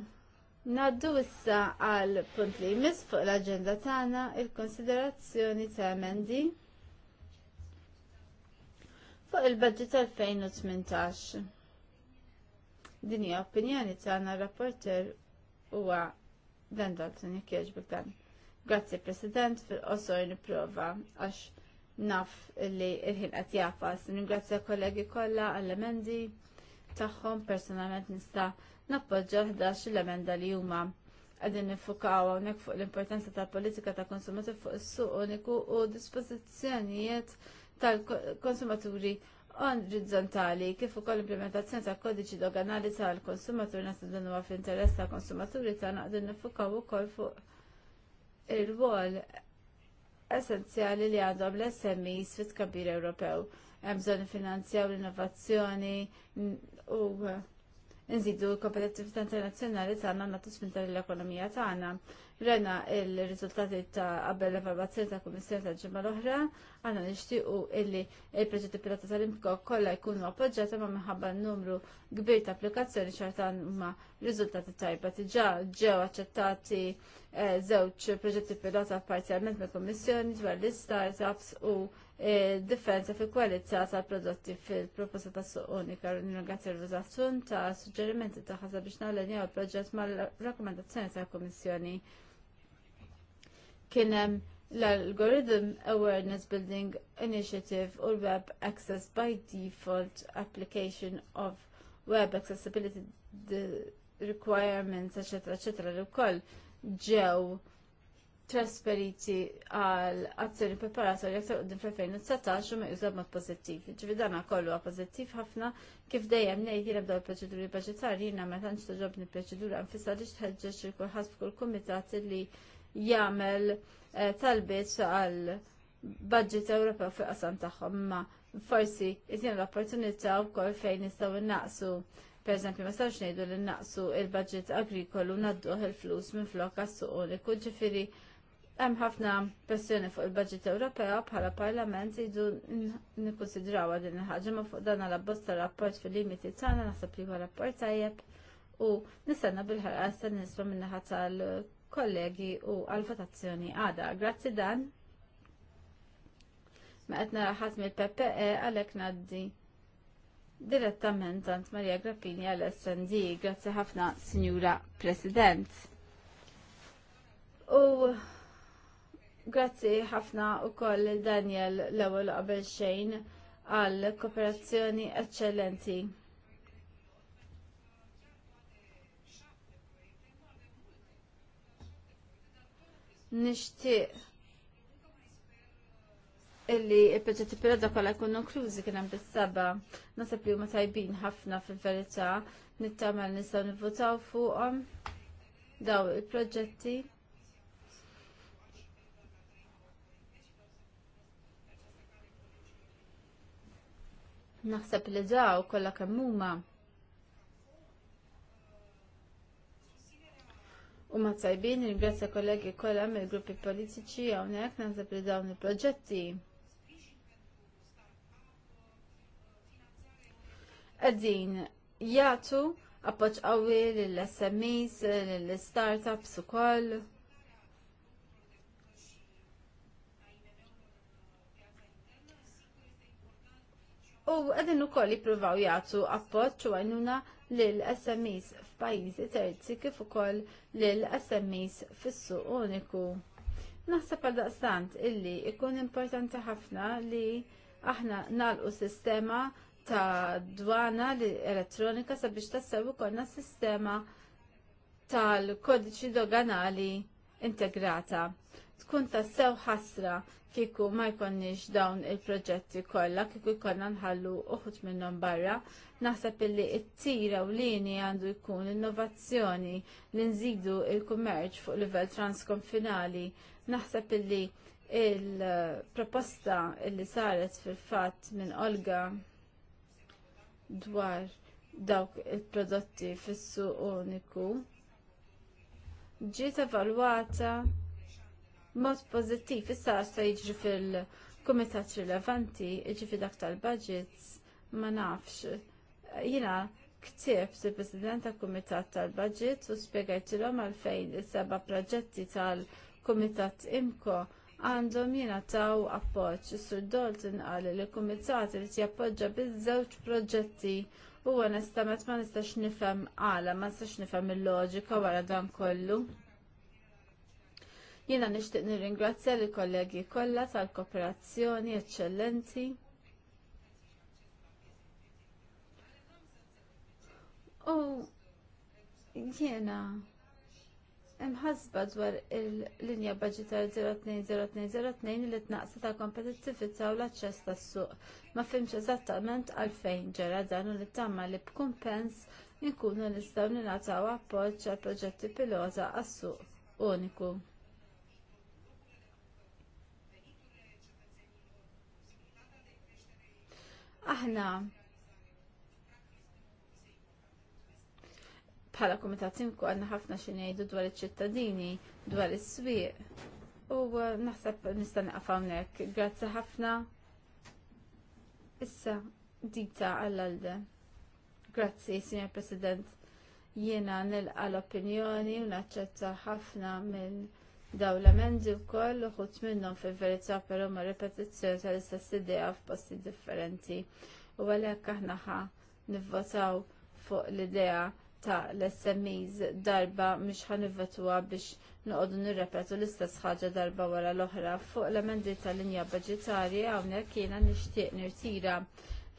Naddu issa għal punt li jmiss fuq l-agenda tagħna il-konsiderazzjoni ta' emendi fuq il-budget 2018. Din hija opinjoni tagħna rapporter huwa Dan Dalton jekk jogħġbek dan. Grazzi President fil-qosor nipprova għax naf li il-ħin qed jafas. Ningrazzja kollegi kollha għall-emendi tagħhom personalment nista' nappoġġa 11 l-emenda li huma għadin nifukaw hawnhekk fuq l-importanza ta' politika ta' konsumatur fuq is-suq uniku u dispożizzjonijiet tal-konsumaturi orizzontali kif ukoll implementazzjoni ta' kodiċi doganali tal-konsumatur nasib dan huwa fl ta' konsumaturi ta' qegħdin nifukaw ukoll fuq ir-rwol essenzjali li għandhom l-SMEs fit-kabir Ewropew. Hemm bżonn finanzjaw l-innovazzjoni u nżidu l kompetitività internazzjonali tagħna nagħtu spinta l-ekonomija tagħna. Rena il-riżultati ta' qabel l-evalvazzjoni ta' kummissjoni ta' ġimgħa l-oħra, għandna nixtiequ illi il-proġetti pilota tal-Imko kollha jkunu appoġġjati ma' minħabba numru kbir ta' applikazzjoni xartan ma' riżultati tajba diġà ġew aċċettati eh, żewġ proġetti pilota parzjalment mill-Kummissjoni dwar l istartups u E, differenza fil kwalità tal-prodotti fil-proposta ta' suq unika ringrazzja l-użazzun ta' suġġerimenti ta' ħazza biex nallenjaw il-proġett mal-rakkomandazzjoni tal-Kummissjoni. Kien hemm l-Algorithm Awareness Building Initiative u l-Web Access by Default Application of Web Accessibility Requirements, eccetera, eccetera, li wkoll ġew trasferiti għal azzjoni preparatorja aktar qudiem fl-2019 u meqjużab mod pożittiv. Ġifi dan kollu huwa pożittiv ħafna kif dejjem ngħid jiena bdew il-proċeduri budġetarji jiena meta nixtoġobni proċedura nfisha li tħeġġeġ il kulħadd f'kull kumitat li jagħmel eh, talbiet għal budget Ewropew fuq qasam tagħhom imma forsi jtien l-opportunità wkoll fejn nistgħu innaqsu per eżempju, ma sarx nejdu li naqsu il-budget agrikolu nadduħ il-flus minn flok għassu uniku ġifiri Hemm ħafna pressjoni fuq il-Baġit Ewropea bħala Parlament jridu nikkonsidrawha din il-ħaġa ma fuq dan l-abbozza rapport fil-limiti tagħna naħseb li huwa rapport tajjeb u nistenna bil ħarqas se nisma min-naħa tal-kollegi u għal-votazzjoni għada. Grazzi dan. Ma mela qed nara ħadd mill-PPE għalhekk ngħaddi direttament għand Marija Grappini għall-SND. Grazzi ħafna, Sinjura President. U Grazzi ħafna u koll Daniel l-ewel qabel xejn għal kooperazzjoni eccellenti. Nishtiq illi il-proġetti da kollha jkunu klużi kien hemm bis-seba. Nasab li huma tajbin ħafna fil-verità nittamal nistgħu nivvutaw fuqhom daw il-proġetti. Naħseb li daw kollha kemm huma U ma tajbin ringrazzja kollegi kollha mill-gruppi politiċi hawnhekk naħseb li dawn il-proġetti. Qegħdin jagħtu appoġġ qawwi lill-SMEs, lill-startups ukoll. u għedin u koll jipruvaw jgħatu appoċ u għajnuna l-SMEs f'pajizi terzi kif ukoll l-SMEs fis-suq uniku. Naħseb għal daqstant illi ikun importanti ħafna li aħna nalqu sistema ta' dwana li elettronika sabiex tassew konna sistema tal-kodiċi doganali integrata tkun tassew ħasra kieku ma jkonniġ dawn il-proġetti kollha kieku jkollna nħallu uħut minnhom barra, naħseb illi it tira u lini għandu jkun innovazzjoni li nżidu il-kummerċ fuq livell transkonfinali. Naħseb illi il-proposta illi saret fil-fatt minn Olga dwar dawk il-prodotti fissu uniku ġiet evalwata mod pozittiv issa sa jiġri fil-kumitat rilevanti, jiġri dak tal-budgets, ma nafx. Jina ktieb il-President tal-Kumitat tal-Budget u spiegajtilhom għalfejn is-seba' proġetti tal-Kumitat Imko għandhom jingħataw appoġġ. Sur Dalton qal li l-Kumitat li jappoġġa biż-żewġ proġetti u onestament ma nistax nifhem għala ma nistax nifhem il-loġika wara dan kollu. Jiena nixtieq nirringrazzja lill kollegi kollha tal-kooperazzjoni eċċellenti. U jiena imħazba dwar il-linja budgetar 020202 li tnaqsa ta' kompetitività u l-aċċess tas-suq. Ma fimx eżattament għalfejn ġara dan u li tamma li b'kumpens inkunu nistgħu għataw appoġġ għal proġetti pilota għas-suq uniku. Aħna bħala komitat imku għanna ħafna xinejdu dwar iċ-ċittadini, dwar is-swieq. U uh, naħseb nista' hawnhekk. Grazzi ħafna. Issa dita għall-alde. Grazzi, Signor President. Jiena nilqa l-opinjoni u naċċetta ħafna minn Daw l-emendi wkoll uħud minnhom fil-verità però ma' r-ripetizzjoni tal-istess idea f'posti differenti. U għalhekk aħna ħa nivvotaw fuq l-idea ta' l-SMEs darba mhix ħa nivvotuha biex noqogħdu nirrepetu l-istess ħaġa darba wara l-oħra fuq l-emendi tal-linja budġetarja hawnhekk jiena nixtieq nirtira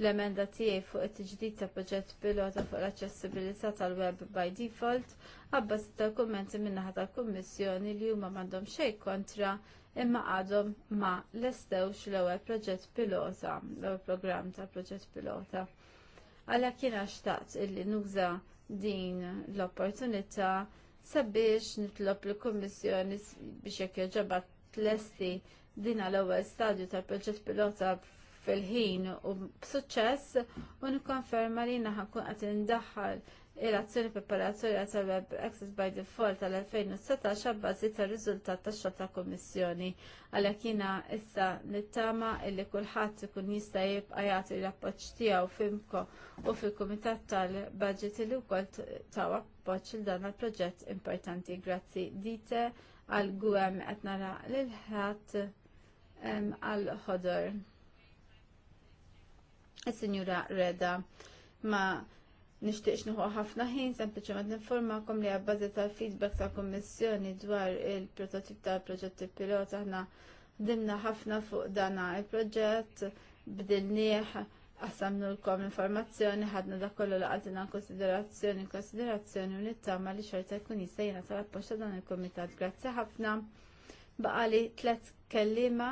l-emenda tiegħi fuq it-tiġdid ta' proġett pilota fuq l-aċċessibilità tal-web by default għabbażi tal dokumenti min-naħa tal-Kummissjoni li huma m'għandhom xejn kontra imma għadhom ma lestewx l-ewwel proġett pilota, l-ewwel programm ta' proġett pilota. Għalhekk jiena xtaqt illi nuża din l-opportunità sabiex nitlob l-Kummissjoni biex jekk joġobat lesti din l-ewwel stadju tal-proġett pilota fil-ħin u b'suċċess u nikkonferma li naħa kun qed indaħħal il-azzjoni preparatorja tal-Web Access by Default tal 2016 għabbażi tal-riżultat ta' xogħol ta' Kummissjoni. Għalhekk jiena issa nittama illi kulħadd ikun jista' jibqa' jagħti l-appoġġ tiegħu fimko u fil-Kumitat tal-Budget li wkoll taw appoġġ il dan il-proġett importanti. Grazzi dite għal gwem qed nara lil ħadd għal ħodor. Is-Sinjura Reda ma nixtieqx nieħu ħafna ħin sempliċement ninformakom li għabbażi tal-feedback tal-Kummissjoni dwar il-prototip tal-proġetti pilota aħna dimna ħafna fuq dana il-proġett bdilnieh għasamnu l-kom informazzjoni, ħadna da kollu laqatina konsiderazzjoni, konsiderazzjoni u nittama li xorta jkun jisajna tal-appoċa dan il-komitat. Grazie ħafna. Baqali tlet kellima.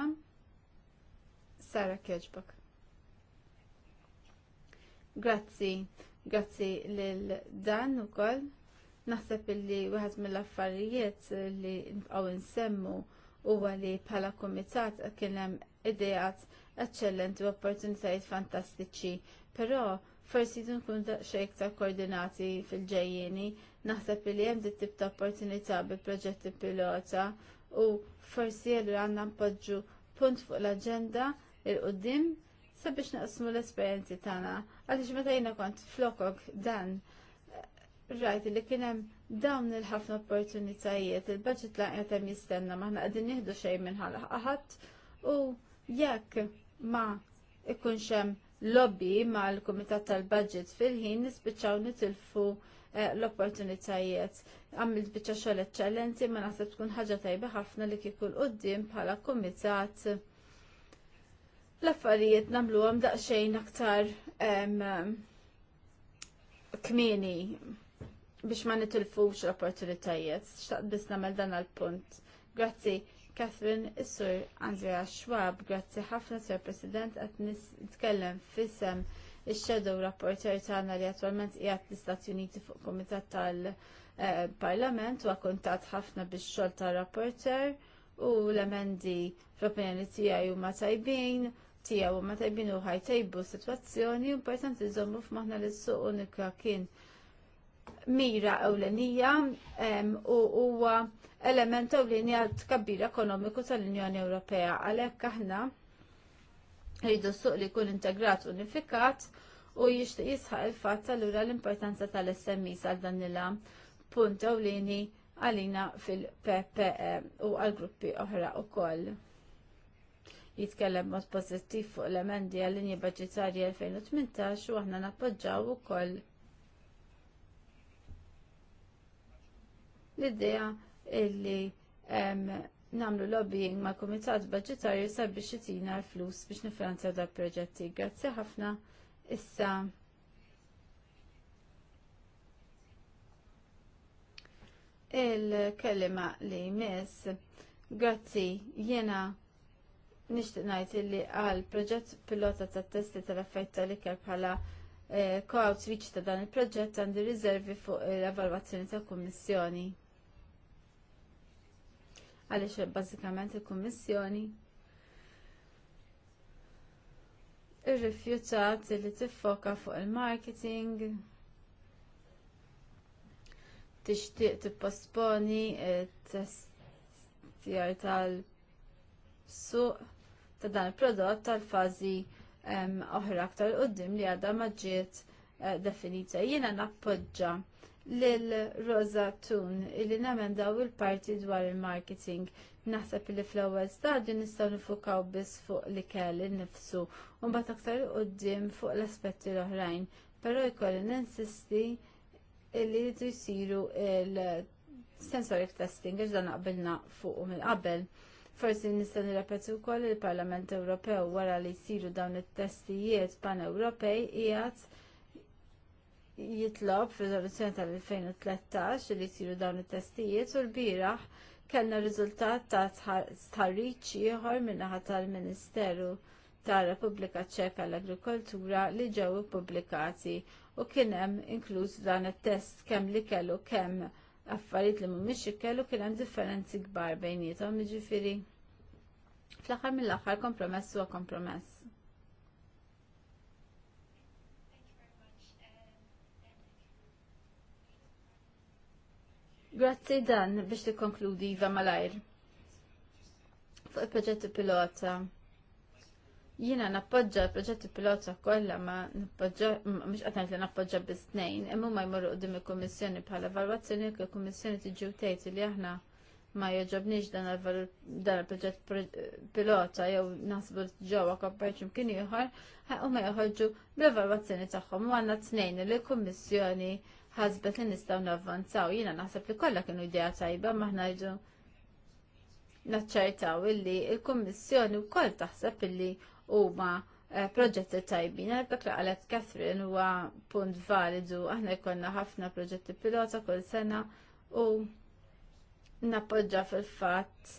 Sara Kjoġbak. Grazzi, grazzi lil dan ukoll. Naħseb illi wieħed mill-affarijiet li nbqgħu nsemmu huwa li bħala kumitat kien hemm ideat eċċellenti u opportunitajiet fantastiċi, però forsi nkun xejk ta' koordinati fil ġejjini naħseb li hemm dit tip ta' opportunità bi proġetti pilota u forsi għallu għandna npoġġu punt fuq l-aġenda il qudiem sabiex naqsmu l-esperjenzi tagħna. Għaliex meta jiena kont flokok dan rajt li kien hemm dawn il-ħafna opportunitajiet, il-budget qed hemm jistenna maħna qegħdin nieħdu xejn minn ħadd u jekk ma jkunx hemm lobby mal-Kumitat tal-Budget fil-ħin nispiċċaw nitilfu eh, l-opportunitajiet. Għamilt biċċa xogħol eċċellenti ma naħseb tkun ħaġa tajba ħafna li kikul qudiem bħala kumitat l-affarijiet għam daqsxejn aktar kmini biex ma nitilfux l-opportunitajiet. Xtaqt bis nagħmel dan għal-punt. Grazzi Catherine Issur Andrea Schwab, grazzi ħafna Sir President qed nitkellem fissem il shadow rapporter tagħna li attwalment qiegħed l-Istati Uniti fuq Kumitat tal-Parlament u kuntat ħafna biex xogħol tar-rapporter u l-emendi fl-opinjoni tiegħi huma tajbin tiegħu meta jbinu ħajtejbu situazzjoni importanti żommu f'maħna li s-suq unika kien mira ewlenija u huwa element ewlenija tkabbir ekonomiku tal-Unjoni Ewropea għalhekk aħna rridu suq li jkun integrat unifikat u jixtieq jisħaq il-fatt allura l-importanza tal-SMEs għal dan il punt ewlieni għalina fil-PPE u għal gruppi oħra wkoll jitkellem mod pożittiv fuq l-emendi għall-linji budġetarji 2018 u aħna nappoġġaw ukoll l-idea illi namlu lobbying ma' komitat budgetarju sabiex jitina l-flus biex nifranza da' proġetti. Grazzi ħafna issa il kellima li jmiss. Grazzi, jena nixtieq ngħid illi għal proġett pilota tat testi tal-effett tal-ikel bħala eh, co-outreach ta' dan il-proġett għandi riservi fuq l-evalwazzjoni tal kummissjoni. Għaliex bażikament il-Kummissjoni Ir-rifjutat li tiffoka fuq il-marketing, tixtieq tipposponi t-testjar eh, tal-suq ta' dan il-prodott tal-fazi oħra aktar qoddim li għadha maġġiet eh, definita. Jiena nappoġġa lil Rosa Tun illi namendaw il-parti dwar il-marketing. Naħseb li fl-ewwel stadju nistgħu nifukaw biss fuq li kell innifsu u mbagħad aktar qudiem fuq l-aspetti l-oħrajn, però jkolli ninsisti illi jsiru il sensoric testing għax dan qabilna fuq minn qabel. Forsi nista' nirrepetu wkoll il-Parlament Ewropew wara li jsiru dawn it-testijiet pan-Ewropej jgħat jitlob fil riżoluzzjoni tal-2013 li jsiru dawn it-testijiet u l biraħ kellna riżultat ta' tħarriġ ieħor min-naħa tal-Ministeru tar-Repubblika Ċeka l-Agrikoltura li ġew ippubblikati u kien hemm inkluż dan it-test kemm li kellu kemm affarijiet li mhumiex ikellu kien hemm differenzi kbar bejnietom jiġifieri fl-aħħar mill-aħħar kompromess huwa kompromess. Grazzi dan biex tikkonkludi Iva malajr. Fuq il-proġetti pilota Jiena nappoġġa l-proġetti pilota kollha ma nappoġġa mhux qed li nappoġġa bis-snejn, imma ma jmorru qudiem il-Kummissjoni bħala evalwazzjoni kħi il-Kummissjoni tiġi tgħid li aħna ma jogħġobniex dan il-proġett pilota jew naħsbu ġewwa kompar x'imkien ieħor, u ma joħorġu bl-evalwazzjoni tagħhom u għandna tnejn li l-Kummissjoni ħasbet li nistgħu navvanzaw. Jiena naħseb li kollha kienu idea tajba ma aħna naċċertaw illi il-Kummissjoni wkoll taħseb illi huma eh, proġetti tajbin. Dak li qalet Catherine huwa punt validu, aħna jkollna ħafna proġetti pilota kull sena u nappoġġa fil-fatt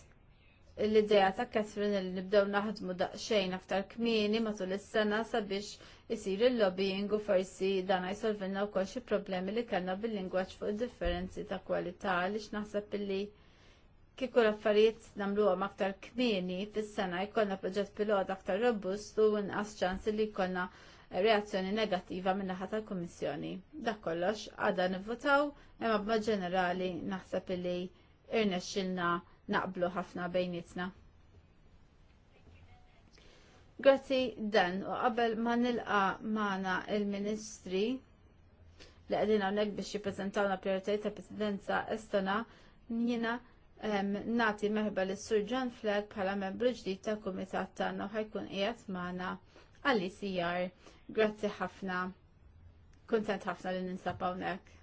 l-ideja ta' Catherine li nibdew naħdmu daqsxejn aktar kmieni matul is-sena sabiex isir il-lobbying u forsi dan jsolvilna wkoll xi problemi li kellna bil-lingwaġġ fuq differenzi ta' kwalità għaliex naħseb illi kieku l-affarijiet għom aktar kmieni fis-sena jkollna proġett pilota aktar robust u nqas ċans li jkollna reazzjoni negattiva minn naħa tal-Kummissjoni. Dak kollox għadha nivvotaw imma b'ma ġenerali naħseb li irnexxilna naqblu ħafna bejnietna. Grazzi dan u qabel ma nilqa magħna il-Ministri li qegħdin hawnhekk biex jippreżentawna prijoritajiet ta' Presidenza Estona jiena nati meħba li l surġan Flagg bħala membru ġdid ta' kumitat ta' u ħajkun qiegħed maħna għall-ICR. Grazzi ħafna. Kuntent ħafna li ninsab hawnhekk.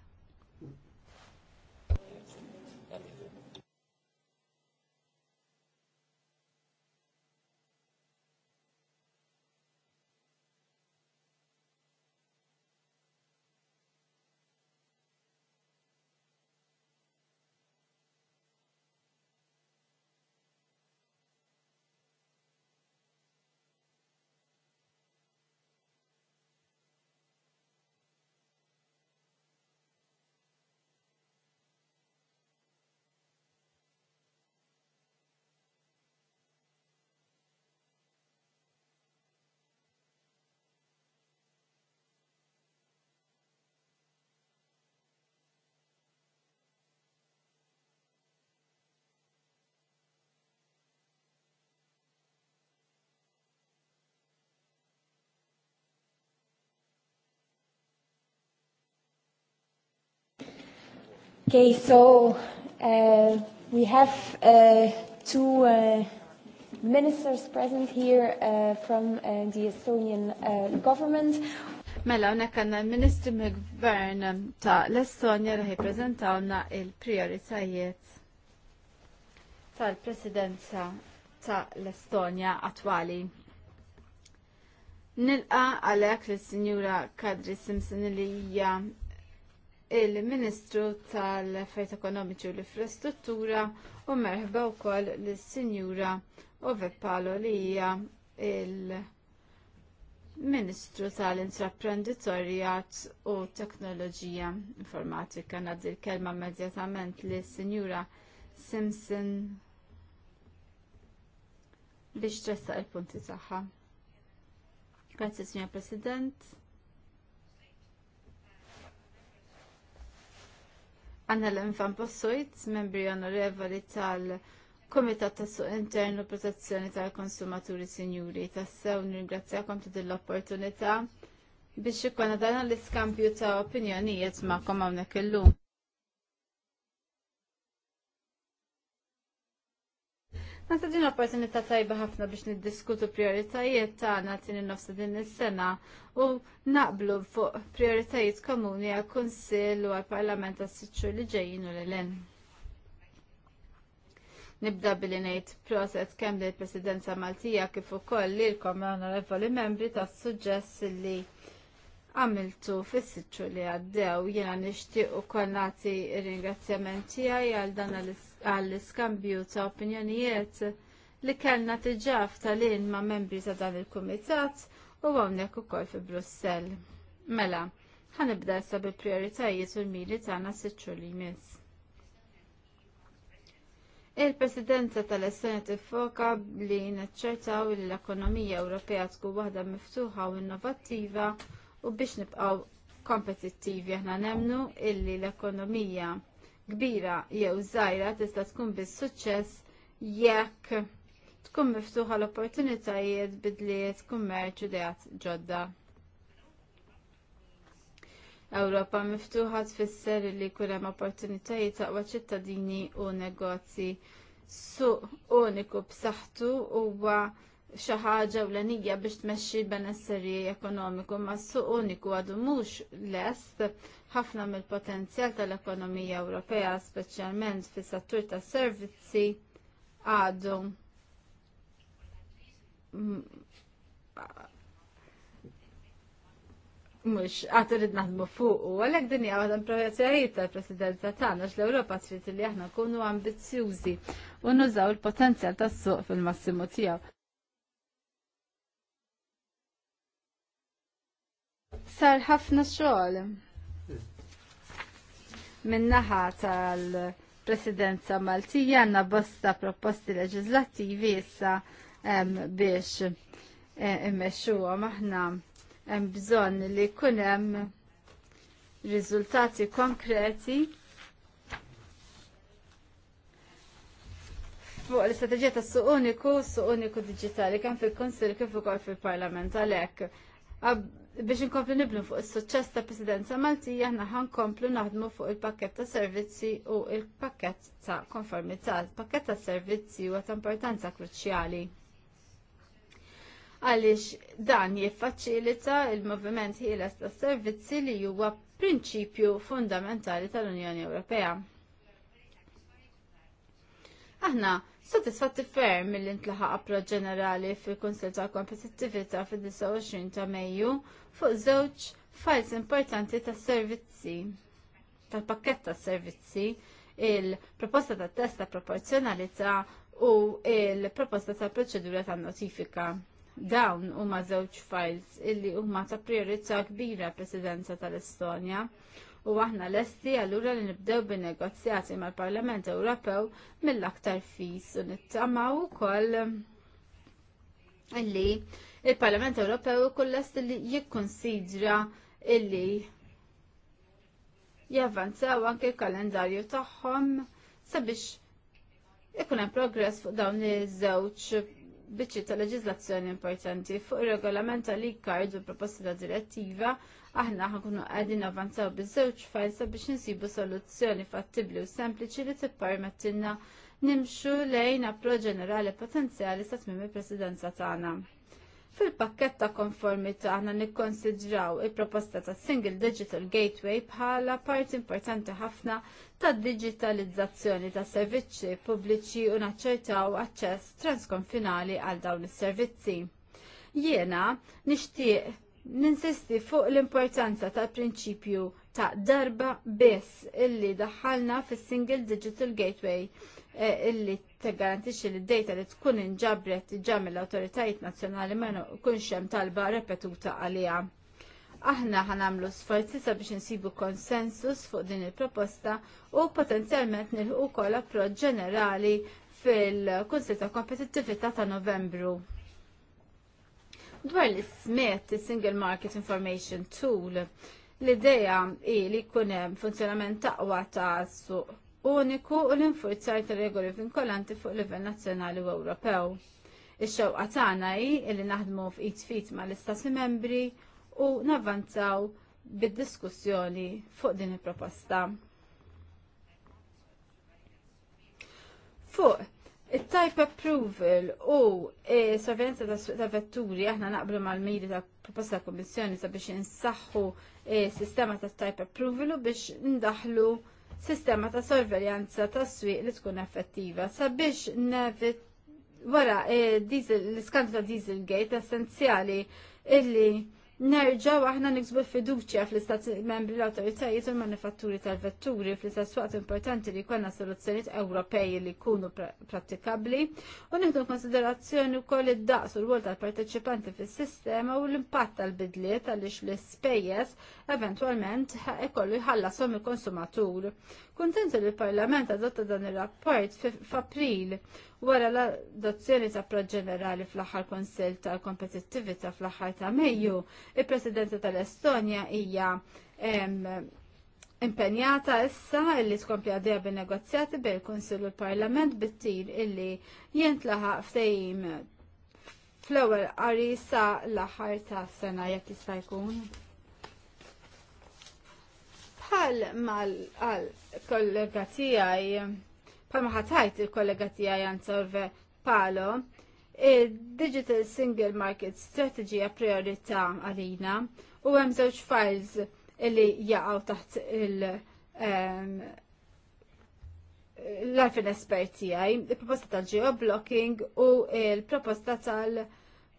Okay, so uh, we have uh, two uh, ministers present here uh, from uh, the Estonian uh, government. Mela, unek għanna l-Ministri mill-Gvern ta' l-Estonja li ħiprezentawna il-prioritajiet tal-Presidenza ta' l-Estonja attwali. Nilqa għalek l signura Kadri Simpson li hija il-Ministru tal-Affarijiet Ekonomiċi u l-Infrastruttura u merħba wkoll lis-Sinjura Ove Palo li hija il-Ministru tal intraprenditorijat u Teknoloġija Informatika ngħaddi l-kelma immedjatament lis-Sinjura Simpson biex tressaq il-punti tagħha. Grazie, Signor President. Anna l-infan possuit, membri onorevoli tal- Komitat ta' Suq Internu Protezzjoni tal-Konsumaturi Sinjuri, tassew nirringrazzjakom ta' din l-opportunità biex ikonna dan l-iskampju ta' opinjonijiet ma' kom hawnhekk illum. Nasa din opportunità tajba ħafna biex niddiskutu prioritajiet tagħna tin nofsa din is-sena u naqblu fuq prioritajiet komuni għal kunsill u għal parlament għas sitxur li ġejjin u l-elen. Nibda billi ngħid proset kemm li l-Presidenza Maltija kif ukoll lilkom onorevoli membri tas-suġġess li għamiltu fis-sitxur li għaddew jiena nixtieq ukoll nagħti r-ringrazzjament tiegħi għal dan l-istat għall-iskambju ta' opinjonijiet li kellna tiġa f'talin ma' membri ta' dan il-kumitat u hawnhekk ukoll fi Brussell. Mela, ħanibda issa bil-prioritajiet u l-miri tagħna siċċu li jmiss. Il-Presidenza tal-Essena tiffoka li naċċertaw li l-ekonomija Ewropea tkun waħda miftuħa u innovattiva u biex nibqgħu kompetittivi aħna nemnu illi l-ekonomija kbira jew żgħira tista' tkun biss suċċess jekk tkun miftuħa l-opportunitajiet bidliet kummerċ u dejat ġodda. Ewropa miftuħa tfisser li jkun hemm opportunitajiet taqwa ċittadini u negozji suq uniku b'saħħtu huwa xi ħaġa ewlenija biex tmexxi benesseri ekonomiku ma' suq uniku għadu mhux lest ħafna mill-potenzjal tal-ekonomija Ewropea, speċjalment fis-settur tas-servizzi, għadu mux għatu rid naħdmu fuq u għalek din hija waħda mill tal-Presidenza tagħna l-Ewropa trid li aħna nkunu ambizzjużi u nużaw il-potenzjal tas-suq fil-massimu tiegħu. Sar ħafna xogħol Minnaħa tal-Presidenza Maltija għanna bosta proposti leġislattivi issa biex e, immexxuha maħna hemm bżonn li jkun hemm riżultati konkreti fuq l-istrateġija ta' suq uniku, suq uniku digitali, kemm fil-Konsil kif ukoll fil-Parlament għalhekk biex inkomplu niblu fuq is-suċċess ta' Presidenza Maltija aħna nkomplu naħdmu fuq il-pakket ta' servizzi u il-pakket ta' konformità. Il-pakket ta' servizzi huwa ta' importanza kruċjali. Għaliex dan jiffaċilita il-moviment ħieles ta' servizzi li huwa prinċipju fundamentali tal-Unjoni Ewropea. Aħna Satisfatti ferm mill intlaħa approċ ġenerali fil-Kunsil ta' Kompetittività fid-29 ta' Mejju fuq żewġ files importanti ta' servizzi tal-pakket tas servizzi il-proposta ta' testa proporzjonalità u il-proposta ta' proċedura ta' notifika. Dawn huma żewġ files illi huma ta' priorità kbira presidenza tal-Estonja u aħna lesti allura li nibdew bin-negozjati mal-Parlament Ewropew mill-aktar fis u nittamaw ukoll illi il-Parlament Ewropew kull lesti li jikkonsidra illi javvanzaw anke il-kalendarju tagħhom sabiex ikun hemm progress fuq dawn iż-żewġ biċċi ta' leġiżlazzjoni importanti fuq ir-regolament e u proposta ta' direttiva Aħna ħankunu għadin avanzaw bizzewċ fajsa biex nsibu soluzzjoni fattibli u sempliċi li tippermettilna nimxu lejn appro ġenerali potenzjali sa tmiem il-presidenza tagħna. Fil-pakket ta' konformità għanna nikkonsidraw il-proposta ta' Single Digital Gateway bħala parti importanti ħafna ta' digitalizzazzjoni ta' servizzi pubbliċi u naċċertaw aċċess transkonfinali għal dawn is-servizzi. Jiena nixtieq Ninsisti fuq l-importanza tal-prinċipju ta' darba biss illi daħħalna fis single Digital Gateway eh, illi t-garantixi li d-data li tkun inġabret ġam l-autoritajiet nazjonali ma kunx hemm talba repetuta għalija. Aħna ħanamlu sforzi sabiex insibu konsensus fuq din il-proposta u potenzjalment nilħu kol approċ ġenerali fil-Kunsil ta' Kompetittività ta' Novembru. Dwar li smet Single Market Information Tool, l-ideja i li kunem funzjonament taqwa ta' suq uniku u l-infurzar ta' regoli vinkolanti fuq livell nazzjonali u Ewropew. Ix-xewqa tagħna hi li naħdmu f'it fit ma' l-istati membri u navvanzaw bid-diskussjoni fuq din il-proposta. Fuq Il-type approval u e, sorvenza ta', ta vetturi aħna naqblu mal-miri ta' proposta kommissjoni sabiex biex e, sistema ta' type approval u biex ndaħlu sistema ta' sorveljanza ta' swieq li tkun effettiva sabiex nevit wara e, l iskandu ta' Dieselgate essenzjali illi nerġaw aħna niksbu fiduċja fl-istat membri l-autoritajiet u l-manifatturi tal-vetturi fl istat suqat importanti li jkollna soluzzjonijiet Ewropej li jkunu prattikabbli u nieħdu konsiderazzjoni wkoll id-daqs u l-wol tal-parteċipanti fis-sistema u l-impatt tal-bidliet għaliex l-ispejjeż eventwalment ikollu jħallasom il-konsumatur. Kuntent li l-Parlament adotta dan ir-rapport f'April wara l-adozzjoni ta' proġ ġenerali fl-aħħar Konsil tal kompetittivita fl-aħħar ta' Mejju, il presidenta tal-Estonja hija impenjata issa illi tkompli għadija bin-negozjati bil konsil u l-Parlament bit illi jintlaħaq ftehim fl-ewwel qari sa l-aħħar ta' sena jekk jista' jkun. Bħal mal-kollega tiegħi Palma ħatajt il-kollega tiegħi Sorve Palo, il-Digital Single Market Strategy a priorità għalina u hemm żewġ files li jaqgħu taħt il- ehm, l-arfin esperti għaj, il-proposta tal-geoblocking u il-proposta tal-geoblocking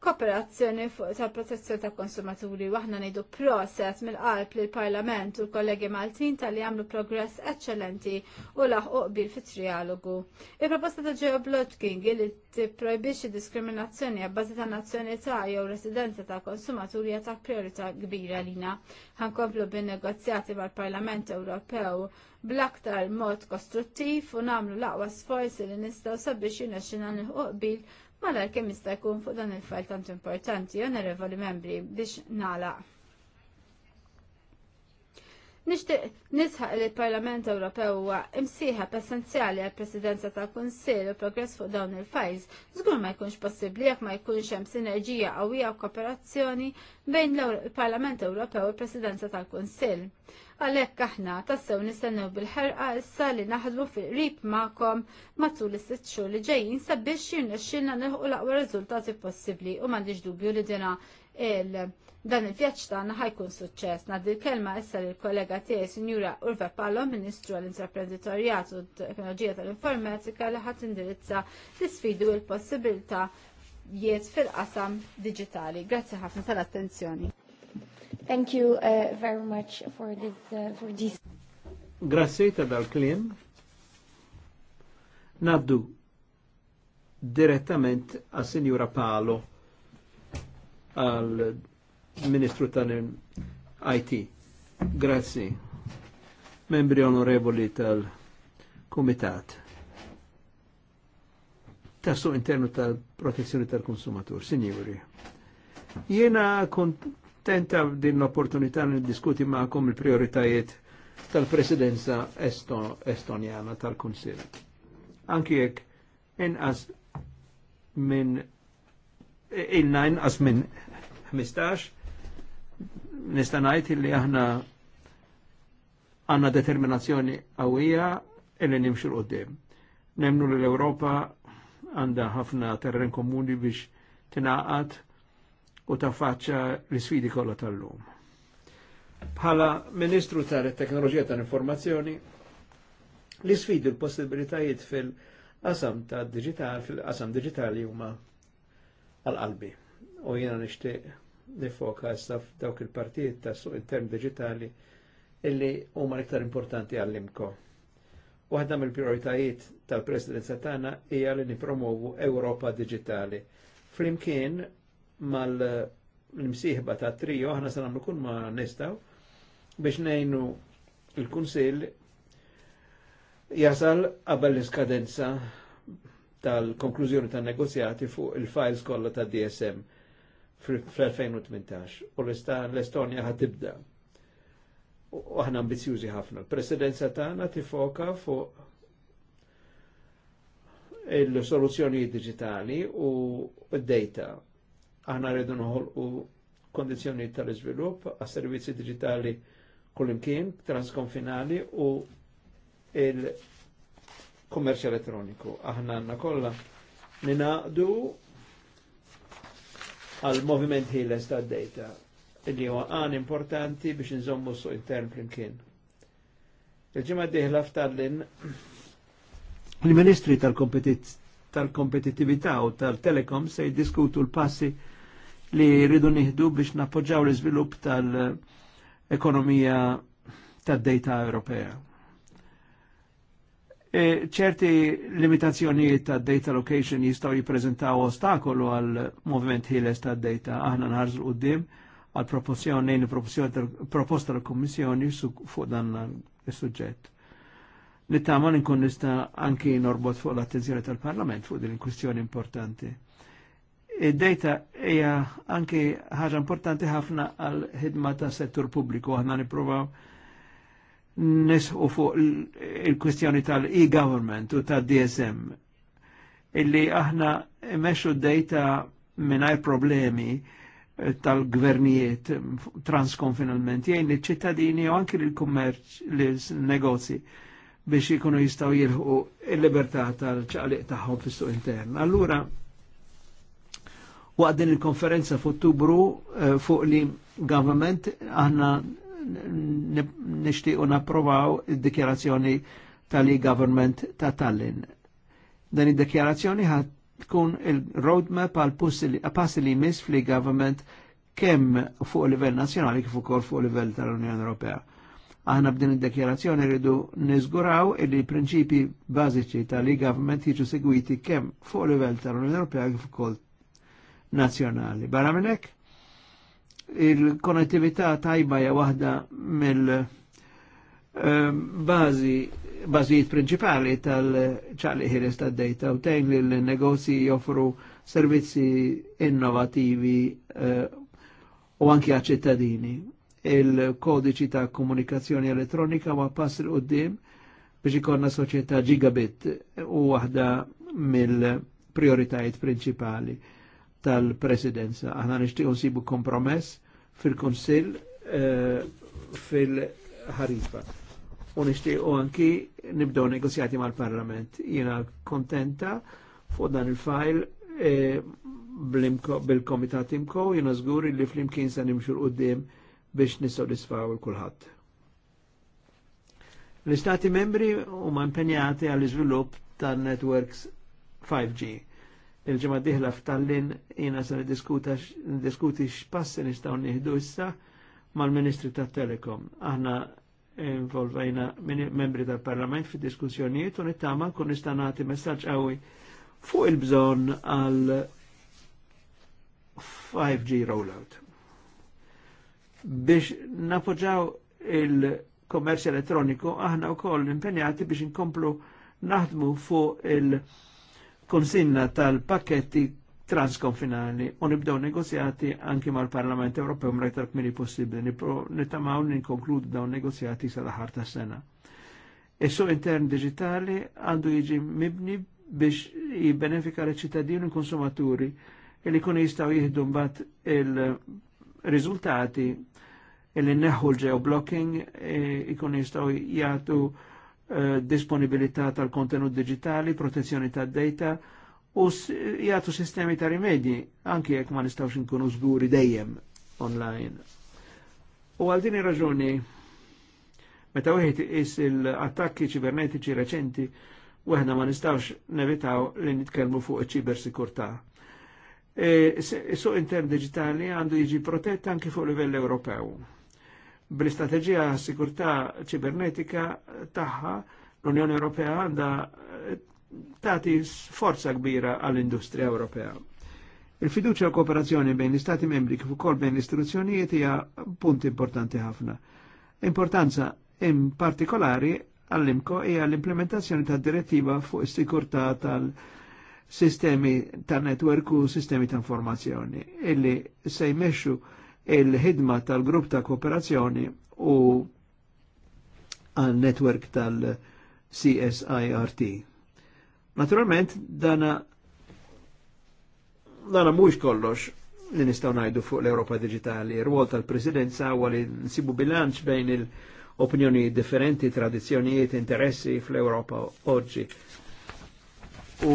kooperazzjoni fuq tal-protezzjoni ta' konsumaturi waħna ngħidu process mill-qalb lil parlament u l-kollegi Maltin tal-li għamlu progress eċċellenti u laħquq bil fit trialogu. Il-proposta ta' ġew blocking li tipprojbixxi diskriminazzjoni għabbażi ta' nazzjonità jew residenza ta' konsumaturi ta' priorità kbira lina. Ħankomplu bin-negozjati mal-Parlament Ewropew bl-aktar mod kostruttiv u nagħmlu l-aqwa sforzi li nistgħu sabiex jinexxina nilħuq bil Mala kemm jista' jkun fuq dan il-fajl tant importanti, onorevoli membri, biex nalaq. Nixtieq nisħaq li l-Parlament Ewropew huwa imsieħab essenzjali għall presidenza tal kunsill u progress fuq dawn il-fajls, żgur ma jkunx possibbli jekk ma jkunx hemm sinerġija qawwija u kooperazzjoni bejn il-Parlament Ewropew u l-Presidenza tal kunsill għalhekk aħna tassew nistennew bil-ħerqa issa li naħdmu fil-qrib ma'kom matul is-sitt xhur li ġejjin sabiex jirnexxilna nilħu l-aqwa riżultati possibbli u m'għandix dubju li dina il dan il vjaġġ tagħna ħajkun suċċess. Nadi kelma issa lil kollega tiegħi Sinjura Urve Pallo, Ministru għall intreprenditorjat u Teknoloġija tal-Informatika li ħadd indirizza l sfidu l possibilità jiet fil-qasam digitali. Grazzi ħafna tal-attenzjoni. Thank you uh, very much for this. Uh, for this. Grazie ta' dal-klim. Naddu direttament a Signora Paolo al Ministro tal-IT. Grazie. Membri onorevoli tal Comitat. Tasso interno tal protezione tal consumatore. signori. Jena kont kontenta din l-opportunità nil-diskuti maħkom il-prioritajiet tal-presidenza estonjana tal-Kunsil. Anki jekk inqas minn ilna inqas minn 15 nista' ngħid li aħna għandna determinazzjoni qawwija illi nimxu l-qudiem. Nemnu l-Ewropa għandha ħafna terren komuni biex tingħaqad u taffaċċa l-sfidi kollha tal-lum. Bħala Ministru tal-Teknoloġija tal-Informazzjoni, l-sfidi l-possibilitajiet fil-qasam ta' digital, fil-qasam digitali huma għal-qalbi. U jiena nixtieq nifoka issa dawk il-partijiet ta' suq intern digitali illi huma l-iktar importanti għall-imko. Waħda mill-prioritajiet tal-Presidenza tagħna hija li nipromovu Ewropa Digitali. Flimkien mal-msiħba ta' trio, aħna sanam nagħmlu ma nistaw biex ngħinu il-Kunsill jasal qabel l-iskadenza tal-konklużjoni tan-negozjati fuq il-files kollha ta' DSM fl-2018 u l-Estonja ħad tibda. U aħna ambizjużi ħafna. Il-presidenza tagħna tifoka fuq il-soluzzjoni digitali u d-data Aħna rridu u kondizjoni tal-iżvilupp għas servizzi digitali kullimkien, transkonfinali u il-kommerċ elettroniku. Aħna għanna kollha ninaqdu għal moviment ħieles ta' data li huwa għan importanti biex nżommu su intern flimkien. Il-ġimgħa diħla f'Tallinn il-Ministri tal-Kompetittività u tal-Telekom se jiddiskutu l-passi li rridu nieħdu biex nappoġġaw l-iżvilupp tal-ekonomija tad-dejta Ewropea. E ċerti limitazzjonijiet tad data location jistgħu jippreżentaw ostakolu għal moviment ħieles tad data aħna nħarżu qudiem għal proposjoni proposta tal-Kummissjoni fuq dan is-suġġett. Nittama nkun nista' anki norbot fuq l-attenzjoni tal-Parlament fuq din il-kwistjoni importanti Id-data hija anke ħaġa importanti ħafna għal ħidma ta' settur pubbliku aħna nipprova nisħu fuq il-kwistjoni tal-e-government u tad-DSM illi aħna meċu d-data minnaj problemi tal-gvernijiet transkonfinalment jgħin li ċittadini u anki l-kummerċ, l negozi biex jikunu jistaw jilħu il-libertà tal-ċaqliq tagħhom fis-suq intern. Allura, Waqt din il-konferenza f'Ottubru eh, fuq li government aħna nixtiequ napprovaw id-dikjarazzjoni tal-government ta' Tallinn. Dan id-dikjarazzjoni ħad tkun il-roadmap għal passi li jmiss fli government kemm fuq livell nazzjonali kif ukoll fuq livell tal-Unjoni Ewropea. Aħna b'din id-dekjarazzjoni rridu niżguraw li l-prinċipi bażiċi tal-e-government jiġu segwiti kemm fuq livell tal-Unjoni Ewropea kif ukoll nazzjonali. Barra minnek, il-konnettività tajba hija waħda mill ehm, bazi bażijiet prinċipali tal-ċali ħires tad data u tejn li l-negozji joffru servizzi innovativi eh, u anki ċittadini Il-kodiċi ta' komunikazzjoni elettronika ma' pass il qoddim biex ikonna soċjetà gigabit u waħda mill-prioritajiet prinċipali tal-presidenza. Aħna nixtiequ nsibu kompromess fil-Kunsill eh, fil-ħarifa. U nixtiequ anki nibdew negozjati mal-Parlament. Jiena kontenta fuq dan il-fajl eh, bil-komitat imko jena zgur li flimkien se nimxu l-qoddim biex nissodisfaw il-kulħadd. L-Istati membri huma impenjati għall iżvilupp tal networks 5G il-ġemma diħla f'Tallinn jina se diskuti x'passi nistgħu nieħdu issa mal-Ministri tat-Telekom. Aħna involvajna membri tal-Parlament fi diskussjonijiet u nittama kun nista' nagħti messaġġ qawwi fuq il-bżonn għal 5G rollout. Biex napoġaw il-kommerċ elettroniku aħna wkoll impenjati biex inkomplu naħdmu fuq il- konsinna tal-pakketti transkonfinali u nibdew negozjati anki mal-Parlament Ewropew mrejtar kmini possibli. Nitamaw ninkonkludu dawn negozjati sa laħar ta' sena. Is-suq intern digitali għandu jiġi mibni biex jibbenefika l ċittadini u konsumaturi li kun jistaw jihdu mbagħad il-riżultati li neħu l-geoblocking eh, ikun jistaw jgħatu Eh, disponibilità tal-kontenut digitali, protezzjoni tad-data u jgħatu sistemi ta' rimedji, anki jekk ma nistawx inkunu żguri dejjem online. U għal din raġuni meta wieħed is il-attakki ċibernetiċi reċenti, weħna ma nistawx nevitaw li nitkellmu fuq iċ-ċiber sikurtà. E, eh, Is-suq so intern digitali għandu jiġi protett anki fuq livell Ewropew Bl-istrateġija sikurtà ċibernetika tagħha l-Unjoni Ewropea għandha eh, tagħti forza kbira għall-industrija Ewropea. Il-fiduċja u kooperazzjoni bejn l-Istati membri kif ukoll bejn l-istituzzjonijiet hija punt importanti ħafna. Importanza in partikolari għall-imko hija l-implementazzjoni tad direttiva fuq is-sikurtà tal-sistemi tal netwerk u sistemi ta' informazzjoni illi se jmexxu il-ħidma tal-grupp ta' kooperazzjoni u għal-network tal-CSIRT. Naturalment, dana dana mux kollox li nistaw najdu fuq l-Europa Digitali. Rwol tal-presidenza huwa li nsibu bilanċ bejn il-opinjoni differenti, tradizzjonijiet, interessi fl-Europa oggi. U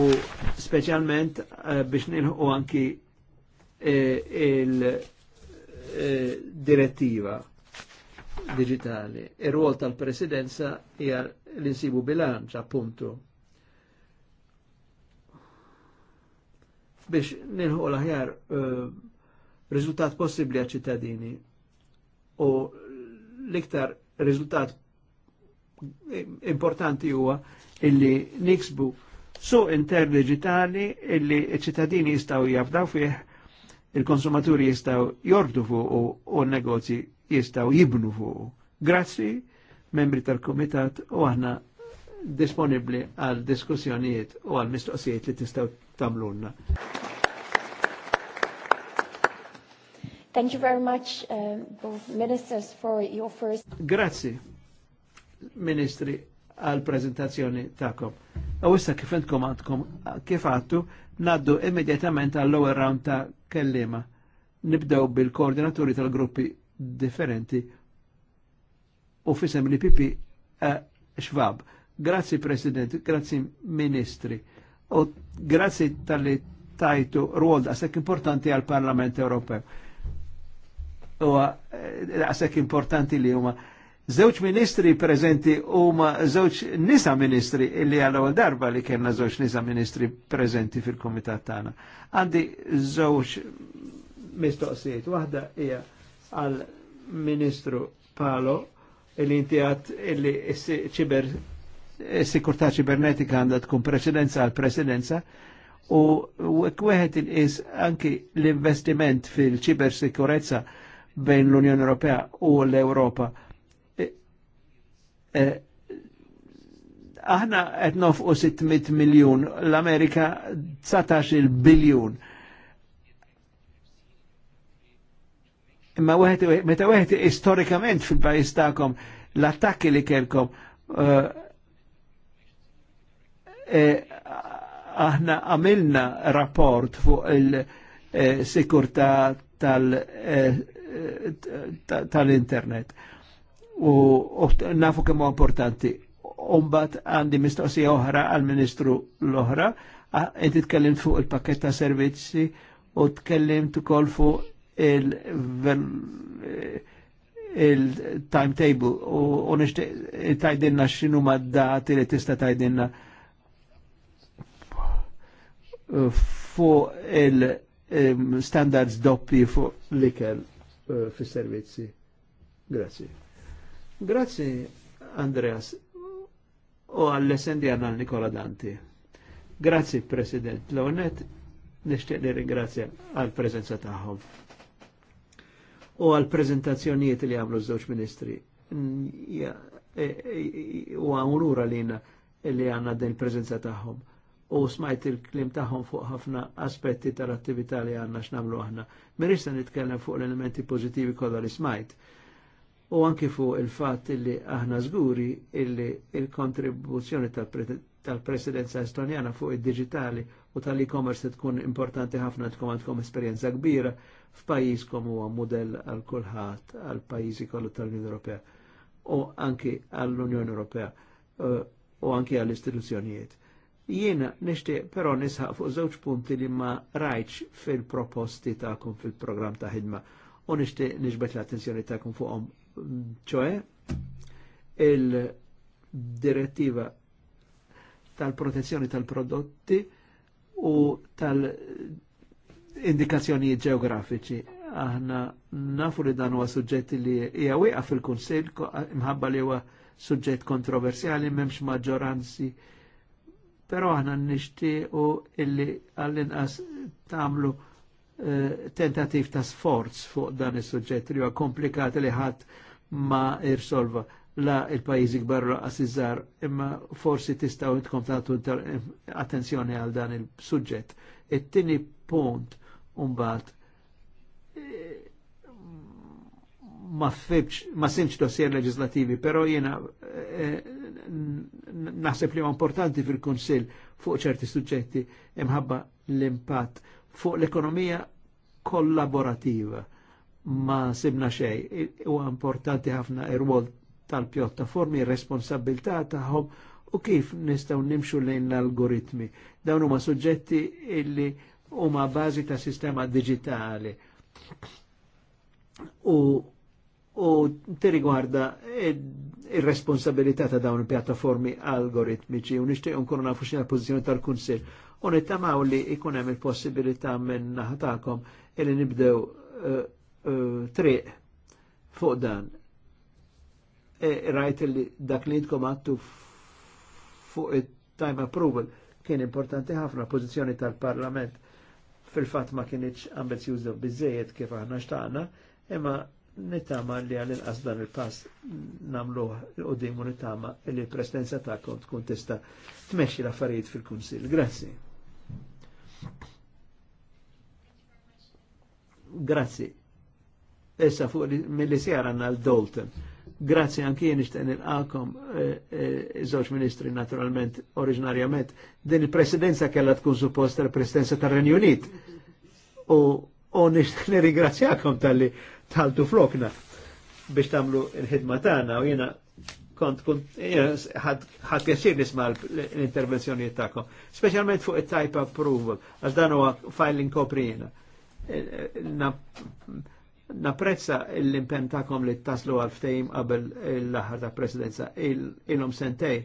specialment eh, biex nilħu anki eh, il- Eh, direttiva digitali. Ir-rol e tal-presidenza hija l-insibu bilanċ, appuntu. Biex nilħu l-aħjar eh, riżultat a għal ċittadini u l-iktar riżultat importanti huwa illi niksbu su so inter digitali illi ċittadini jistaw jafdaw fih il-konsumaturi jistaw jordu fuq u negozi negozji jistaw jibnu fuq. Grazzi, membri tal-komitat, u aħna disponibli għal diskussjonijiet u għal mistoqsijiet li tistaw tamlunna. Thank you very much, uh, both ministers, for your first... Grazie, ministri, għal prezentazzjoni ta'kom. U issa kif intkom għandkom kif għattu, naddu immedjatament għall lower round ta' kellima. Nibdew bil-koordinaturi tal-gruppi differenti u fisem li pipi xvab. Eh, grazzi President, grazzi Ministri, u grazzi tal-li tajtu ruol da' sekk importanti għal Parlament Ewropew. U għasek eh, importanti li huma Zewċ ministri prezenti ma zewċ nisa ministri illi għal darba li kellna zewċ nisa ministri prezenti fil-kumitat Tana. Għandi żewġ mistoqsijiet. wahda hija għal Ministru Palo illi inti għat illi ċiber sikurta ċibernetika għanda tkun precedenza għal presidenza u kweħet il-is anki l-investiment fil-ċibersikurezza bejn l-Unjoni Ewropea u l-Europa Eh, aħna qed nofqu 600 miljun, l-Amerika 19 biljun. Imma weħet, meta weħet istorikament fil-pajjiż tagħkom l-attakki li kelkom eh, eh, aħna għamilna rapport fuq il-sikurta tal-internet u nafu kemmu importanti. Umbat għandi mistoqsija oħra għal-Ministru l-oħra, inti tkellimt fuq il pakketta ta' servizzi u tkellimt ukoll fuq il-timetable u nixtieq tajdinna x'inhu dati li tista' tajdinna fuq il-standards doppi fuq l-ikel eh, fis-servizzi. Grazie. Grazzi, Andreas, u għall-essendi għanna Nikola Danti. Grazzi, President. l nishtiq li ringrazja għal-prezenza taħħom. U għal-prezentazzjonijiet li għamlu żewġ ministri. E, e, u għamurura li li għanna din prezenza taħħom. U smajt il-klim taħħom fuq ħafna aspetti tal-attività li għanna x'namlu aħna. Mirista nitkellem fuq l-elementi pozitivi kollha li smajt u anki fuq il-fatt li aħna żguri illi il-kontribuzzjoni tal-presidenza estonjana fuq id-digitali u tal-e-commerce tkun importanti ħafna tkun għandkom esperjenza kbira f'pajjiżkom huwa modell għal kulħadd għal pajjiżi kollu tal-Unjoni Ewropea u anki għall-Unjoni Ewropea eh, u anki għall-istituzzjonijiet. Jiena nixtieq però nisħaq fuq żewġ punti li ma rajtx fil-proposti tagħkom fil-programm ta' ħidma u nixtieq nixbet l-attenzjoni kum fuqhom ċoħe il-direttiva tal-protezzjoni tal-prodotti u tal-indikazzjonijiet ġeografiċi. Aħna nafu li dan huwa suġġetti li hija wieqa fil kunsil mħabba li huwa suġġett kontroversjali m'hemmx maġġoranzi pero aħna u illi għall-inqas tamlu eh, tentativ ta' sforz fuq dan is suġġett li huwa komplikat li ħadd ma irsolva la il-pajizi gbar għasizzar imma forsi tistaw intkom tagħtu attenzjoni għal dan il-suġġett. It-tieni punt umbat ma fibx, ma simx dossier leġislativi, pero jena eh, naħseb li importanti fil kunsill fuq ċerti suġġetti imħabba l-impatt fuq l-ekonomija kollaborativa ma sibna xej. U importanti ħafna ir tal tal-pjottaformi, responsabilità tagħhom u kif nistgħu nimxu lejn l-algoritmi. Dawn huma suġġetti illi huma bażi ta' sistema digitali. U u rigwarda ir-responsabilità ta' dawn il-pjattaformi algoritmiċi u nixtieq nkunu nafu x'inha l-pożizzjoni tal-Kunsill. U nittamaw li ikun hemm il-possibilità minn naħatakom illi nibdew eh, Eh, triq fuq dan. E, rajt li dak li jitkom għattu fuq il-time approval kien importanti ħafna pożizzjoni tal-parlament fil-fat ma kienieċ ambizjuż bizzejiet kif aħna xtaqna, imma nittama li għal inqas dan il-pass namlu il u nittama li l-presidenza kont tkun tista tmexxi l-affarijiet fil-Kunsil. Grazzi. Grazzi issa fuq mill-li sjar għanna l-Dolton. Grazzi anki jien ixten il-għakom, zoċ eh, eh, ministri naturalment, oriġinarjament, din il-presidenza kella tkun supposta il-presidenza tar renju Unit. U nixten nirigrazzjakom tal-li tal-tu flokna biex tamlu il-ħidma tana u jena kont kont ħad pjaċir nisma l intervenzjoni jittakom. Specialment fuq il type approval, għaz dan huwa filing jena. Eh, Naprezza l-impen ta'kom li taslu għal-ftejm qabel l-aħħar ta' presidenza il sentej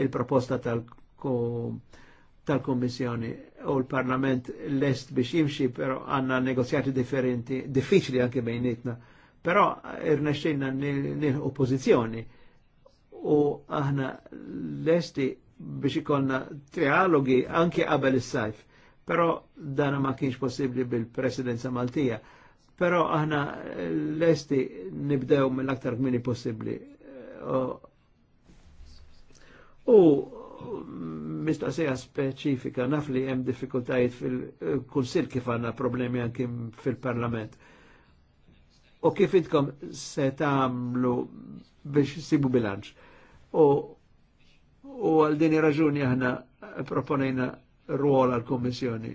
il-proposta tal-Kommissjoni u l-Parlament lest biex jimxi, pero għanna negozjati differenti, diffiċli anke bejnietna. Però irnexxilna nil oppożizzjoni u aħna lesti biex ikonna trialogi anke qabel is-sajf. Però dana ma kienx possibbli bil-presidenza Maltija Però aħna eh, l-esti nibdew mill-aktar kmini possibli. Eh, u mistoqsija speċifika, naf li hemm diffikultajiet fil-kunsil kif għandna problemi anki fil-parlament. U kif idkom se tagħmlu biex sibu bilanċ. U u għal dini raġuni aħna proponejna ruol għal kommissjoni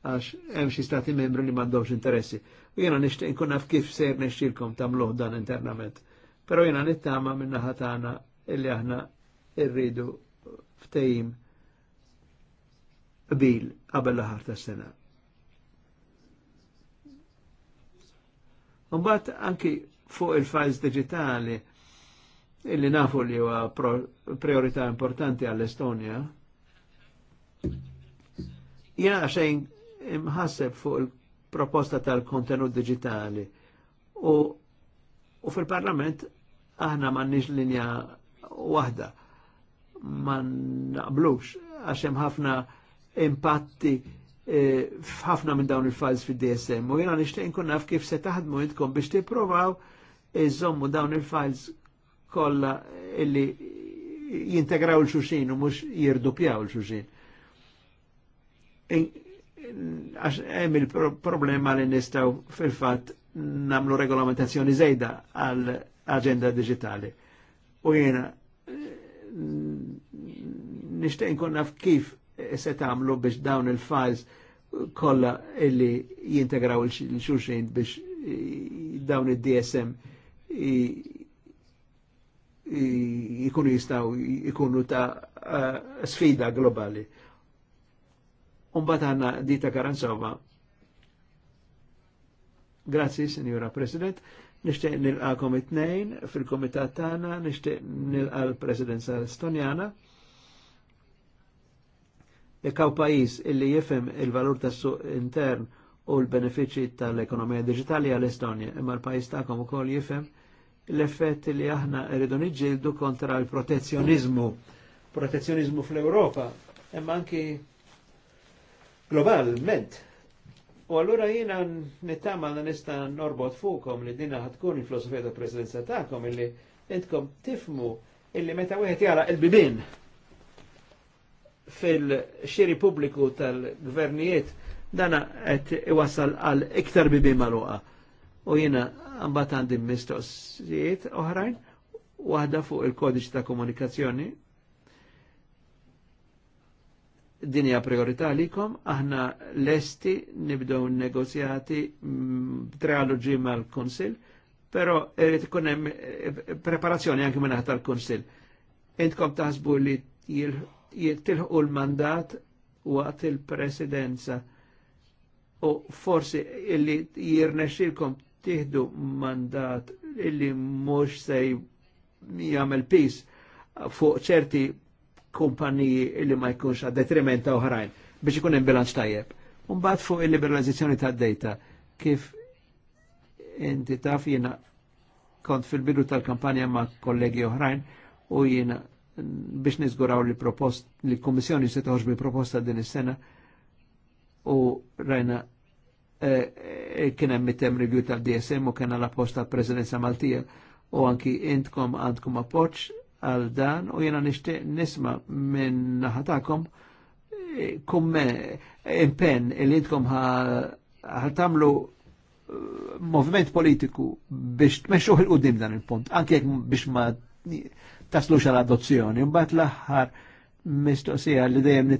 għax hemm xi stati membri li m'għandhomx interessi. U jiena nixtieq nkun naf kif ser nixtielkom tagħmluh dan internament. Però jiena nittama minn naħa tagħna illi aħna rridu ftehim qbil qabel l-aħar tas-sena. Mbagħad anki fuq il-files digitali illi nafu li huwa priorità importanti għall-Estonja, Jiena għaxejn imħasseb fuq il-proposta tal-kontenut digitali. U, u fil-parlament aħna m'għandniex linja waħda. Ma naqblux għax hemm ħafna impatti e, f'ħafna minn dawn il-files fid-DSM u jiena nixtieq kun naf kif se taħdmu intkom biex tippruvaw iżommu dawn il-files kollha illi jintegraw l-xuxin u mhux jirdupjaw l-xuxin għax hemm il-problema li nistgħu fil-fatt namlu regolamentazzjoni zejda għal agenda digitali. U jena eh, nishtaq nkun naf kif se tagħmlu biex dawn il-files kollha illi jintegraw il-xulxin biex dawn id-DSM jikunu jistaw jikunu ta' eh, sfida globali. Umbat għanna Dita Karanzova. Grazzi, Signora President. Nishtiq nilqakom it-tnejn fil-komitat tagħna, nishtiq nilqa l-Presidenza Estonjana. Ikaw pajis illi jifhem il-valur ta' suq intern u l-benefiċċji tal-ekonomija digitali għall-Estonja, imma l-pajis tagħkom ukoll jifhem l-effett li aħna rridu niġġieldu kontra l-protezzjonizmu, protezzjonizmu fl-Ewropa, imma anki globalment. U allura jina nittama li nista norbot fukom li dinna ħatkun il-filosofija ta' presidenza ta'kom illi intkom tifmu illi meta wieħed jara il-bibin fil-xiri pubbliku tal-gvernijiet dana qed iwasal għal iktar bibin maluqa. U jina għambat għandim mistoqsijiet oħrajn, waħda fuq il-kodiċ ta' komunikazzjoni dinja hija priorità għalikom, aħna lesti nibdow negozjati mm, trialogi mal-Konsil, pero irid ikun hemm eh, preparazzjoni anke minn tal-Konsil. Intkom taħsbu li jittilħu l-mandat waqt il-presidenza u forsi illi jirnexilkom tiħdu mandat illi mhux se jagħmel pis fuq ċerti kumpaniji li ma jkunx għad detriment ta' oħrajn biex ikun hemm bilanċ tajjeb. Mbagħad fuq il-liberalizzazzjoni tad-data kif inti taf jiena kont fil-bidu tal-kampanja ma' kollegi oħrajn u jiena biex niżguraw li propost li l-Kummissjoni se toħroġ bi proposta din is-sena u rajna eh, eh, kien hemm mitem review tal-DSM u kien la posta tal-Presidenza Maltija u anki intkom għandkom appoġġ għal dan u jena nishtiq nisma minn naħatakom eh, kumme eh, impen il intkom għal tamlu eh, moviment politiku biex tmexxuh il-qudiem dan il-punt, anke jekk biex ma taslux għal adozzjoni. Mbagħad l-aħħar mistoqsija li dejjem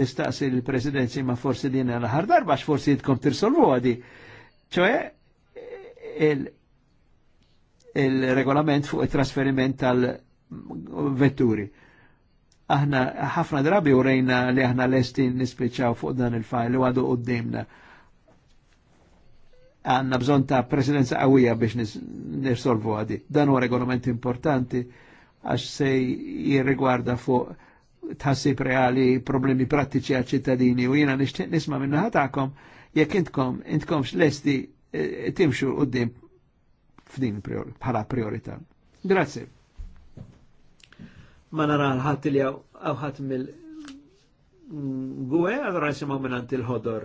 nistaqsi l-presidenzi ma forsi din għal aħħar darba forsi jitkom tirsolvu għadi. ċoe il-regolament fuq it-trasferiment tal- vetturi. Aħna ħafna drabi u rejna li aħna lesti nispiċaw fuq dan il-fajl u għadu qoddimna. Għanna bżon ta' presidenza għawija biex nirsolvu għadi. Dan huwa regolament importanti għax se jirrigwarda fuq tħassib reali problemi prattiċi għal ċittadini u jina nishtiq nisma minna ħatakom jekk intkom intkom lesti eh, timxu qoddim f'din bħala priorità. Grazie ma nara l-ħat li għaw mill gwe għadra nisimaw minnant il-ħodor.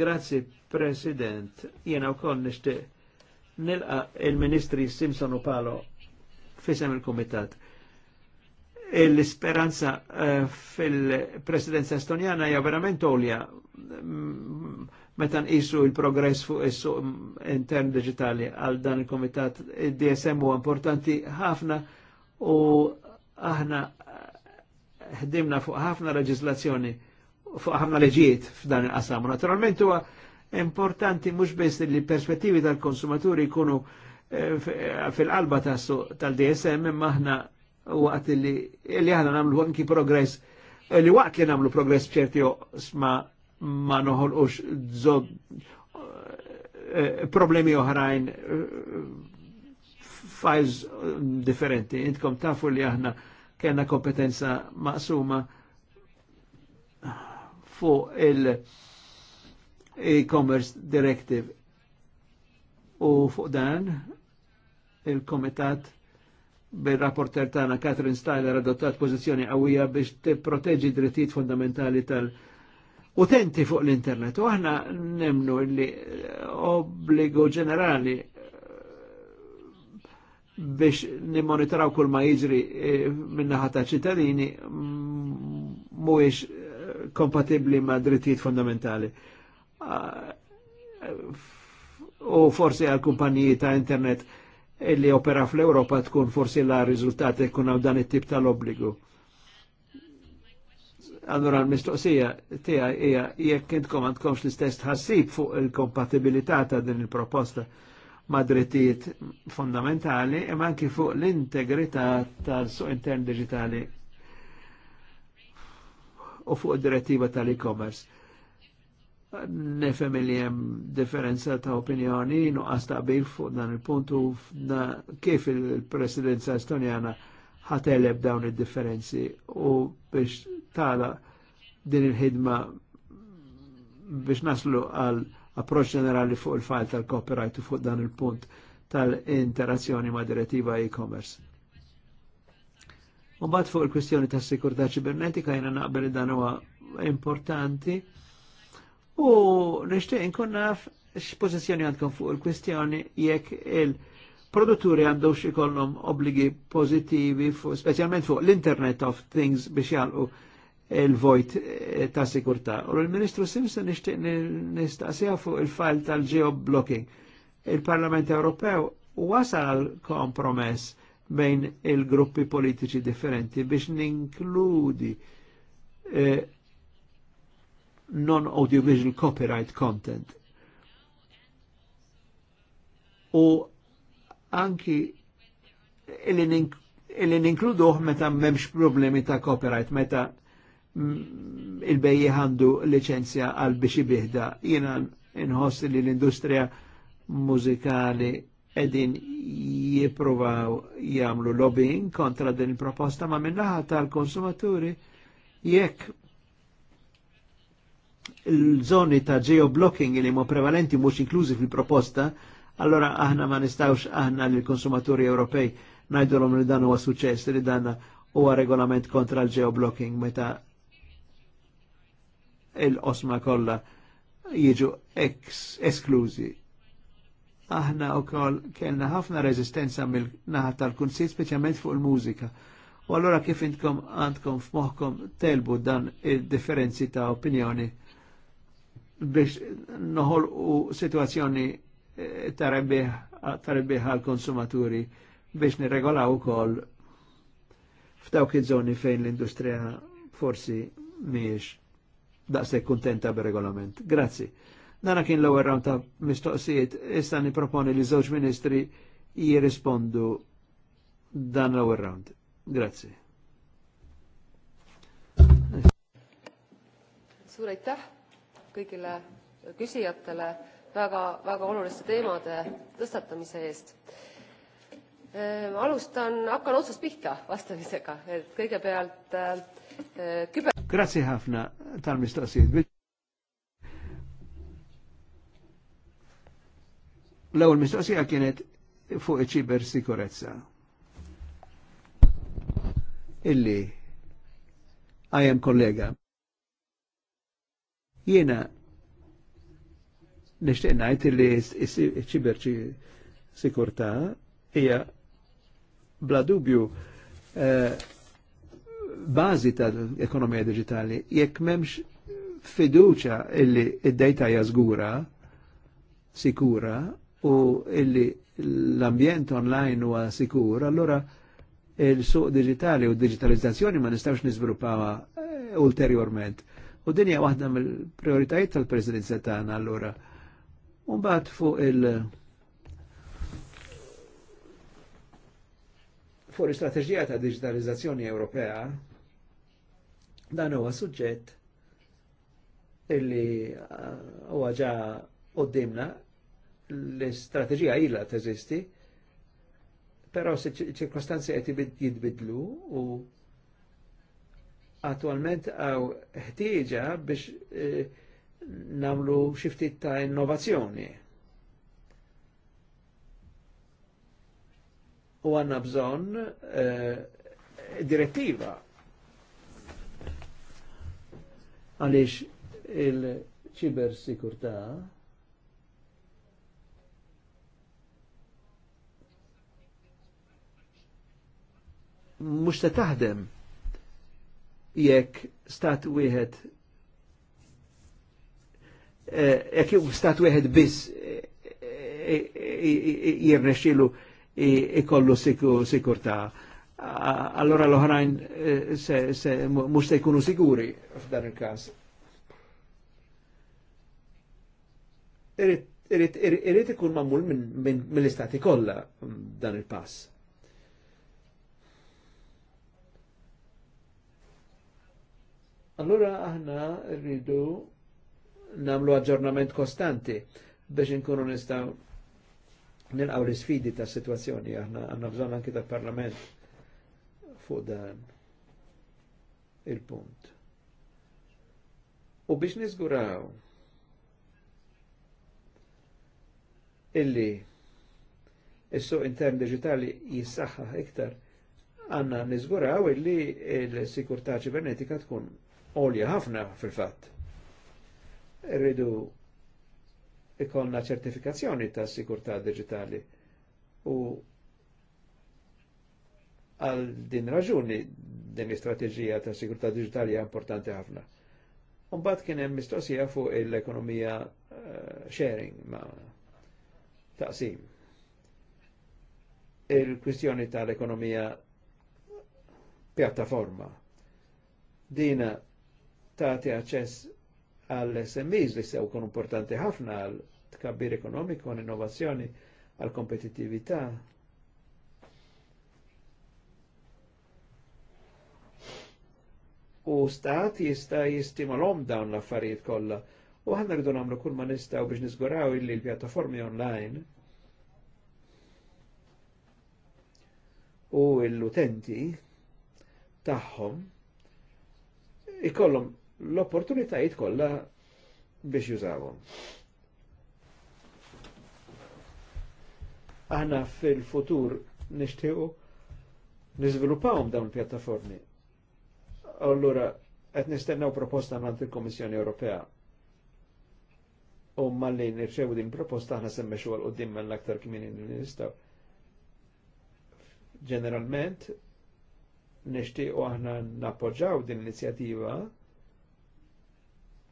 Grazzi, President, jena u kon nishti nilqa il-Ministri Simpson u Palo fisem il-Komitat. L-speranza eh, fil-Presidenza Estonjana hija verament olja meta isu il-progress fuq isu intern digitali għal dan il-Komitat. Il-DSM u importanti ħafna u aħna ħdimna fuq ħafna leġislazzjoni fuq ħafna leġijiet f'dan il-qasam. Naturalment huwa importanti mhux biss li perspettivi tal-konsumaturi jkunu eh, fil-qalba tassu tal-DSM imma aħna waqt li li aħna nagħmlu anki progress eh, li waqt li nagħmlu progress b'ċerti ma ma noħolqux eh, problemi oħrajn files eh, differenti. Intkom tafu li aħna kena kompetenza maqsuma fuq il-e-commerce directive u fuq dan il-komitat bil-rapporter tana Catherine Styler adottat pozizjoni għawija biex t-proteġi drittijiet fundamentali tal-utenti fuq l-internet. U aħna nemnu li obbligo ġenerali biex nimmonitoraw kull ma jiġri e, minn-naħa ta' ċittadini mm, mhuwiex e, kompatibbli ma' drittijiet fondamentali. U forsi għal kumpaniji ta' internet li opera fl-Europa tkun forsi la' riżultati kun għaw dan it-tip tal-obbligu. Allora l-mistoqsija tiegħi jekk intkom għandkomx l-istess ħassib fuq il-kompatibilità ta' din il-proposta. il proposta madrittijiet fondamentali imma anki fuq l-integrità tal-suq intern digitali u fuq direttiva tal-e-commerce. Nefem li hemm differenza ta' opinjoni nuqqas taqbil fuq dan il puntu u kif il-presidenza estonjana ħateleb dawn id-differenzi u biex tala din il-ħidma biex naslu għal approċ ġenerali fuq il-fajl tal-copyright u fuq dan il-punt tal-interazzjoni ma' direttiva e-commerce. Umbat fuq il-kwestjoni ta' sikurtà ċibernetika jena naqbel dan huwa importanti u nishtiq inkun naf x'pożizzjoni għandkom fuq il-kwestjoni jekk il-produtturi għandu ikollhom obbligi pożittivi fuq speċjalment fuq l-Internet of Things biex jalqu il-vojt eh, ta' sikurta. U l-Ministru Simpson nishtiq nistaqsija fuq il-fall tal-geoblocking. Il-Parlament Ewropew wasal kompromess bejn il-gruppi politiċi differenti biex ninkludi eh, non-audiovisual copyright content. U anki illi ninkluduħ meta memx problemi ta' copyright, meta' Mm, il-bejji għandu licenzja għal biex ibihda. Jena nħoss li l-industrija mużikali edin jiprovaw jamlu lobbying kontra din il-proposta ma minnaħa tal-konsumaturi jekk l-żoni ta' geoblocking li mo prevalenti mux inklużi fil-proposta, allora aħna ma nistawx aħna l-konsumaturi Ewropej najdolom li dan huwa suċess li dan huwa regolament kontra l-geoblocking meta il-osma kollha jiġu esklużi. Aħna u koll kellna ħafna rezistenza mill-naħat tal-kunsit, speċjalment fuq il-mużika. U allora kif intkom għandkom f'moħkom telbu dan il-differenzi ta' opinjoni biex noħol u situazzjoni eh, tarabbiħ għal-konsumaturi biex nirregolaw ukoll f'dawk iż-żoni fejn l-industrija forsi miex daqse kontenta bir-regolament. Grazzi. Nana kien l-ewwel round ta' mistoqsijiet, issa nipproponi li żewġ ministri jirrispondu dan l-ewwel round. Grazzi. suur aitäh kõigile küsijatele väga, väga oluliste teemade tõstatamise eest. Ehm, alustan, hakkan otsast pihta vastamisega, et kõigepealt ehm, küber... Grazie ħafna tal-mistoqsijiet. mistra L-ewwel mistoqsija kienet fuq iċiber sikurezza. Illi għajem kollega. Jiena nishtiq ngħid li ċiber sikurtà hija bla dubju eh, bażi tal-ekonomija digitali, jekk m'hemmx fiduċa illi id-dejta hija żgura, sikura, u illi l-ambjent online huwa sikur, allora il-suq digitali u digitalizzazzjoni ma nistawx niżviluppawa eh, ulterjorment. U dinja waħda mill-prioritajiet tal-Presidenza tagħna allura. Mbagħad fuq il- fuq l-istrateġija ta' digitalizzazzjoni Ewropea Dan huwa suġġett illi uh, huwa ġa qoddimna l-istrateġija ilha teżisti, però se ċirkostanzi qed jitbidlu u attualment għaw ħtieġa biex nagħmlu eh, namlu xiftit ta' innovazzjoni. U għanna bżon eh, direttiva għalix il-ċiber sikurta mux ta' taħdem jekk stat wieħed eh, jekk stat wieħed biss eh, eh, jirnexilu ikollu sikurta. Sikur allora l-oħrajn eh, mux se jkunu siguri f'dan il-kas. Irrit ikun mammul mill-istati kollha dan il-pass. Allura aħna rridu namlu aġġornament kostanti biex inkunu nistaw nilqaw l-sfidi ta' situazzjoni aħna għanna bżonn anki tal-Parlament fuq dan il-punt. U biex nizguraw illi il-suq intern digitali jissaxħa iktar, għanna nizguraw illi il-sikurtà ċibernetika tkun olja ħafna fil fat Rridu ikonna ċertifikazzjoni ta' sikurtà digitali u Għal din raġuni din l-istrateġija ta' sigurtà digitali hija importanti ħafna. Umbat kien hemm mistoqsija fuq l-ekonomija uh, sharing ma' taqsim. Il-kwistjoni tal-ekonomija pjattaforma. Dina tagħti aċċess għall SMEs li sew kon importanti ħafna għal tkabbir ekonomiku, għal innovazzjoni, għal kompetitività, u stat jista jistimolom dawn l-affarijiet kollha. U għanna rridu namlu kull ma nistgħu biex niżguraw illi l-pjattaformi online u l-utenti tagħhom ikollhom l-opportunitajiet kollha biex jużawhom. Aħna fil-futur nixtiequ niżviluppawhom dawn il-pjattaformi Allura, qed nistennew proposta mant il-Kommissjoni Ewropea. U malli nirċevu din proposta aħna semmexu għal qoddim mill aktar kien nistgħu. Ġeneralment, nixtiequ aħna nappoġġaw din l-inizjattiva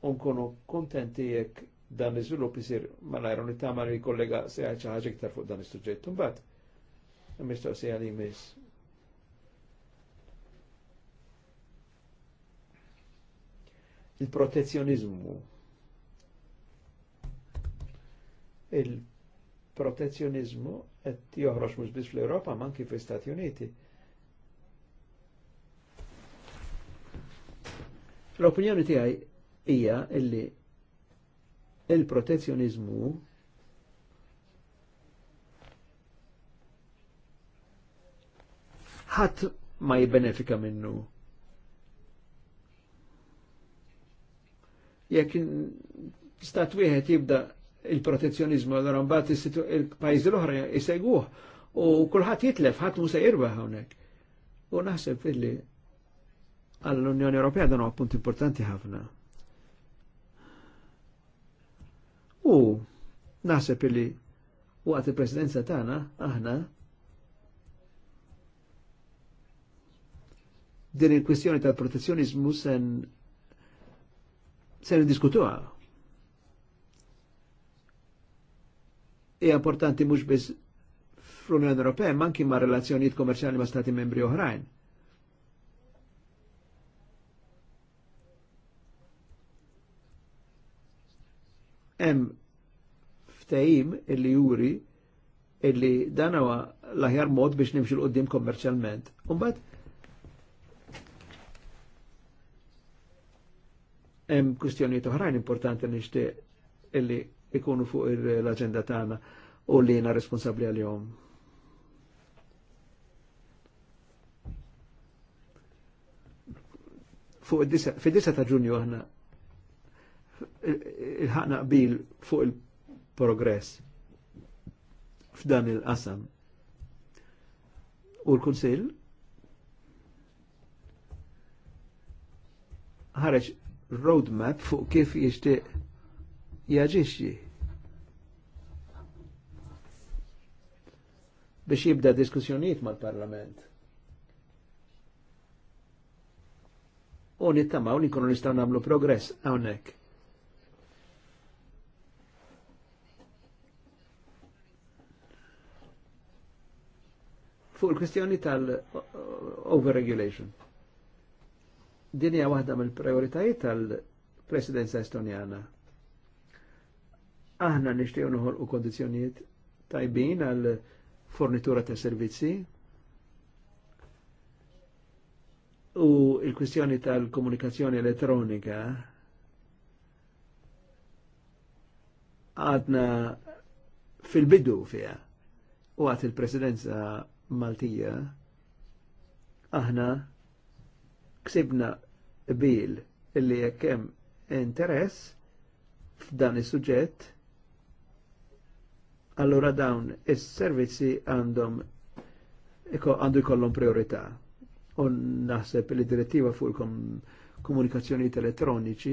u nkunu kontenti jekk dan l-iżvilupp isir malajr u li kollega se ħaġa iktar fuq dan is-suġġett. Imbagħad, mistoqsija li miss il-protezzjonizmu. Il-protezzjonizmu qed joħroġ mhux biss fl-Ewropa ma anki fl-Istati Uniti. L-opinjoni tiegħi hija illi il-protezzjonizmu ħadd ma jibbenefika minnu jekk stat wieħed jibda il-protezzjonizmu allora mbagħad il-pajjiżi l-oħra jseguh u kulħadd jitlef ħadd mhux se jirbaħ hawnhekk. U naħseb illi għall-Unjoni Ewropea dan huwa punt importanti ħafna. U naħseb illi waqt il-presidenza tagħna aħna din il-kwestjoni tal-protezzjonizmu sen ser diskutuha. Hija importanti mhux biss fl-Unjoni Ewropea, ma anki ma' relazzjonijiet kommerċjali ma' stati membri oħrajn. Hemm ftehim illi juri illi dan huwa l-aħjar mod biex nimxu l-qoddim kommerċjalment. Umbagħad Hemm kwistjonijiet oħrajn importanti nixtieq illi ikunu fuq l-aġenda tagħna u li jiena responsabbli għalihom. Fuq id-disa, fid-disa ta' Ġunju aħna il-ħaqna qbil fuq il-progress f'dan il-qasam. U l-Kunsill ħareġ roadmap fuq kif jixtieq jaġixxi. biex jibda diskussjonijiet mal-Parlament. U nittama u nikonu nistaw nagħmlu progress hawnhekk. Fuq il-kwestjoni tal-overregulation din hija waħda mill-prioritajiet tal-Presidenza Estonjana. Aħna nixtiequ noħolqu kondizzjonijiet tajbin għal fornitura ta' servizzi u il-kwistjoni tal-komunikazzjoni elettronika għadna fil-bidu fija u għat il-presidenza Maltija aħna ksibna bil illi jekkem interess f'dan is-suġġett, allura dawn is-servizzi għandhom għandu jkollhom priorità. U naħseb li direttiva fuq kom komunikazzjonijiet elettroniċi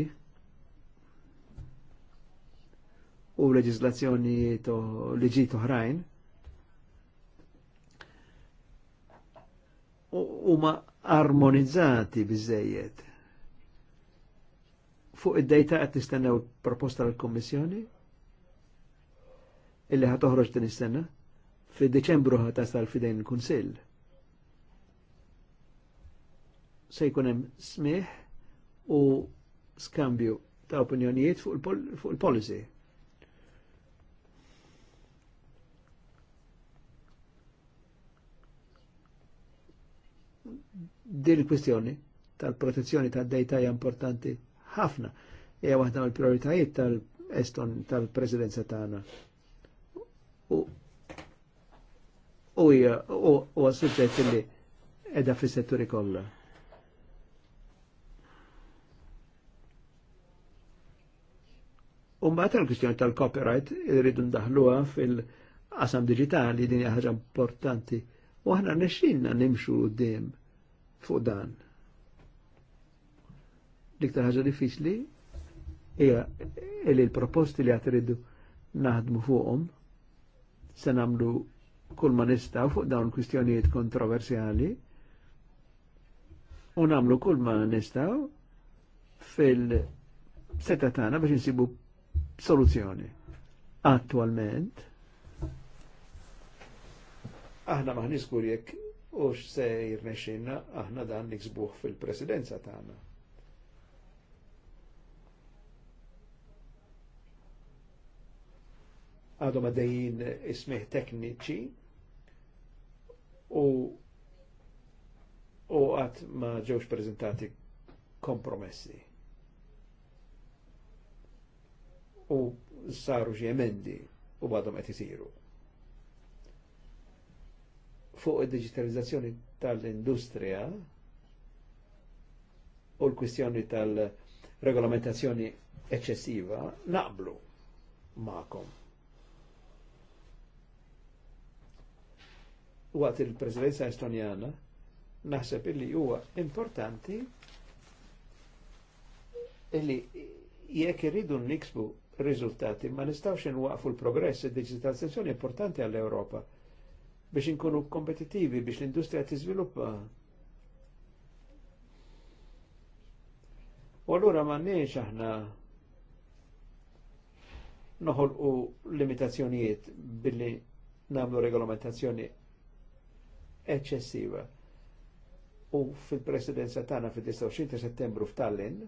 u leġislazzjonijiet u liġijiet oħrajn U, ma armonizzati bizzejiet. Fuq id-dejta qed nistennew proposta l-Kommissjoni illi ħat toħroġ din is-sena fi Deċembru ħat tasal fidejn il-Kunsill. Se jkun hemm smih u skambju ta' opinjonijiet fuq il-policy. Pol din il-kwistjoni tal-protezzjoni tad-dejta hija importanti ħafna. Hija waħda mill-prioritajiet tal-Eston tal-Presidenza tagħna. U hija huwa suġġett li qiegħda fis-setturi kollha. mbagħad tal-kwistjoni tal-copyright irridu ndaħluha fil-qasam digitali din hija ħaġa importanti. U aħna nexxinna nimxu qudiem fuq dan. L-iktar ħaġa diffiċli hija li l-proposti li għatridu naħdmu fuqhom se nagħmlu kull ma nistgħu fuq dawn kwistjonijiet kontroversjali u nagħmlu kull ma nistgħu fil-seta tagħna biex insibu soluzzjoni. Attualment aħna maħniskur jekk u x'se jirnexinna aħna dan niksbuh fil-presidenza tagħna. Għadhom għaddejjin ismih tekniċi u u għat ma ġewx prezentati kompromessi. U saru ġie emendi u għadhom qed isiru fuq il digitalizzazzjoni tal-industrija u l-kwistjoni tal-regolamentazzjoni eccessiva naqblu ma'kom. Waqt il prezidenza Estonjana naħseb illi huwa importanti illi jekk irridu niksbu riżultati ma nistawx nwaqfu l-progress id-digitalizzazzjoni importanti għall-Ewropa biex inkunu kompetitivi, biex l-industrija tiżviluppa. U allura m'għandniex aħna noħolqu limitazzjonijiet billi nagħmlu regolamentazzjoni eċċessiva. U fil-presidenza tagħna fid-29 settembru f'Tallinn,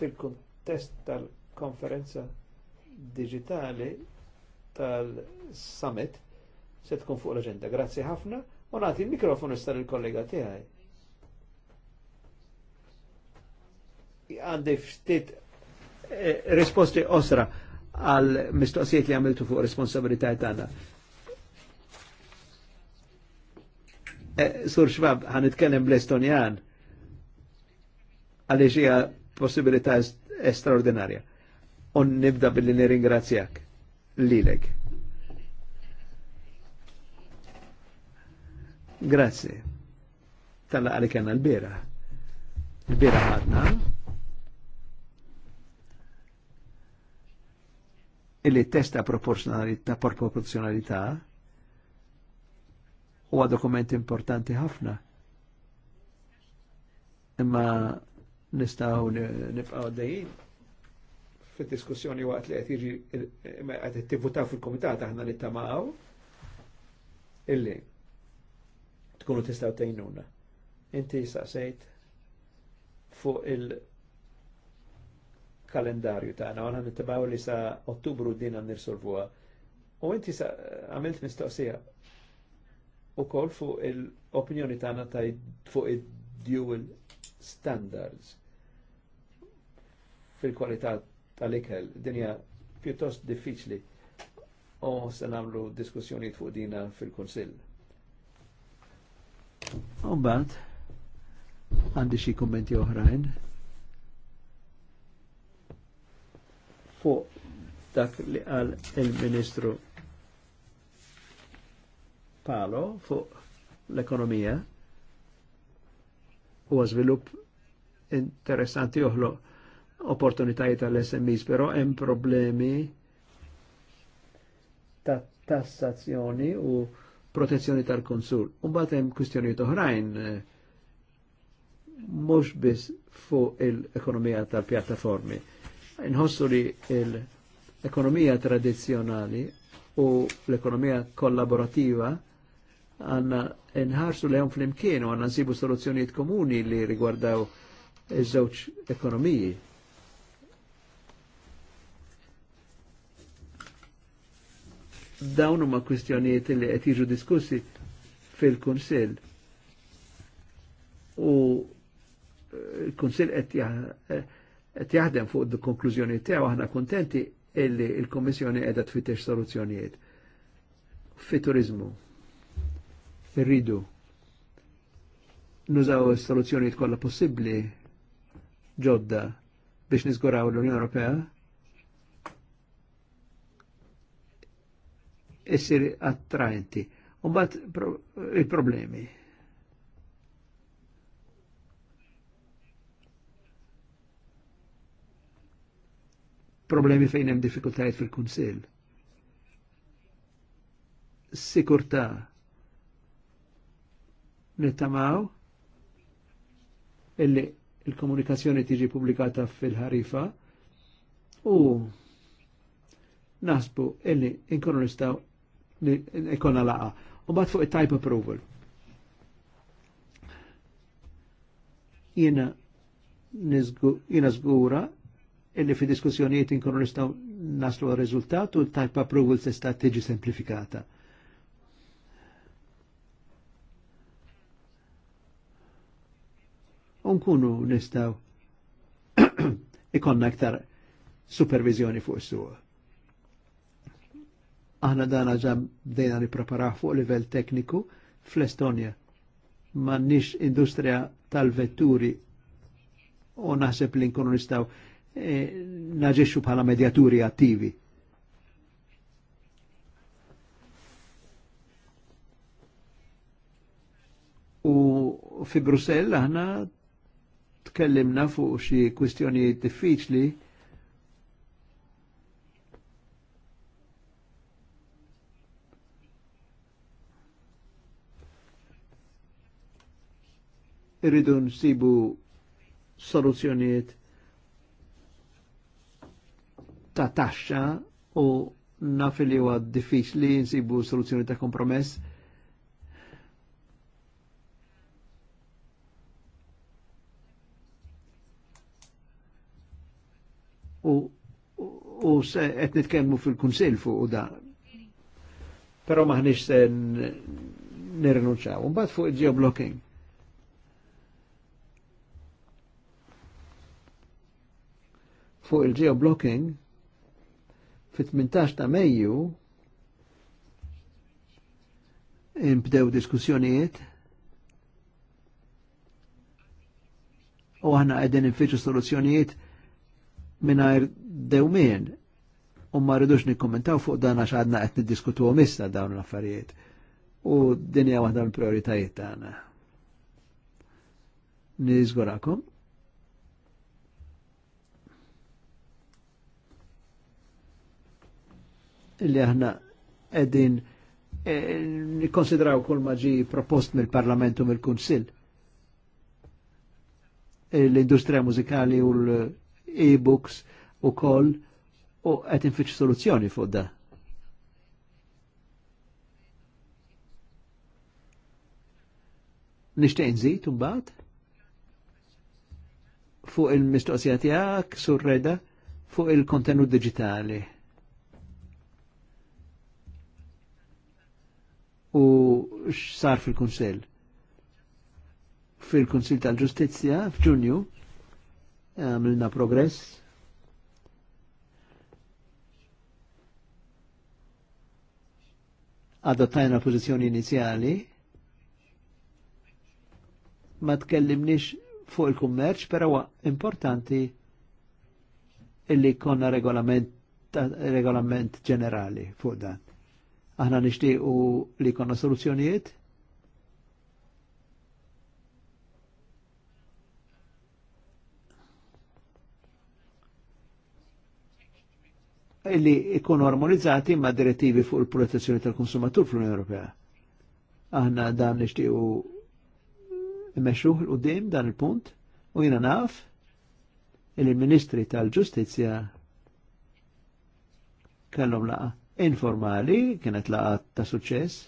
fil-kuntest tal- konferenza digitali tal-summit se tkun fuq l-agenda. Grazzi ħafna u nagħti l-mikrofonu star il-kollega tiegħi. Għandi ftit eh, risposti osra għal mistoqsijiet li għamiltu fuq responsabilitajt tagħna. Eh, sur xbab, għan itkellem bl-Estonjan għal hija possibilità est estraordinarja u nibda billi nirringrazzjak lilek. Grazzi. Tala għalik għanna l-bira. L-bira għadna. Illi testa proporzjonalità proporzjonalità huwa dokument importanti ħafna. Imma nistaw nibqaw dejjin fil-diskussjoni waqt li qed jiġi eh, qed tivvutaw fil-kumitat aħna li tamaqgħu illi tkunu tistgħu tgħinuna. Inti saqsejt fuq il- kalendarju tagħna u aħna nittibgħu li sa Ottubru din nirsolvuha. U inti sa għamilt mistoqsija ukoll fuq il-opinjoni tagħna ta' fuq dual standards fil tal-ikel. Dinja pjuttost diffiċli u se namlu diskussjoni fuq dina fil-Konsil. Umbat, għandi xie kommenti oħrajn fuq dak li għal il-Ministru Palo fuq l-ekonomija u għazvilup interessanti uħloq opportunitajiet tal-SMEs, però hemm problemi ta' tassazzjoni u protezzjoni tal-konsul. Mbagħad hemm kwistjonijiet oħrajn eh, mhux biss fuq l-ekonomija tal-pjattaformi. Inħossu li l-ekonomija tradizzjonali u l-ekonomija kollaborativa għanna nħarsu lehom fl-imkien u għanna nsibu soluzzjonijiet komuni li rigwardaw iż-żewġ ekonomiji dawn huma kwistjonijiet li qed jiġu diskussi fil-Kunsill. U il-Kunsill qed jaħdem fuq il-konklużjoni tiegħu aħna kuntenti illi il-Kommissjoni qiegħda tfittex soluzzjonijiet. Fit-turizmu. Irridu. Nużaw is-soluzzjonijiet kollha possibbli ġodda biex niżguraw l-Unjoni Ewropea essir attraenti. Umbat il-problemi. Problemi fejn hemm diffikultajiet fil-Kunsill. Sikurtà. Nittamaw illi il-komunikazzjoni tiġi pubblikata fil-ħarifa u nasbu illi inkunu nistaw ikonna laqa. U bat fuq il-type approval. Jena jena zgura illi fi diskussjonijiet inkunu nistaw naslu għal-rizultat u l-type approval tista' tiġi semplifikata. Unkunu nistaw ikonna aktar supervizjoni fuq s-suq. Aħna dan ġa bdejna nipreparaw fuq livell tekniku fl-Estonja. M'għandniex industrija tal-vetturi u naħseb li nkunu nistaw e, bħala medjaturi attivi. U fi Brussell aħna tkellimna fuq xi kwistjonijiet diffiċli irridu nsibu soluzzjonijiet ta' taxxa u naf li huwa diffiċli nsibu soluzzjoni ta' kompromess. U u se qed nitkellmu fil-Kunsill fuq u da. Però maħniex se nirrinunċaw. Mbagħad fuq il-geoblocking. fuq il-geoblocking fit-18 ta' Mejju inbdew diskussjonijiet u aħna qegħdin infittxu soluzzjonijiet mingħajr dewmien u ma rridux nikkommentaw fuq dan għax għadna qed niddiskutuhom missa dawn l-affarijiet. U dinja waħda mill-prijoritajiet tagħna. Nizgurakom. li aħna edin eh, nikonsidraw kull maġi propost mill-Parlament u mill-Kunsill. Eh, l-industrija mużikali u l-e-books u koll u qed fiċ soluzzjoni fuq da. Nixtieq nżid imbagħad fuq il-mistoqsija tiegħek surreda fuq il-kontenut digitali u x'sar fil-Kunsell. Fil-Kunsill tal-Ġustizzja f'Ġunju għamilna progress adottajna pożizzjoni inizjali ma tkellimniex fuq il-kummerċ, però importanti illi konna regolament, regolament ġenerali fuq dan. Aħna nixtiequ li konna soluzzjonijiet. illi ikunu armonizzati ma' direttivi fuq il-protezzjoni tal-konsumatur fl-Unjoni Ewropea. Aħna dan nixtiequ imexxu l-qudiem dan il-punt u jiena naf il-Ministri tal-Ġustizzja kellhom laqa' informali, kienet laqat ta' suċċess.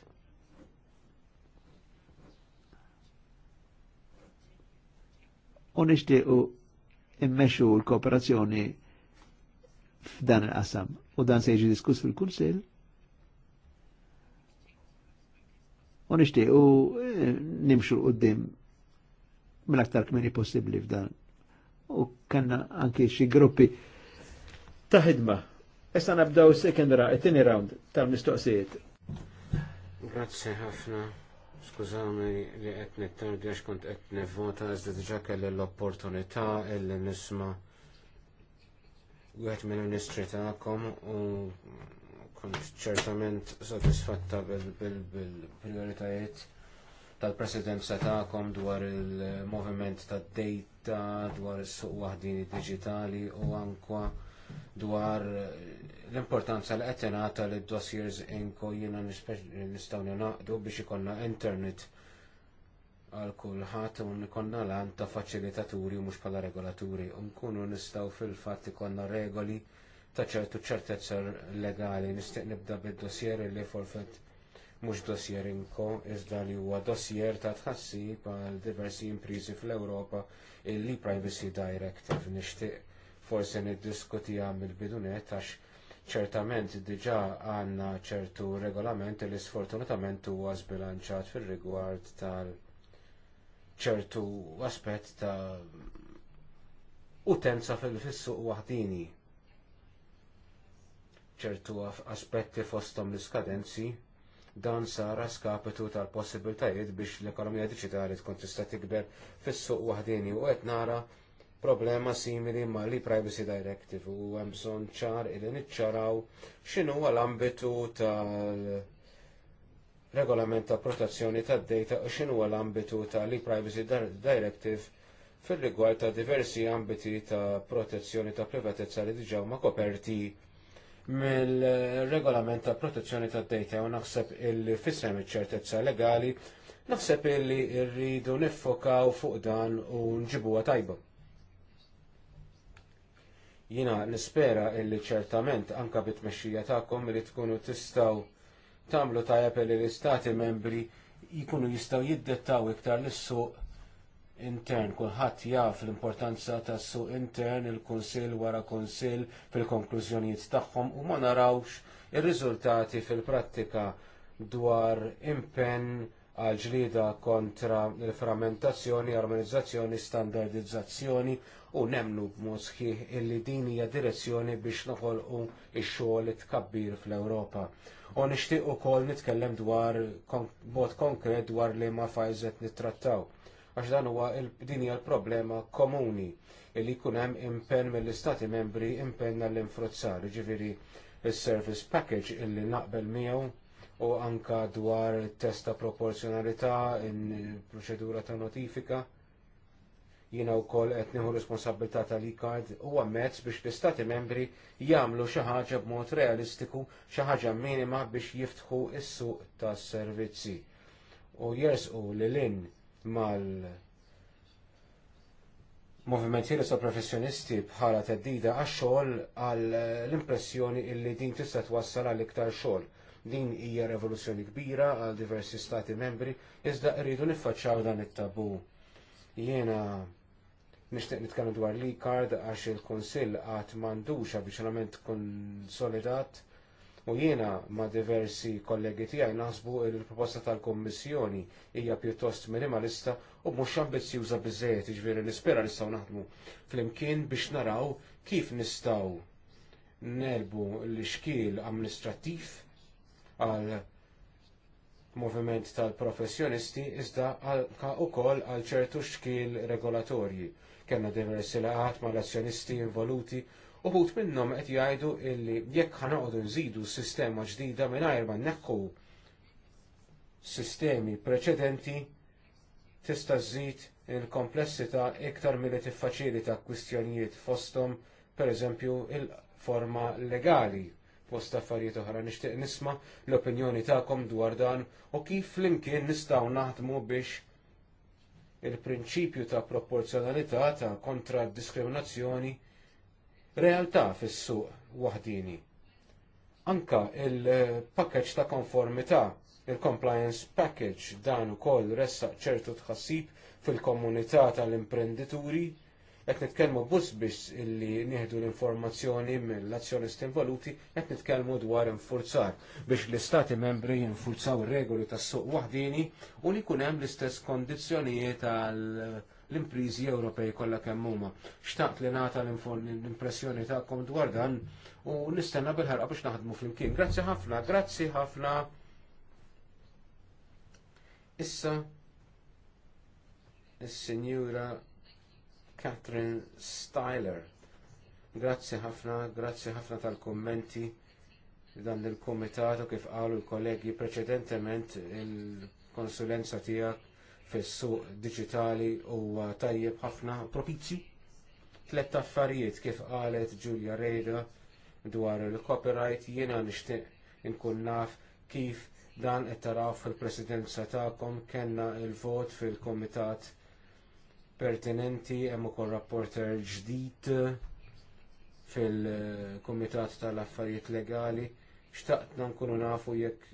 U nixtiequ immexxu l-kooperazzjoni f'dan il-qasam u dan se jiġi diskuss fil-Kunsill. U nixtiequ eh, nimxu l-qudiem mill-aktar kmini possibbli f'dan. U kanna anki xi gruppi ta' ħidma Issa nabdaw second round, it-tini round tal-mistoqsijiet. Grazie ħafna. Skużawni li qed nittardi għax kont qed nivvota iżda diġà kelli l-opportunità illi nisma' wieħed mill-ministri tagħkom u kont ċertament sodisfatta bil-prioritajiet tal-presidenza tagħkom dwar il-moviment tad-data, dwar is-suq waħdini diġitali u anke dwar eh, l-importanza li qed ingħata lid dossiers inko jiena nistgħu naqdu biex ikollna internet għal kulħadd u nkonna lan ta' faċilitaturi u mhux bħala regolaturi u nkunu nistgħu fil-fatt ikollna regoli ta' ċertu ċertezza legali nistieq nibda bid-dossier li forfett mhux dossier inko iżda li huwa dossier ta' tħassib għal diversi impriżi fl-Ewropa illi Privacy Directive nixtieq forse niddiskutiha mill-bidunet għax ċertament diġà għandna ċertu regolament li sfortunatament huwa zbilanċat fir-rigward tal ċertu aspett ta' utenza fil fis-suq waħdini. ċertu aspetti fosthom l-iskadenzi dan sara skapitu tal-possibiltajiet biex l-ekonomija diġitali tkun tista' tikber fis-suq waħdini u qed nara problema simili ma li Privacy Directive u hemm bżonn ċar illi niċċaraw xinu l-ambitu tal regolament ta' protezzjoni tad data u x'inhu l-ambitu tal li Privacy Directive fil-rigward ta' diversi ambiti ta' protezzjoni ta' privatezza li diġaw ma' koperti mill-regolament ta' protezzjoni ta' data u naħseb illi fissem iċ-ċertezza legali, naħseb illi rridu niffokaw fuq dan u nġibuha tajba. Jina nispera illi ċertament anka bit-mexxija tagħkom li tkunu tistgħu tagħmlu tajjeb li l-istati membri jkunu jistgħu jiddettaw iktar lis-suq intern, kulħadd jaf l-importanza tas suq intern, il-Kunsill wara Kunsill fil-konklużjonijiet tagħhom u ma narawx ir-riżultati fil-prattika dwar impenn għal ġlieda kontra l-frammentazzjoni, armonizzazzjoni, standardizzazzjoni u nemnu b'mod sħiħ illi din hija direzzjoni biex noħolqu x-xogħol tkabbir fl-Ewropa. U nixtieq ukoll nitkellem dwar bod konkret dwar li ma fajżet nittrattaw għax dan huwa din hija l-problema komuni li jkun hemm impenn mill-istati membri impenn għall-infruzzar, ġifieri is service package illi naqbel miegħu u anka dwar testa proporzjonalità, in proċedura ta' notifika jina u kol etniħu responsabilità tal-ICAD u għammetz biex l-istati membri jamlu xaħġa b'mod realistiku xaħġa minima biex jiftħu is-suq tas servizzi u jersqu li lin mal movimenti li professjonisti bħala teddida għax xogħol għal l-impressjoni illi din tista' twassal għal iktar xogħol. Din hija revoluzzjoni kbira għal diversi stati membri iżda rridu niffaċċaw dan it-tabu Jiena nixtieq nitkellem dwar li kard għax il-Kunsill għad m'għandux avviċinament konsolidat u jiena ma' diversi kollegi tiegħi naħsbu li l-proposta tal-Kommissjoni hija pjuttost minimalista u mhux ambizzjuża biżejjed, jiġifieri nispera nistgħu naħdmu flimkien biex naraw kif nistgħu nelbu l-xkiel amministrattiv għal moviment tal-professjonisti iżda għalka wkoll għal ċertu xkil regolatorji. Kenna diversi laqgħat mal azzjonisti involuti u ħut minnhom qed jgħidu illi jekk ħanoqogħdu nżidu sistema ġdida mingħajr ma nneħħu sistemi preċedenti tista' żżid il-komplessità iktar milli tiffaċilita kwistjonijiet fosthom pereżempju il-forma legali fost affarijiet oħra nixtieq nisma l-opinjoni tagħkom dwar dan u kif flimkien nistgħu naħdmu biex il-prinċipju ta' proporzjonalità ta' kontra d diskriminazzjoni realtà fis-suq waħdini. Anka il-package ta' konformità, il-compliance package dan ukoll ressaq ċertu tħassib fil-komunità tal-imprendituri Jekk nitkellmu bus biss illi nieħdu l-informazzjoni mill-azzjonisti involuti, qed nitkellmu dwar infurzar biex l-istati membri jinfurzaw ir-regoli tas-suq waħdini u li jkun hemm l-istess kondizzjonijiet għal l-imprizi Ewropej kollha kemm huma. Xtaqt li nagħta l-impressjoni tagħkom dwar dan u nistenna bil-ħarqa biex naħdmu flimkien. Grazzi ħafna, grazzi ħafna. Issa, is-Sinjura Catherine Styler. Grazzi ħafna, grazzi ħafna tal-kommenti dan il-komitat u kif qalu l-kollegi preċedentement il-konsulenza tiegħek fis-suq digitali huwa tajjeb ħafna propizju. Tlet affarijiet kif qalet Julia Reda dwar il-copyright jiena nixtieq inkun naf kif dan qed taraw fil-presidenza tagħkom kellna l vot fil-komitat pertinenti, hemm ukoll rapporter ġdid fil-Kumitat tal-Affarijiet Legali. Xtaqtna nkunu nafu jekk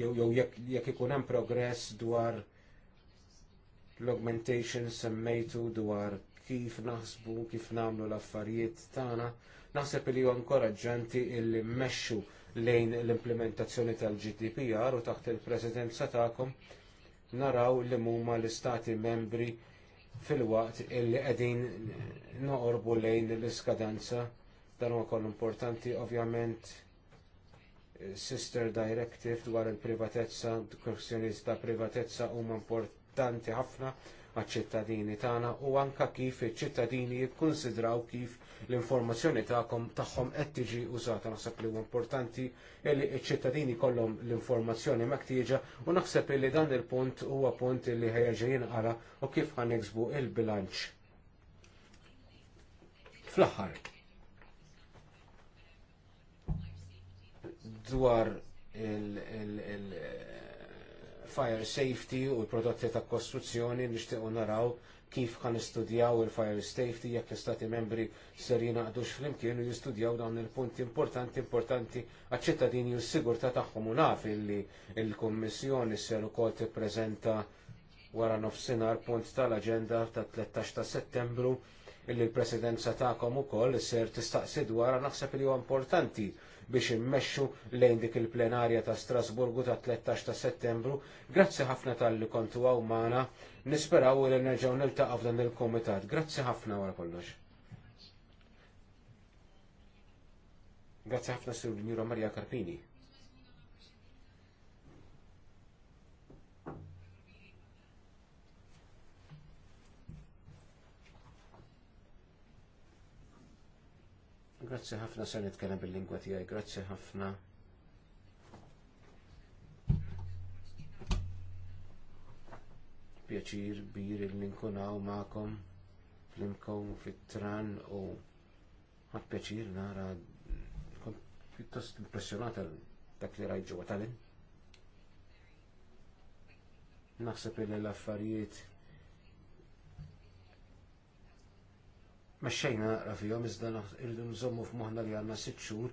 jew jekk ikun hemm progress dwar l-augmentation semmejtu dwar kif naħsbu, kif nagħmlu l-affarijiet tagħna, naħseb li huwa inkoraġġanti illi mmexxu lejn l-implementazzjoni tal-GDPR u taħt il-presidenza tagħkom naraw li huma l-istati membri fil-waqt illi qegħdin noqorbu lejn l-iskadenza dan huwa kollu importanti ovvjament sister directive dwar il-privatezza, kwestjonijiet ta' privatezza huma importanti ħafna għaċ-ċittadini tagħna u anke kif iċ-ċittadini jikkunsidraw kif l-informazzjoni tagħkom tagħhom qed tiġi użata naħseb li huwa importanti li ċ-ċittadini kollhom l-informazzjoni mektieġa u naħseb li dan il-punt huwa punt li ħejja jinqara u kif ħaneksbu il-bilanċ. Fl-aħħar. Dwar il- fire safety u l-prodotti ta' kostruzzjoni nixtiequ naraw kif kan istudjaw il-fire safety jekk l-istati membri ser jinaqdux flimkien u jistudjaw dawn il-punti importanti importanti għaċ-ċittadini u s-sigurta tagħhom u naf illi il-Kummissjoni ser ukoll tippreżenta wara nofsinhar punt tal-aġenda ta' 13 ta' Settembru illi l-presidenza tagħkom ukoll ser tistaqsi dwar naħseb li huwa importanti biex immexxu lejn dik il-plenarja ta' Strasburgu ta' 13 ta' Settembru. Grazzi ħafna tal-li kontu għawmana nisperaw li nerġgħu niltaqgħu f'dan il komitat Grazzi ħafna wara kollox. Grazzi ħafna Sir Njura Maria Karpini. Grazzi ħafna se nitkellem bil-lingwa tiegħi, grazzi ħafna. pjaċir kbir il ninkunaw ma'kom fl-imkom fit-tran u għad pjaċir nara kont pjuttost għal dak li rajt ġewwa Tallinn. Naħseb illi l-affarijiet Mexxejna naqra fihom iżda irridu nżommu f'moħħna li għandna sitt xhur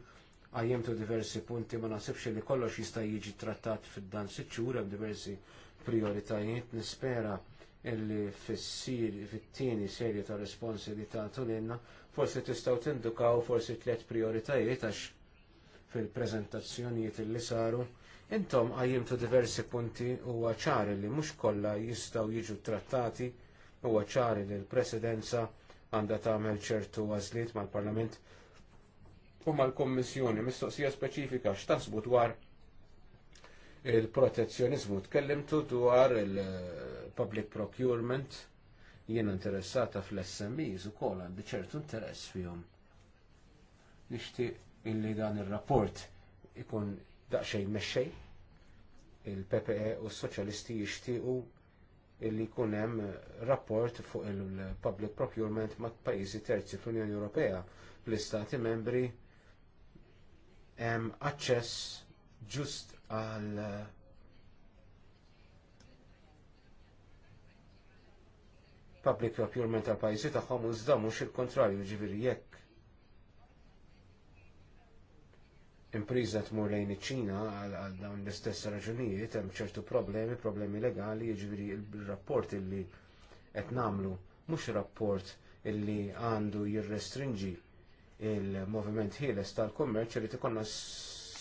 għajjemtu diversi punti ma naħsibx li kollox jista' jiġi trattat fid-dan sitt xhur hemm diversi prioritajiet nispera illi fissir fit-tieni serje ta' responsi li ta' tulinna, forsi tistaw tindukaw forsi tliet prioritajiet għax fil-prezentazzjonijiet illi saru, intom għajjimtu diversi punti u għacħar li mhux kollha jistgħu jiġu trattati u għacħar li l-presidenza għandha tagħmel ċertu għażliet mal-Parlament u mal kummissjoni mistoqsija speċifika x'taħsbu dwar il-protezzjonizmu. Tkellimtu dwar il-public procurement jiena interessata fl-SMEs u kol għandi ċertu interess fihom. Nixtieq illi dan ir-rapport ikun daqsxejn mexxej. Il-PPE u s-soċjalisti jixtiequ illi jkun hemm rapport fuq il-public procurement mat pajjiżi terzi fl-Unjoni Ewropea fl istati membri hemm aċċess ġust għal eh, public procurement tal pajjiżi tagħhom iżda mhux il-kontrarju ġiviri jekk. Impriża tmur lejn iċ-Ċina għal dawn l-istess raġunijiet hemm ċertu problemi, problemi legali, ġiviri il-rapport illi qed nagħmlu mhux rapport illi għandu jirrestringi il-moviment ħieles tal-kummerċ li tikonna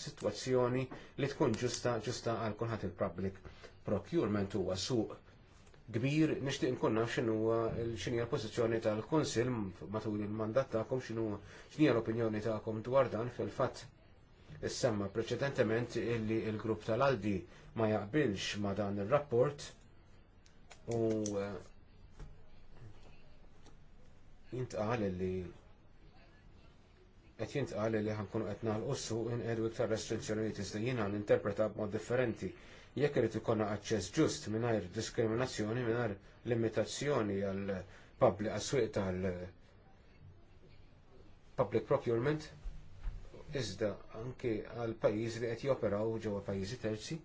situazzjoni li tkun ġusta ġusta għal kulħadd il-public procurement huwa suq kbir nixtieq nkun naf x'inhu x'inhi l-pożizzjoni tal-Kunsill matul il-mandat tagħkom x'inhu x'inhi l-opinjoni tagħkom dwar dan fil-fatt issemma preċedentement illi l grupp tal-Aldi ma jaqbilx ma dan ir-rapport u jintqal eh, li qed jintqal li ħankunu qed naħlqu suq inqedu iktar restrizzjonijiet iżda jiena ninterpreta b'mod differenti. Jekk irid ikollna aċċess ġust mingħajr diskriminazzjoni mingħajr limitazzjoni għal public għas-swieq tal public procurement iżda anke għal pajjiż li qed joperaw ġewwa pajjiżi terzi.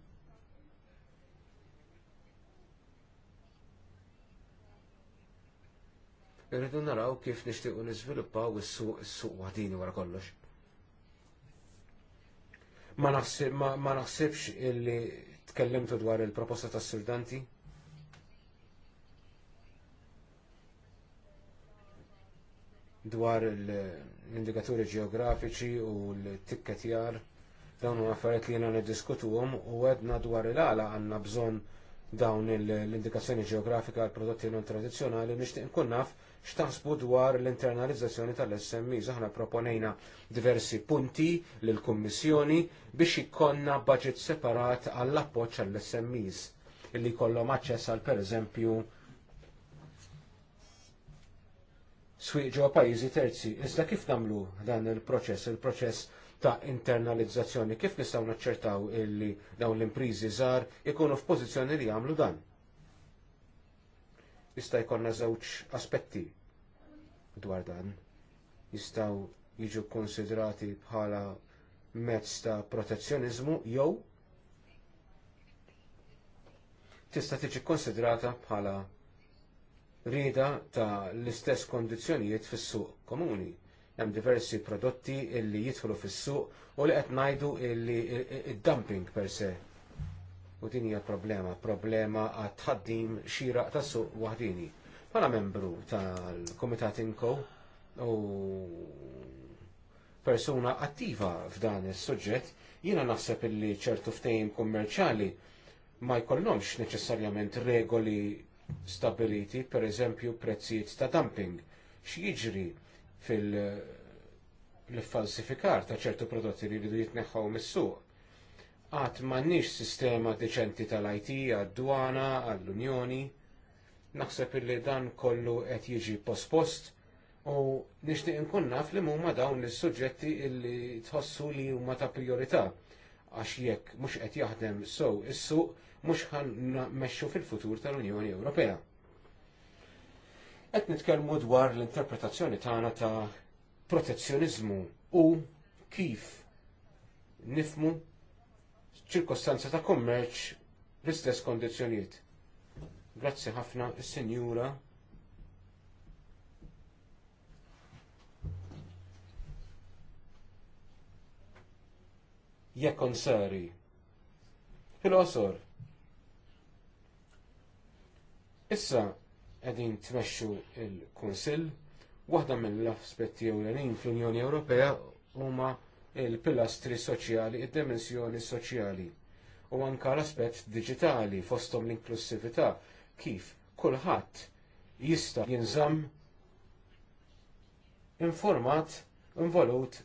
Irridu naraw kif nixtiequ niżviluppaw is-suq wadini wara kollox. Ma naħsibx illi tkellimtu dwar il-proposta tas sirdanti dwar l-indikaturi ġeografiċi u l-tikketjar dawn u affarijiet li jena niddiskutuhom u għedna dwar il-għala għandna bżonn dawn l-indikazzjoni ġeografika għal prodotti non tradizzjonali nixtieq nkun naf xtaħsbu dwar l-internalizzazzjoni tal-SMI. Aħna proponejna diversi punti lill-Kummissjoni biex ikkonna budget separat għall appoġġ għall-SMIs illi jkollhom aċċess għal pereżempju swieq ġewwa pajjiżi terzi. Iżda kif nagħmlu dan il-proċess? Il-proċess ta' internalizzazzjoni. Kif nistgħu naċċertaw illi dawn l-imprizi żgħar ikunu f'pożizzjoni li jagħmlu dan? jista' jkollna żewġ aspetti dwar dan. Jistgħu jiġu konsidrati bħala mezz ta' protezzjonizmu jew tista' tiġi konsidrata bħala rida ta' l-istess kondizzjonijiet fis-suq komuni. Hemm diversi prodotti illi jidħlu fis-suq u li qed ngħidu illi id-dumping per se U din hija problema, problema għat ħaddim xiraq ta' suq waħdini. Bħala membru tal-Komitat Inko u persuna attiva f'dan is-suġġett, jiena naħseb illi ċertu ftehim kummerċjali ma jkollhomx neċessarjament regoli stabiliti, per eżempju prezzijiet ta' dumping. X'jiġri fil-falsifikar ta' ċertu prodotti li jridu jitneħħaw mis-suq Għat mannix sistema deċenti tal-IT għad-dwana għall-Unjoni. Naħseb illi dan kollu qed jiġi pospost u nixtieq inkun naf li huma dawn is-suġġetti illi tħossu li huma ta' priorità għax jekk mhux qed jaħdem sew is-suq mhux ħan mexxu fil-futur tal-Unjoni Ewropea. Qed nitkellmu dwar l-interpretazzjoni tagħna ta' protezzjoniżmu u kif nifmu ċirkostanza ta' kummerċ bl-istess kondizzjonijiet. Grazzi ħafna is-Sinjura. Jekon sari. Fil-qosor. Issa qegħdin tmexxu l kunsill waħda mill-aspetti fl-Unjoni Ewropea huma il-pilastri soċjali, id-dimensjoni soċjali u anka l-aspett digitali fosthom l-inklusività kif kulħadd jista' jinżamm informat, involut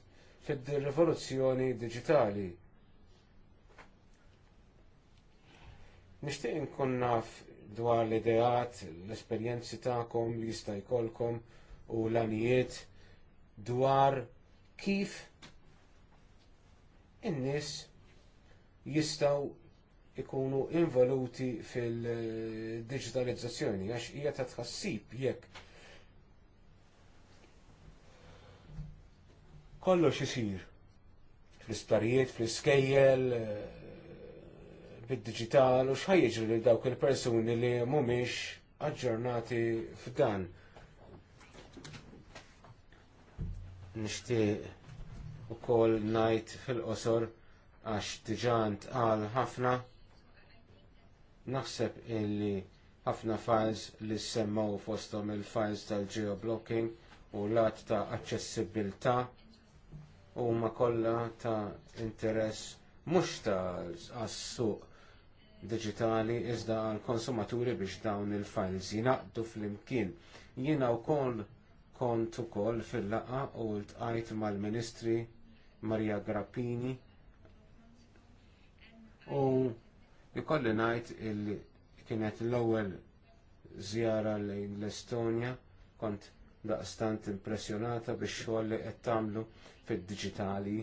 fid-rivoluzzjoni diġitali. Nixtieq inkun naf dwar l-ideat, l-esperjenzi tagħkom li jista' jkollkom u l-anijiet dwar kif in-nies jistgħu ikunu involuti fil-digitalizzazzjoni għax hija ta' tħassib jekk kollox isir fl-isptarijiet, fl-iskejjel, eh, bid-digital u xħaj jiġri li dawk il-persuni li mhumiex aġġornati f'dan. Nixtieq u kol najt fil-qosor għax tiġant għal ħafna naħseb illi ħafna files li semmaw fosthom il-files tal-geoblocking u lat ta' aċċessibilità huma kollha ta' interess mhux ta' għas-suq diġitali iżda għall konsumaturi biex dawn il-files fl-imkien. flimkien. Jiena wkoll kont ukoll fil laqgħa u ltqajt mal-Ministri Marija Grappini u jikolli ngħid illi kienet l-ewwel zjara lejn l-Estonja kont daqstant impressjonata bix xogħol li qed tagħmlu fid-diġitali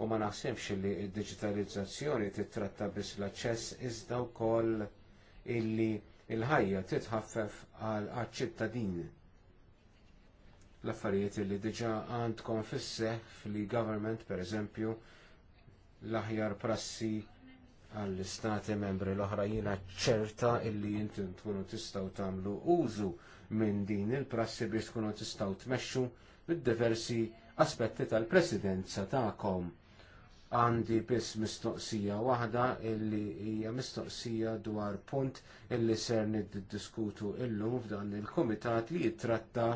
u ma naħsibx li d-diġitalizzazzjoni titratta biss l-aċċess iżda wkoll illi l ħajja titħaffef għal ċittadini l-affarijiet li diġa għandkom fisse li government per eżempju l-aħjar prassi għall-istati membri l-oħra jiena ċerta illi jintin tkunu tistaw tamlu użu minn din il-prassi biex tkunu tistaw tmexxu mid diversi aspetti tal-presidenza ta'kom. Għandi biss mistoqsija waħda illi hija mistoqsija dwar punt illi ser niddiskutu illum f'dan il-komitat li jitratta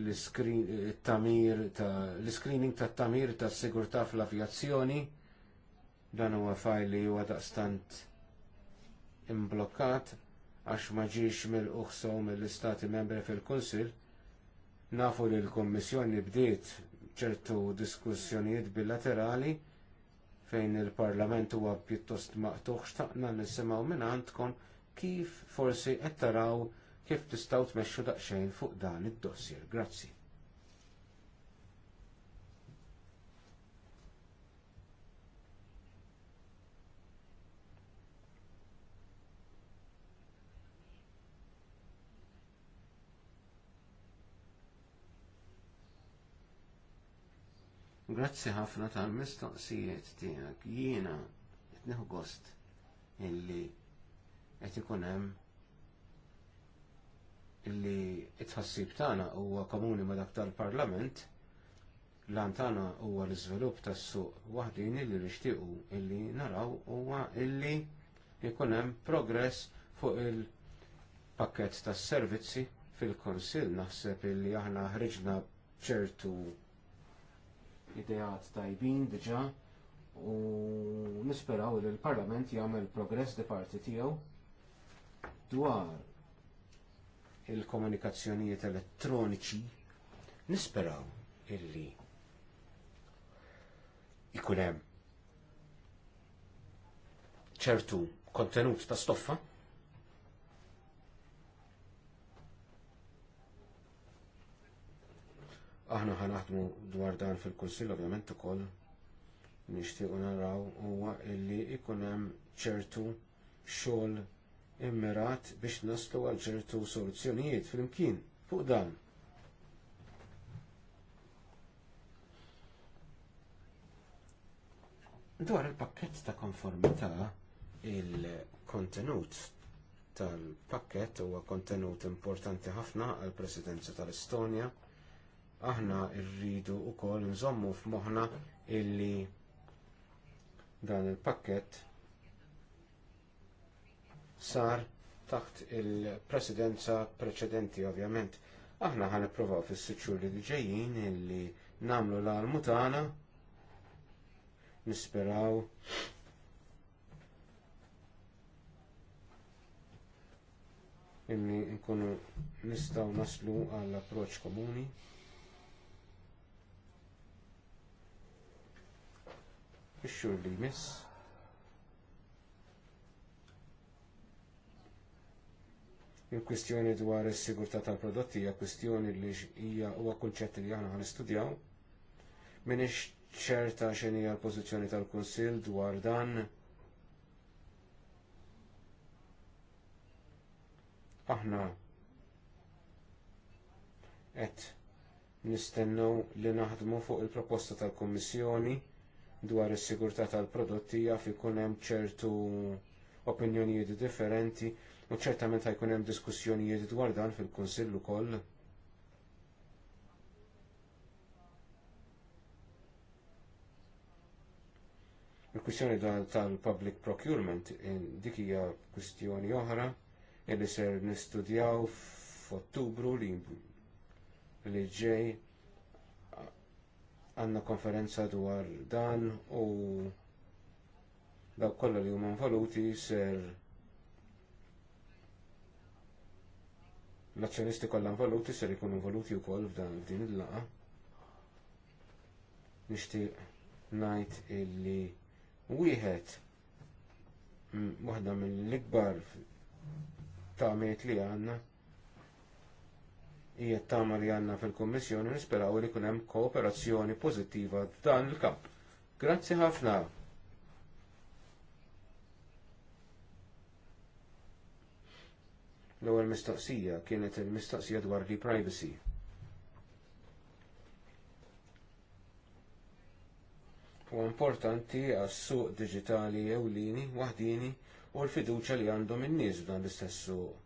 Eh, l-screening ta' tamir ta' sigurtà fl-avjazzjoni dan huwa fajl li huwa daqstant imblokkat għax ma ġiex mill-uħsow mill-istati membri fil-Kunsil nafu li l-Kommissjoni bdiet ċertu diskussjonijiet bilaterali fejn il-Parlament huwa pjuttost maqtuħ xtaqna nisimgħu minn għandkom kif forsi qed taraw kif tistgħu tmexxu daqsxejn fuq dan id-dossier. Grazzi. Grazzi ħafna tal-mistoqsijiet tiegħek. Jiena qed neħu gost illi qed ikun hemm li it tħassib tagħna huwa komuni ma dak tal-Parlament, lan tagħna huwa l-iżvilupp tas-suq waħdini li nixtiequ illi naraw huwa illi jkun hemm progress fuq il-pakkett tas-servizzi fil-Konsil naħseb illi aħna ħriġna ċertu ideat tajbin diġà u nisperaw li l-Parlament jagħmel progress di parti tiegħu dwar il-komunikazzjonijiet elettroniċi nisperaw illi ikun hemm ċertu kontenut ta' stoffa Aħna ħanaħdmu dwar dan fil-Kunsill ovvjament ukoll nixtiequ naraw huwa illi ikun hemm ċertu xogħol immirat biex naslu għal ċertu soluzzjonijiet flimkien fuq dan. Dwar il-pakket ta' konformità il-kontenut tal-pakket huwa kontenut importanti ħafna għall presidenza tal-Estonja. Aħna rridu wkoll nżommu f'moħħna illi dan il-pakket sar taħt il-presidenza preċedenti ovvjament. Aħna ħan ipprovaw fis-sitxur li ġejjin illi namlu l-armu tagħna nisperaw illi nkunu nistgħu naslu għall approċċ komuni. Ix-xhur li jmiss. Il-kwistjoni dwar is-sigurtà tal-prodotti hija kwistjoni li hija huwa kunċett li aħna ħanistudjaw. Minix ċerta x'inhi l-pożizzjoni tal-Kunsill dwar dan. Aħna qed nistennew li naħdmu fuq il-proposta tal-Kummissjoni dwar is-sigurtà tal-prodotti fi ikun hemm ċertu opinjonijiet differenti U ċertament ħajkun hemm diskussjonijiet dwar dan fil-Kunsill ukoll. Il-kwistjoni tal-public procurement eh, dik hija kwistjoni oħra illi ser nistudjaw f'Ottubru li li ġej għandna konferenza dwar dan u dawk kollha li huma involuti ser l-azzjonisti kollha involuti ser ikunu involuti wkoll f'dan din il laqgħa Nixtieq ngħid illi wieħed waħda mill-ikbar tagħmiet li għandna hija tama li għandna fil-Kummissjoni nisperaw li jkun hemm kooperazzjoni pożittiva f'dan il-kamp. Grazzi ħafna. L-ewwel mistoqsija kienet il-mistoqsija dwar li privacy. U importanti għas-suq diġitali ewlieni waħdini u l-fiduċa li għandhom in-nies b'dan l-istess suq.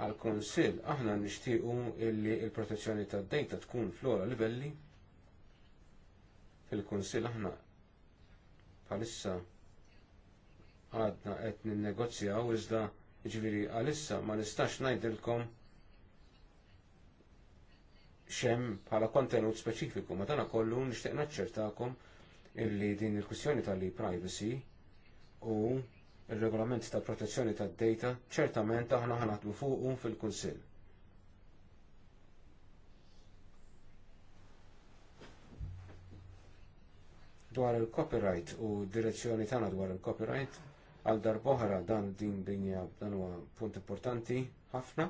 għal konsil aħna nixtiequ illi l protezzjoni tad dejta tkun flora livelli fil-konsil aħna bħalissa għadna qed ninnegozjaw iżda ġifieri għalissa ma nistax ngħidilkom xem bħala kontenut speċifiku, ma dana kollu nixtieq naċċertakom illi din il-kwistjoni tal-privacy u r regolament ta' protezzjoni tad data ċertament aħna ħanatbu fuqu fil-Kunsill. Dwar il-copyright u d direzzjoni tagħna dwar il-copyright għal darboħra dan din dinja dan huwa punt importanti ħafna.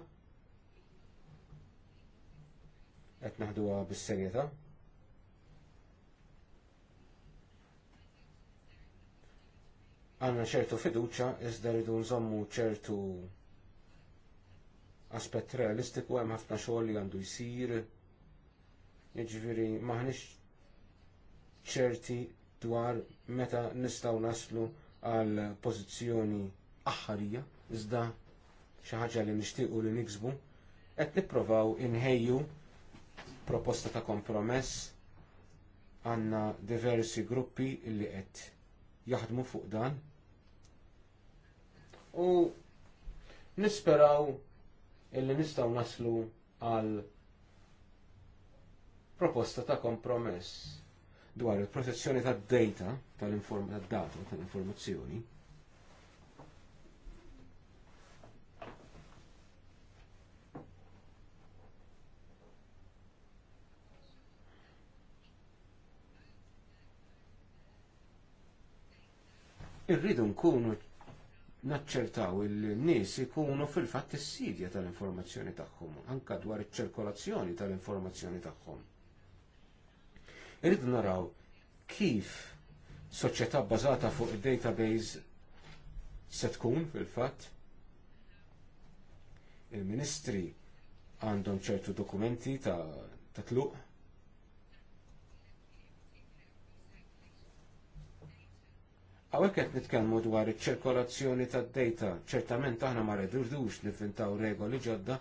Qed naħduha bis-serjetà. Għanna ċertu fiduċa iżda rridu nżommu ċertu aspett realistiku hemm ħafna xogħol li għandu jsir. Jiġifieri maħniex ċerti dwar meta nistgħu naslu għal pożizzjoni aħħarija, iżda xi ħaġa li nixtiequ li niksbu, qed nipprovaw inħejju proposta ta' kompromess għandna diversi gruppi li qed jaħdmu fuq dan. U nisperaw illi nistgħu naslu għal proposta ta' kompromess dwar il-protezzjoni tad data tal-data tal-informazzjoni. irridu nkunu naċċertaw il-nies ikunu fil-fatt is-sidja tal-informazzjoni tagħhom, anke dwar iċ-ċirkolazzjoni tal-informazzjoni tagħhom. Irrid naraw kif soċjetà bbażata fuq id database se tkun fil-fatt. Il-ministri għandhom ċertu dokumenti ta', ta tluq. Għawek qed nitkellmu dwar iċ-ċirkolazzjoni tad-dejta, ċertament aħna ma rridux nifintaw regoli ġodda,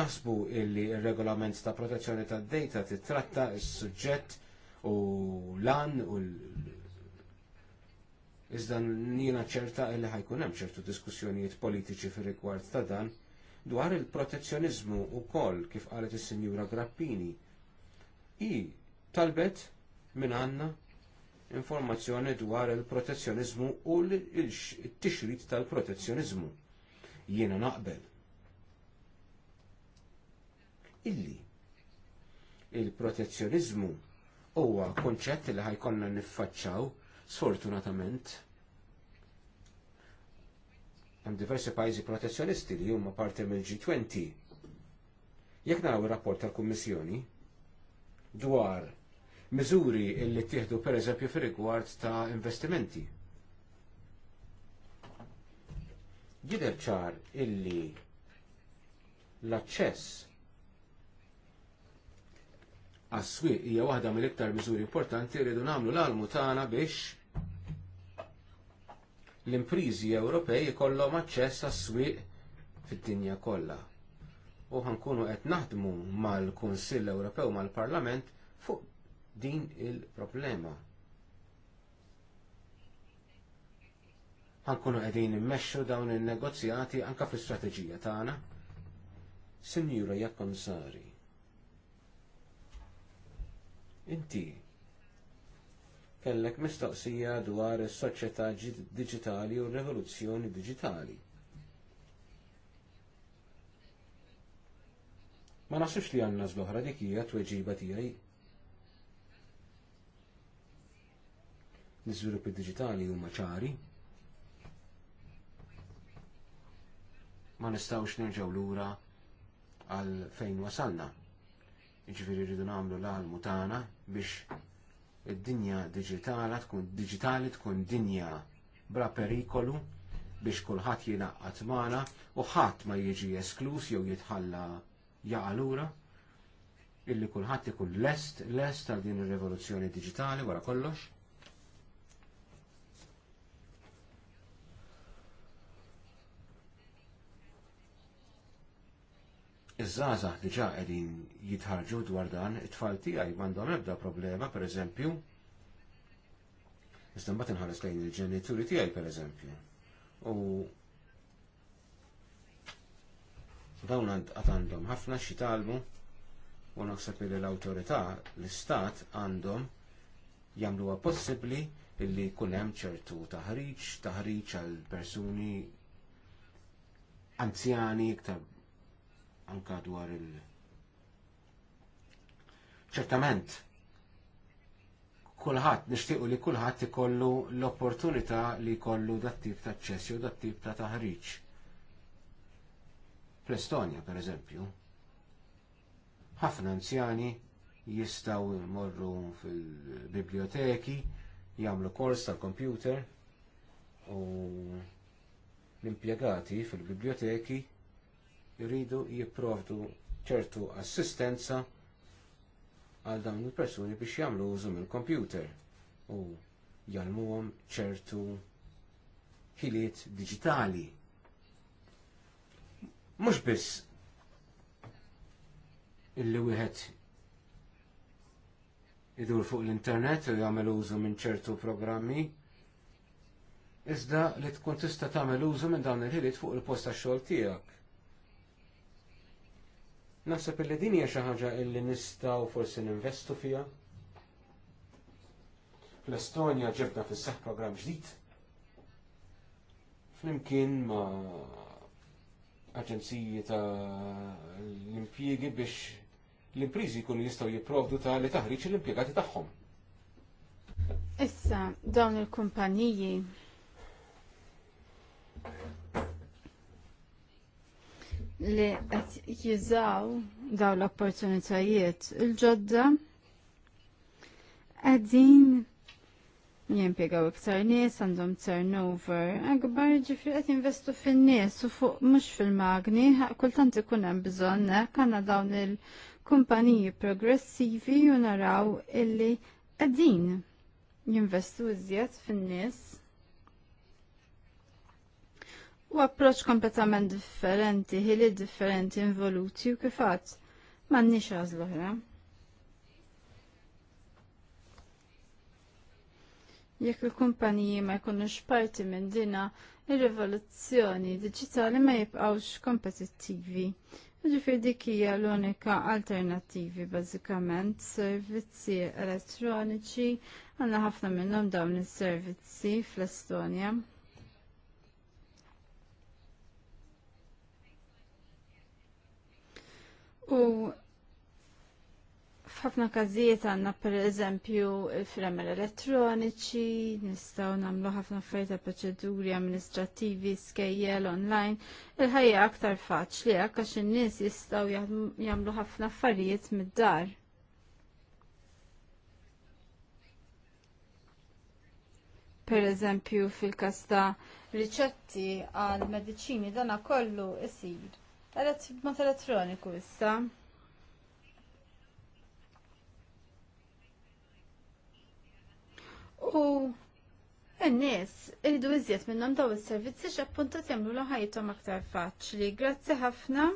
naħsbu illi r-regolament ta' protezzjoni tad-dejta titratta s-suġġett u lan u Iżda nina ċerta li ħajkun hemm ċertu diskussjonijiet politiċi fir rigward ta' dan dwar il-protezzjonizmu wkoll kif qalet is-Sinjura Grappini. I talbet minn għandna informazzjoni dwar il-protezzjonizmu u l-tixrid tal-protezzjonizmu. Jiena naqbel. Illi il-protezzjonizmu huwa konċett li ħajkonna niffaċċaw sfortunatament hemm diversi pajjiżi protezzjonisti li huma parti mill-G20. Jekk naraw ir-rapport tal-Kummissjoni dwar miżuri li ttieħdu pereżempju fir-rigward ta' investimenti. Jidher ċar illi l-aċċess għas-swieq hija waħda mill-iktar miżuri importanti rridu nagħmlu l-almu tagħna biex l-imprizi Ewropej jkollhom aċċess għas-swieq fid-dinja kollha. U ħankunu qed naħdmu mal-Kunsill Ewropew mal-Parlament fuq din il-problema. Ħankunu qegħdin immexxu dawn in-negozjati anke fl-istrateġija tagħna. Sinjura Jakonsari. Inti kellek mistoqsija dwar is-soċjetà diġitali u r-rivoluzzjoni diġitali. Ma nasux li għanna zloħra dik hija tweġiba tiegħi. L-iżviluppi diġitali huma ċari. Ma nistgħux nerġgħu lura għal fejn wasalna. Ġviri jiġifieri rridu nagħmlu l-għalmu tagħna biex id-dinja digitala tkun digitali tkun dinja bla perikolu biex kulħadd jingħaqad magħna u ħadd ma jiġi esklus jew jitħalla jaqalura illi kulħadd ikun lest lest għal din ir-rivoluzzjoni digitali wara kollox Iż-żaza diġa qegħdin jitħarġu dwar dan, it-tfal tiegħi m'għandhom ebda problema, pereżempju. Iżda mbagħad inħares lejn il-ġenituri tiegħi pereżempju. U dawn għad għandhom ħafna xi talbu u naħseb li l-awtorità, l-istat għandhom jagħmluha possibbli illi jkun hemm ċertu taħriġ, taħriġ għal persuni anzjani iktar anka dwar il- ċertament kulħadd nixtiequ li kulħadd ikollu l-opportunità li jkollu dat tip ta' jew dat tip ta' taħriġ. Fl-Estonja, pereżempju, ħafna anzjani jistgħu jmorru fil-biblioteki, jagħmlu kors tal-kompjuter u l-impjegati fil-biblioteki jridu jipprovdu ċertu assistenza għal dawn il-persuni biex jagħmlu użu mill-kompjuter u jgħalmuhom ċertu ħiliet diġitali. Mhux biss illi wieħed idur fuq l-internet u jagħmel użu minn ċertu programmi. Iżda li tkun tista' tagħmel użu minn dawn il-ħiliet fuq il posta x xogħol tiegħek. Naħseb illi din hija xi ħaġa illi nistgħu forsi ninvestu fiha. Fl-Estonja ġebda fis-seħ programm ġdid. Flimkien ma aġenziji ta' l-impjiegi biex l-imprizi jkunu jistgħu jipprovdu ta' li taħriġ l-impjegati tagħhom. Issa dawn il-kumpaniji li qed jiżaw dawn l-opportunitajiet il-ġodda qegħdin jimpjegaw iktar nies għandhom turnover akbar ġifri qed jinvestu fin-nies u fuq mhux fil-magni kultant ikun hemm bżonn hekk għandna dawn il-kumpaniji progressivi u naraw illi qegħdin jinvestu iżjed fin-nies u approċ kompletament differenti, ħili differenti involuti u kifat mannix għazlu ħra. Jekk il-kumpaniji ma jkunux parti minn dina, il-rivoluzzjoni digitali ma jibqawx kompetittivi. Ġifir dik hija l-unika alternattivi bażikament servizzi elettroniċi għandna ħafna minnhom dawn is-servizzi fl-Estonja. U f'ħafna każijiet għandna per eżempju il-fremel elettroniċi, nistgħu nagħmlu ħafna affarijiet ta' proċeduri amministrattivi, skejjel online, il-ħajja aktar faċli għak għax in-nies jistgħu jagħmlu ħafna affarijiet mid-dar. Per eżempju fil kasta ta' riċetti għal mediċini dana kollu isir Mat elettroniku issa. U n-nies irridu iżjed minnhom daw is-servizzi x'appuntat jagħmlu ħajjithom aktar faċli. Grazzi ħafna.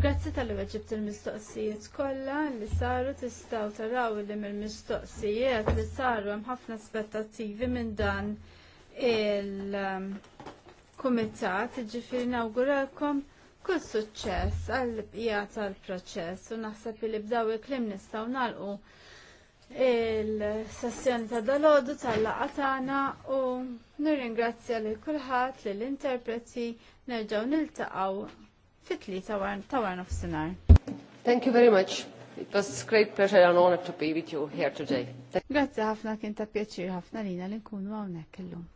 Grazzi tal ġibt il-mistoqsijiet kollha li saru tistgħu taraw li mill-mistoqsijiet li saru hemm ħafna aspettattivi minn dan il- kumitat, ġifiri nawguralkom kull suċċess għall bqija tal-proċess u naħseb li b'daw il-klim nistgħu nagħlqu il-sessjoni ta' dalodu tal-laqa tagħna u nirringrazzja lil kulħadd lill interpreti nerġgħu niltaqgħu fit tli ta' wara nofsinhar. Thank you very much. It was great pleasure and honor to be with you here today. Grazzi ħafna kien ta' pjaċir ħafna lina li nkunu hawnhekk illum.